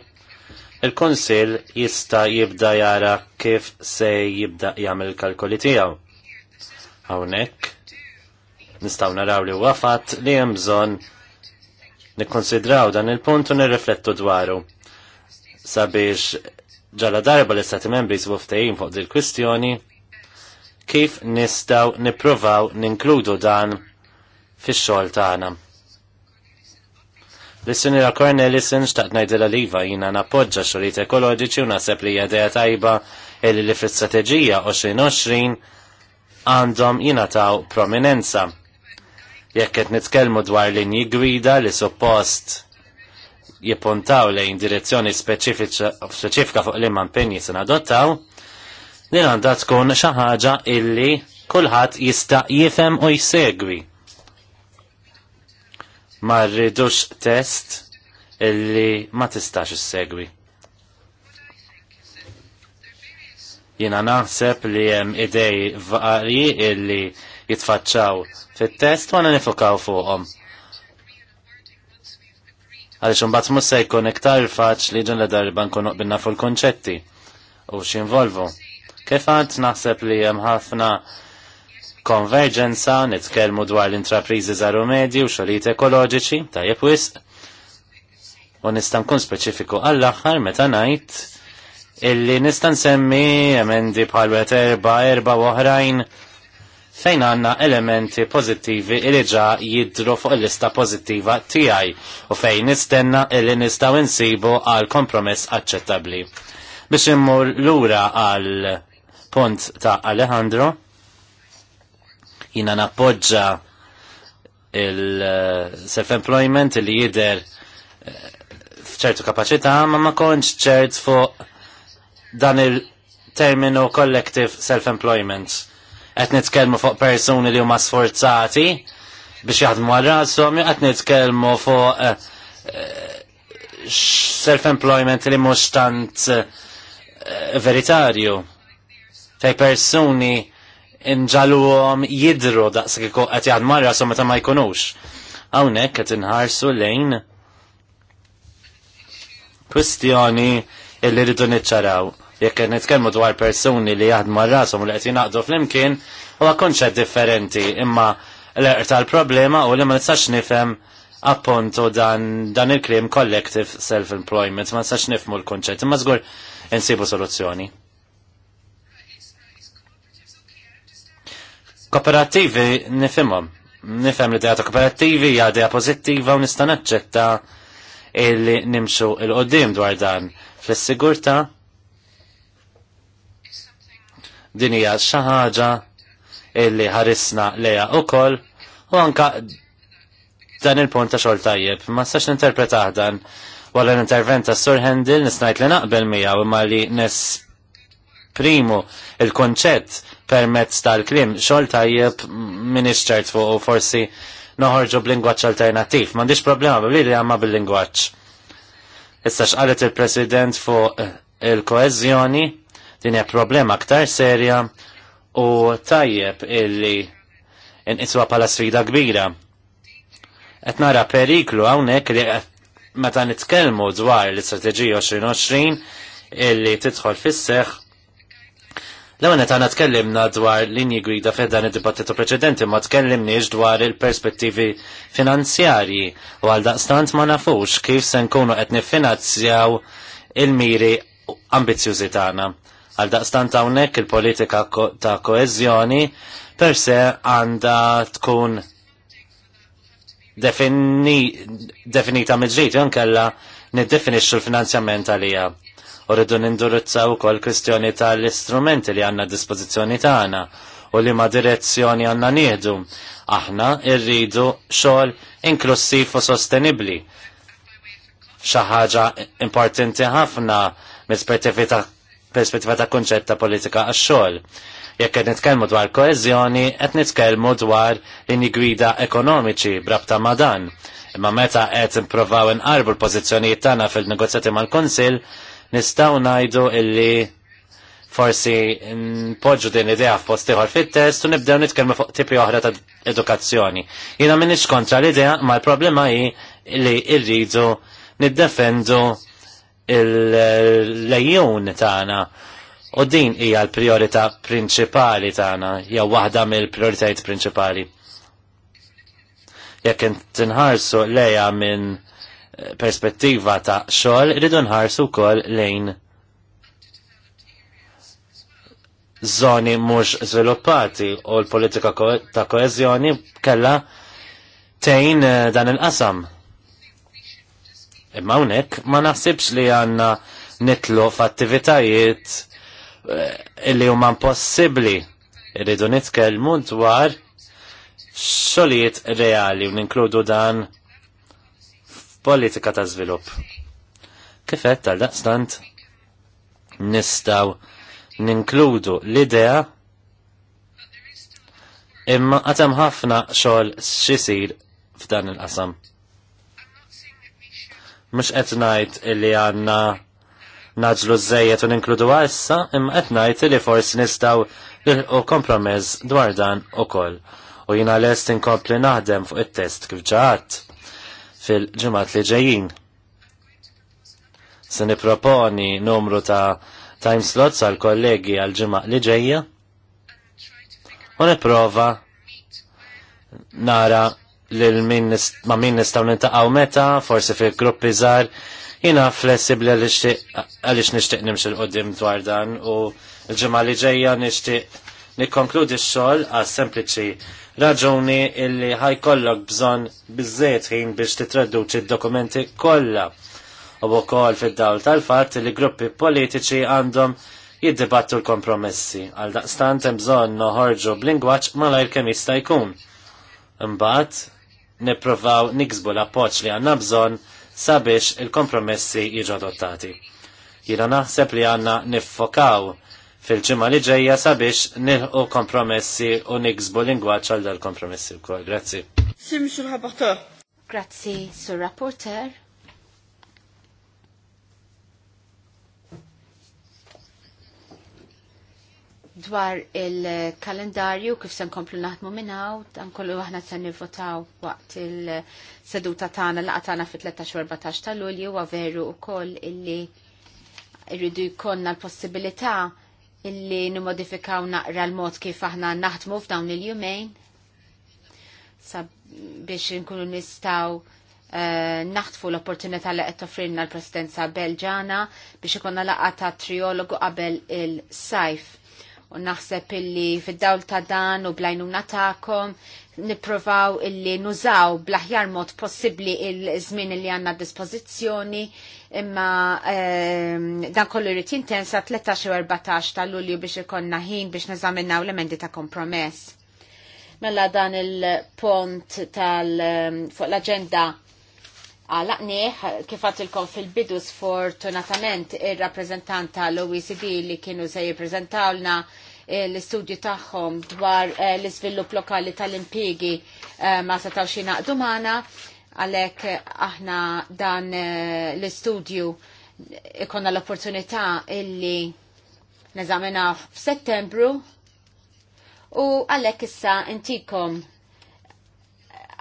il-Konsil jista jibda jara kif se jibda jagħmel kalkoli tiegħu. Hawnhekk Nistaw naraw li huwa fatt li hemm bżonn nikkonsidraw dan il-punt u nirriflettu dwaru sabiex ġala darba l-istati membri jisbu ftehim fuq dil kwistjoni kif nistaw niprovaw ninkludu dan fix-xogħol tagħna. L-Sinjora Cornelison xtaqt ngħidilha liva jiena nappoġġa xogħlijiet ekoloġiċi u naħseb li hija idea tajba illi li fl-istrateġija 2020 għandhom jingħataw prominenza. Jekk qed nitkellmu dwar linji gwida li suppost jippuntaw lejn direzzjoni speċifika fuq li impenji se nadottaw, din għandha tkun xi ħaġa illi kulħadd jista' jifhem u jsegwi. Ma rridux test illi ma tistax issegwi. Jiena naħseb li hemm idej varji illi jitfaċċaw fit-test ma nifukaw fuqhom. Għaliex imbagħad mhux se jkun iktar faċli ġun li darba nkunu qbilna fuq il-konċetti u x'involvu. Kif għand naħseb li hemm ħafna konverġenza nitkellmu dwar l-intrapriżi żaru medji u xogħlijiet ekoloġiċi tajjeb wisq. U nista' nkun speċifiku għall-aħħar meta ngħid illi nista' nsemmi emendi bħal wet erba' erba' oħrajn fejn għanna elementi pozittivi li ġa jidru fuq il-lista pozittiva tiegħi u fejn nistenna li nistgħu insibu għal kompromess aċċettabbli. Biex immur lura għal punt ta' Alejandro, jina nappoġġa il-self-employment li jider eh, fċertu kapacità, ma ma konċ ċert fuq dan il-terminu collective self-employment qed nitkellmu fuq persuni li huma sforzati biex jaħdmu għal rashom, qed nitkellmu fuq eh, eh, self-employment li mhux tant eh, veritarju. Fej persuni inġaluhom jidru daqshekk qed jaħdmu għal rashom meta ma jkunux. Hawnhekk qed inħarsu lejn kwistjoni illi rridu niċċaraw jekk qed nitkellmu dwar persuni li jaħdmu rasom u li qed jingħaqdu flimkien huwa konċett differenti imma l-eqr tal-problema u li ma nistax nifhem appuntu dan, dan il-krim collective self-employment, ma nistax nifmu l-konċett, imma żgur insibu soluzzjoni. Kooperativi nifhimhom, Nifhem li dejja ta' kooperativi hija dejja pożittiva u nista' naċċetta illi nimxu il-qoddim dwar dan fl-sigurta' Din hija xi ħaġa illi ħarisna leja ukoll u anka dan il-punt ta' xogħol tajjeb. Ma stax interpretaħ dan wara l-intervent ta' Sur Hendil nisnajt li naqbel miegħu imma li nesprimu il-konċett permezz tal-klim xogħol tajjeb minni xċert fuq u forsi noħorġu b'lingwaġġ alternattiv. M'għandix problema b'li li għamma bil-lingwaġġ. Issa xqalet il-President fuq il-koeżjoni Din hija problema aktar serja u tajjeb illi inqiswa bħala sfida kbira. Qed nara periklu hawnhekk li meta nitkellmu dwar l-istrateġija 2020 illi tidħol fis-seħħ L-għana ta' tkellimna dwar linji gwida f'dan id-dibattitu preċedenti ma tkellimniex dwar il-perspettivi finanzjarji u għal daqstant ma nafux kif se nkunu qed niffinanzjaw il-miri ambizjużi tagħna. Għal ta' hawnhekk il-politika ta' koeżjoni per se għandha tkun definita mill jon jew kella niddefinixxu l-finanzjament għalija. U rridu nindurizzaw ukoll kwestjoni tal-istrumenti li għandna dispożizzjoni tagħna u li ma direzzjoni għanna nieħdu. Aħna irridu xogħol inklusiv u sostenibbli. Xi ħaġa importanti ħafna mill-perspettiva perspettiva ta' konċett ta' politika għax-xogħol. Jekk qed nitkellmu dwar koeżjoni, qed nitkellmu dwar linji gwida ekonomiċi brabta ma' dan. Imma meta qed improvaw inqarbu l-pożizzjonijiet tagħna fil-negozjati mal-Kunsill, nistgħu ngħidu illi forsi npoġġu din l-idea f'post ieħor fit-test u nibdew nitkellmu fuq tipi oħra ta' edukazzjoni. Jiena minix kontra l-idea, ma l-problema hi li rridu niddefendu il-lejjun tagħna u din hija l-priorità prinċipali tagħna jew waħda mill-prioritajiet prinċipali. Jekk tinħarsu lejha minn eh, perspettiva ta' xogħol, irridu nħarsu wkoll lejn zoni mhux żviluppati u l-politika ta' koeżjoni kellha tejn eh, dan il-qasam Imma hawnhekk ma naħsibx li għandna nitlu f'attivitajiet eh, illi huma possibli irridu nitkellmu dwar xogħlijiet reali u ninkludu dan f'politika ta' żvilupp. Kif qed tal-daqstant nistgħu ninkludu l-idea imma għatem ħafna xogħol xisir f'dan il-qasam. Mux qed ngħid illi għandna naġlu żejjed u inkludu issa, imma qed ngħid illi forsi nistgħu u kompromess dwar dan ukoll. U jiena lest inkompli naħdem fuq it-test kif ġaħat fil-ġimgħat li ġejjin. Se niproponi numru ta' time slots għal kollegi għal ġimgħa li ġejja u nipprova nara ma' min nistaw nintaqaw meta, forsi fil gruppi żgħar, jina flessibli għaliex nixtieq nimx il qoddim dwar dan u l-ġimgħa li ġejja nixtieq nikkonkludi x-xogħol għas sempliċi raġuni illi ħajkollok bżonn bizzet ħin biex titraduċi d-dokumenti kollha u wkoll fid-dawl tal-fatt li gruppi politiċi għandhom jiddibattu l-kompromessi. Għal daqstant hemm bżonn noħorġu b'lingwaġġ ma kemm jista' jkun. Imbagħad nipprovaw niksbu l-appoċ li għanna bżon sabiex il-kompromessi jiġu adottati. Jina naħseb li għanna niffokaw fil-ġimma li ġejja sabiex nilħu kompromessi u niksbu lingwaċ għal dal-kompromessi u kol. Grazzi. Sim, sur rapporteur. Grazzi, sur rapporteur. dwar il-kalendarju kif se nkomplu naħdmu minnaw, dan kollu aħna se nivvotaw waqt il-seduta tagħna laqa' tagħna fit-13-14 ta' Lulju huwa veru wkoll illi rridu jkollna l-possibilità illi nimodifikaw naqra l-mod kif aħna naħdmu f'dawn il-jumejn biex nkunu nistaw eh, naħtfu l-opportunità li qed toffrilna l-Presidenza Belġana biex ikonna laqgħa ta' triologu qabel il-sajf u naħseb illi fid-dawl ta' dan u blajnuna ta'kom niprovaw illi nużaw blaħjar mod possibli il-żmien li għanna dispozizjoni imma ehm, dan kollu jrid jintensa 13 14 ta' lulju biex ikonna ħin biex u l-emendi ta' kompromess. Mela dan il-pont tal ehm, fuq l-agenda għalaqniħ kif għatilkom fil-bidu sfortunatament ir rappreżentant l oecd li kienu se jippreżentawlna Eh, l-istudju tagħhom dwar eh, l-iżvilupp lokali tal-impjegi eh, ma setaw xi naqdu magħna għalhekk aħna dan l-istudju ikonna l-opportunità illi neżaminaw f'Settembru u għalhekk issa intikom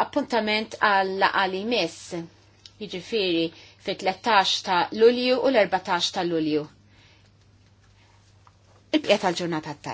appuntament għal għali miss jiġifieri fit-13 ta' Lulju u l-14 ta' Lulju. Il-bqiet tal-ġurnata